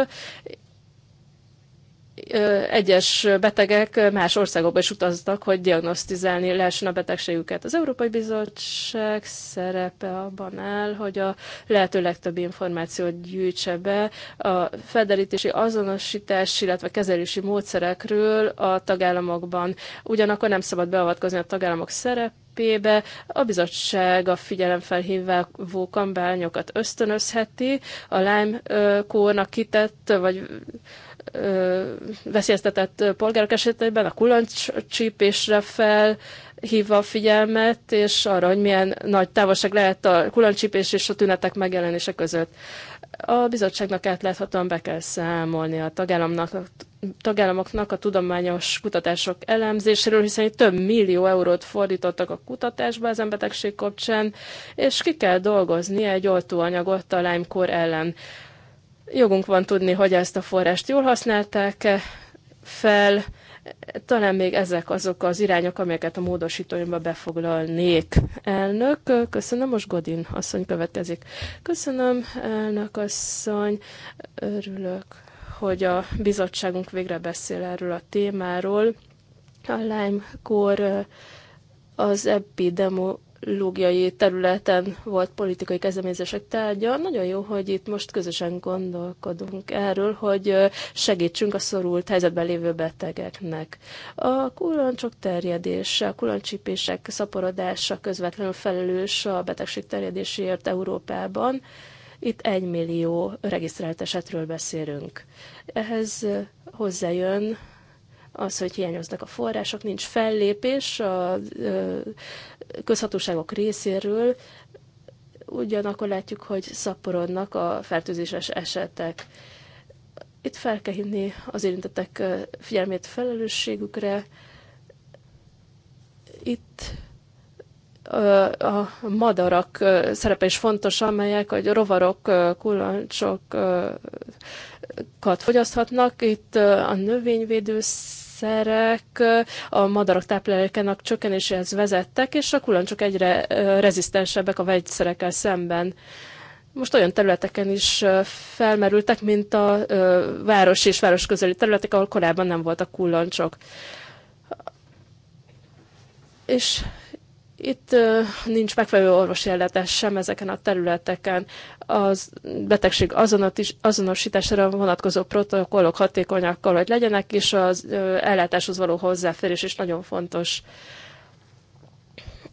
egyes betegek más országokba is utaztak, hogy diagnosztizálni lehessen a betegségüket. Az Európai Bizottság szerepe abban áll, hogy a lehető legtöbb információt gyűjtse be a felderítési azonosítás, illetve kezelési módszerekről a tagállamokban. Ugyanakkor nem szabad beavatkozni a tagállamok szerep Pébe. A bizottság a figyelemfelhívó kampányokat ösztönözheti, a Lime kórnak kitett, vagy veszélyeztetett polgárok esetében a kullancscsípésre fel, hívva a figyelmet, és arra, hogy milyen nagy távolság lehet a kullancsípés és a tünetek megjelenése között. A bizottságnak átláthatóan be kell számolni a tagállamnak, a tagállamoknak a tudományos kutatások elemzéséről, hiszen itt több millió eurót fordítottak a kutatásba ezen betegség kapcsán, és ki kell dolgozni egy oltóanyagot a Lyme-kor ellen. Jogunk van tudni, hogy ezt a forrást jól használták-e fel. Talán még ezek azok az irányok, amelyeket a módosítóimba befoglalnék. Elnök, köszönöm, most Godin asszony következik. Köszönöm, elnök asszony, örülök, hogy a bizottságunk végre beszél erről a témáról. A Lime-kor az epidemo ideológiai területen volt politikai kezdeményezések tárgya. Nagyon jó, hogy itt most közösen gondolkodunk erről, hogy segítsünk a szorult helyzetben lévő betegeknek. A kulancsok terjedése, a kulancsípések szaporodása közvetlenül felelős a betegség terjedéséért Európában. Itt egy millió regisztrált esetről beszélünk. Ehhez hozzájön az, hogy hiányoznak a források, nincs fellépés a közhatóságok részéről, ugyanakkor látjuk, hogy szaporodnak a fertőzéses esetek. Itt fel kell hinni az érintettek figyelmét felelősségükre. Itt a madarak szerepe is fontos, amelyek a rovarok, kullancsokat fogyaszthatnak. Itt a növényvédőszer szerek a madarak táplálékának csökkenéséhez vezettek, és a kullancsok egyre rezisztensebbek a vegyszerekkel szemben. Most olyan területeken is felmerültek, mint a város és város közeli területek, ahol korábban nem voltak kullancsok. És itt nincs megfelelő orvosi ellátás sem ezeken a területeken. Az betegség azonosítására vonatkozó protokollok hatékonyak hogy legyenek, és az ellátáshoz való hozzáférés is nagyon fontos.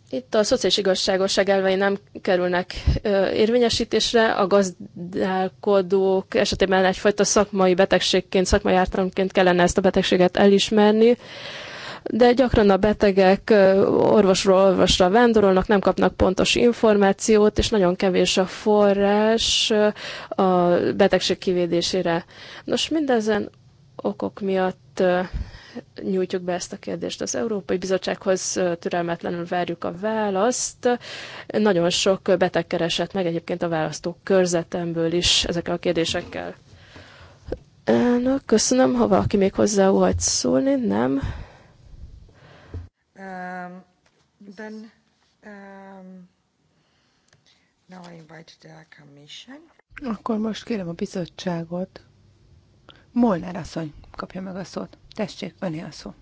Itt a szociális igazságosság elvei nem kerülnek érvényesítésre, a gazdálkodók esetében egyfajta szakmai betegségként, szakmai ártalomként kellene ezt a betegséget elismerni, de gyakran a betegek orvosról orvosra vándorolnak, nem kapnak pontos információt, és nagyon kevés a forrás a betegség kivédésére. Nos, mindezen okok miatt nyújtjuk be ezt a kérdést az Európai Bizottsághoz, türelmetlenül várjuk a választ. Nagyon sok beteg keresett meg egyébként a választók körzetemből is ezekkel a kérdésekkel. Na, köszönöm, ha valaki még hozzá óhajt szólni, nem?
Um, then, um, now I invite the commission. Akkor most kérem a bizottságot. Molnár asszony kapja meg a szót. Tessék, öné a szó.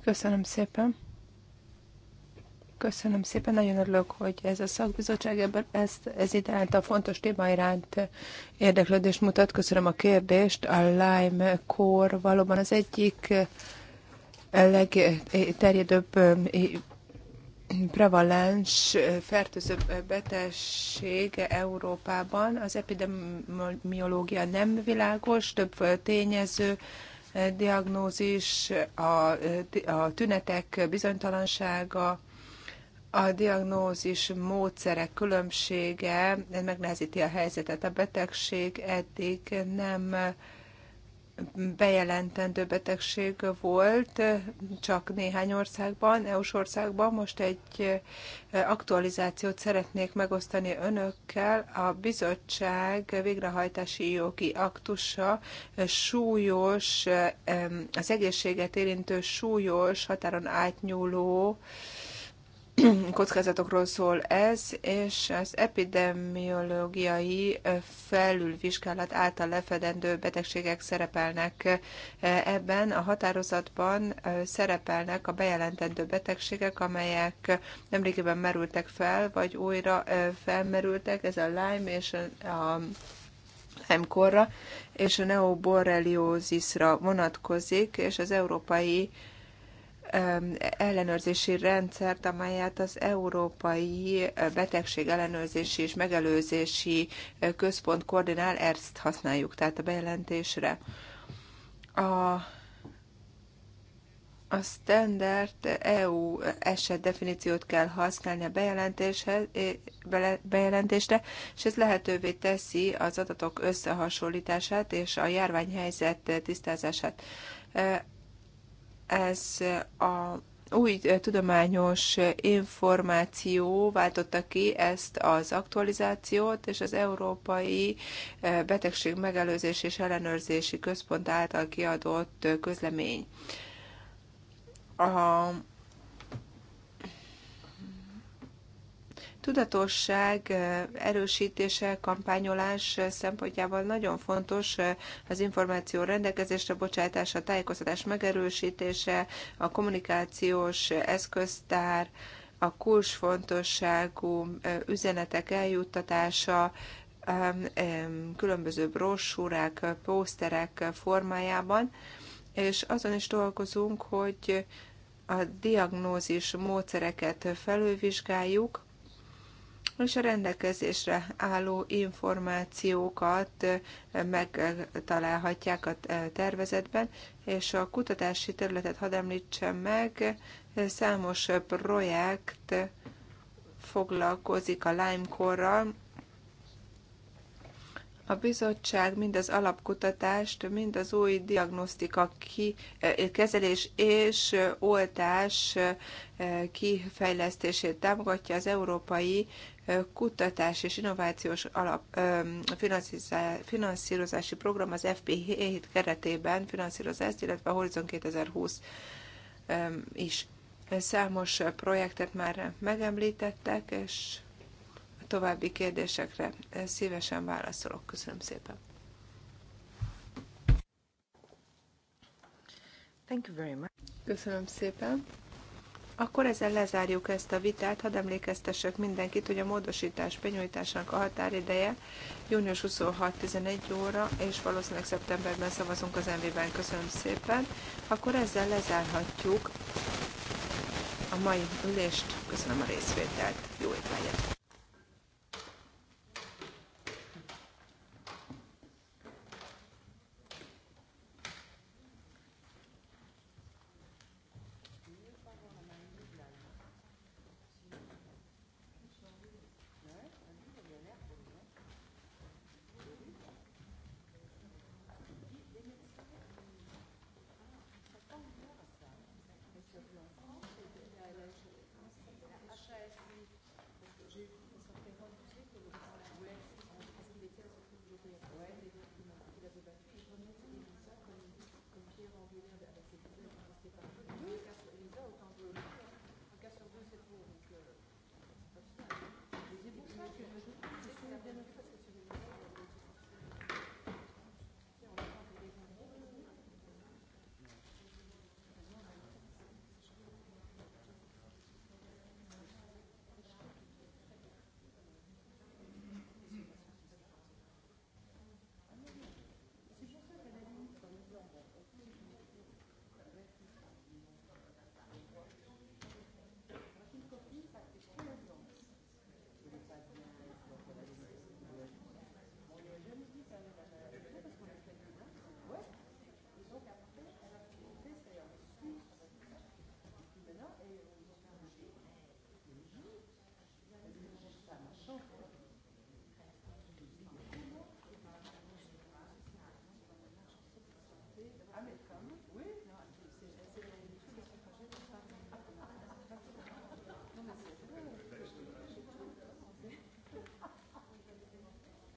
Köszönöm szépen. Köszönöm szépen, nagyon örülök, hogy ez a szakbizottság ebben, ez, ez iránt a fontos téma iránt érdeklődést mutat. Köszönöm a kérdést. A Lime Core valóban az egyik legterjedőbb prevalens fertőző betegség Európában. Az epidemiológia nem világos, több tényező, diagnózis, a, a tünetek bizonytalansága, a diagnózis módszerek különbsége megnehezíti a helyzetet. A betegség eddig nem bejelentendő betegség volt csak néhány országban, EU-s országban. Most egy aktualizációt szeretnék megosztani önökkel. A bizottság végrehajtási jogi aktusa súlyos, az egészséget érintő súlyos, határon átnyúló (clears throat) kockázatokról szól ez, és az epidemiológiai felülvizsgálat által lefedendő betegségek szerepelnek ebben. A határozatban szerepelnek a bejelentendő betegségek, amelyek nemrégiben merültek fel, vagy újra felmerültek, ez a Lyme és a Lyme-korra, és a neoborreliózisra vonatkozik, és az európai ellenőrzési rendszert, amelyet az Európai Betegség Ellenőrzési és Megelőzési Központ koordinál, ezt használjuk, tehát a bejelentésre. A a standard EU eset definíciót kell használni a bejelentéshez, bejelentésre, és ez lehetővé teszi az adatok összehasonlítását és a járványhelyzet tisztázását ez a új tudományos információ váltotta ki ezt az aktualizációt, és az Európai Betegség Megelőzés és Ellenőrzési Központ által kiadott közlemény. A tudatosság eh, erősítése, kampányolás eh, szempontjából nagyon fontos eh, az információ rendelkezésre bocsátása, a tájékoztatás megerősítése, a kommunikációs eszköztár, a kulcsfontosságú üzenetek eljuttatása, különböző brosúrák, pószterek formájában, és azon is dolgozunk, hogy a diagnózis módszereket felülvizsgáljuk, és a rendelkezésre álló információkat megtalálhatják a tervezetben, és a kutatási területet hadd említsem meg, számos projekt foglalkozik a Lyme-korral, a bizottság mind az alapkutatást, mind az új diagnosztika ki, kezelés és oltás kifejlesztését támogatja az európai kutatás és innovációs alap, finanszírozási program az FP7 keretében finanszírozza ezt, illetve a Horizon 2020 is. Számos projektet már megemlítettek, és további kérdésekre eh, szívesen válaszolok. Köszönöm szépen. Thank you very much. Köszönöm szépen. Akkor ezzel lezárjuk ezt a vitát. Hadd emlékeztessek mindenkit, hogy a módosítás benyújtásának a határideje június 26-11 óra, és valószínűleg szeptemberben szavazunk az MV-ben. Köszönöm szépen. Akkor ezzel lezárhatjuk a mai ülést. Köszönöm a részvételt. Jó étvágyat!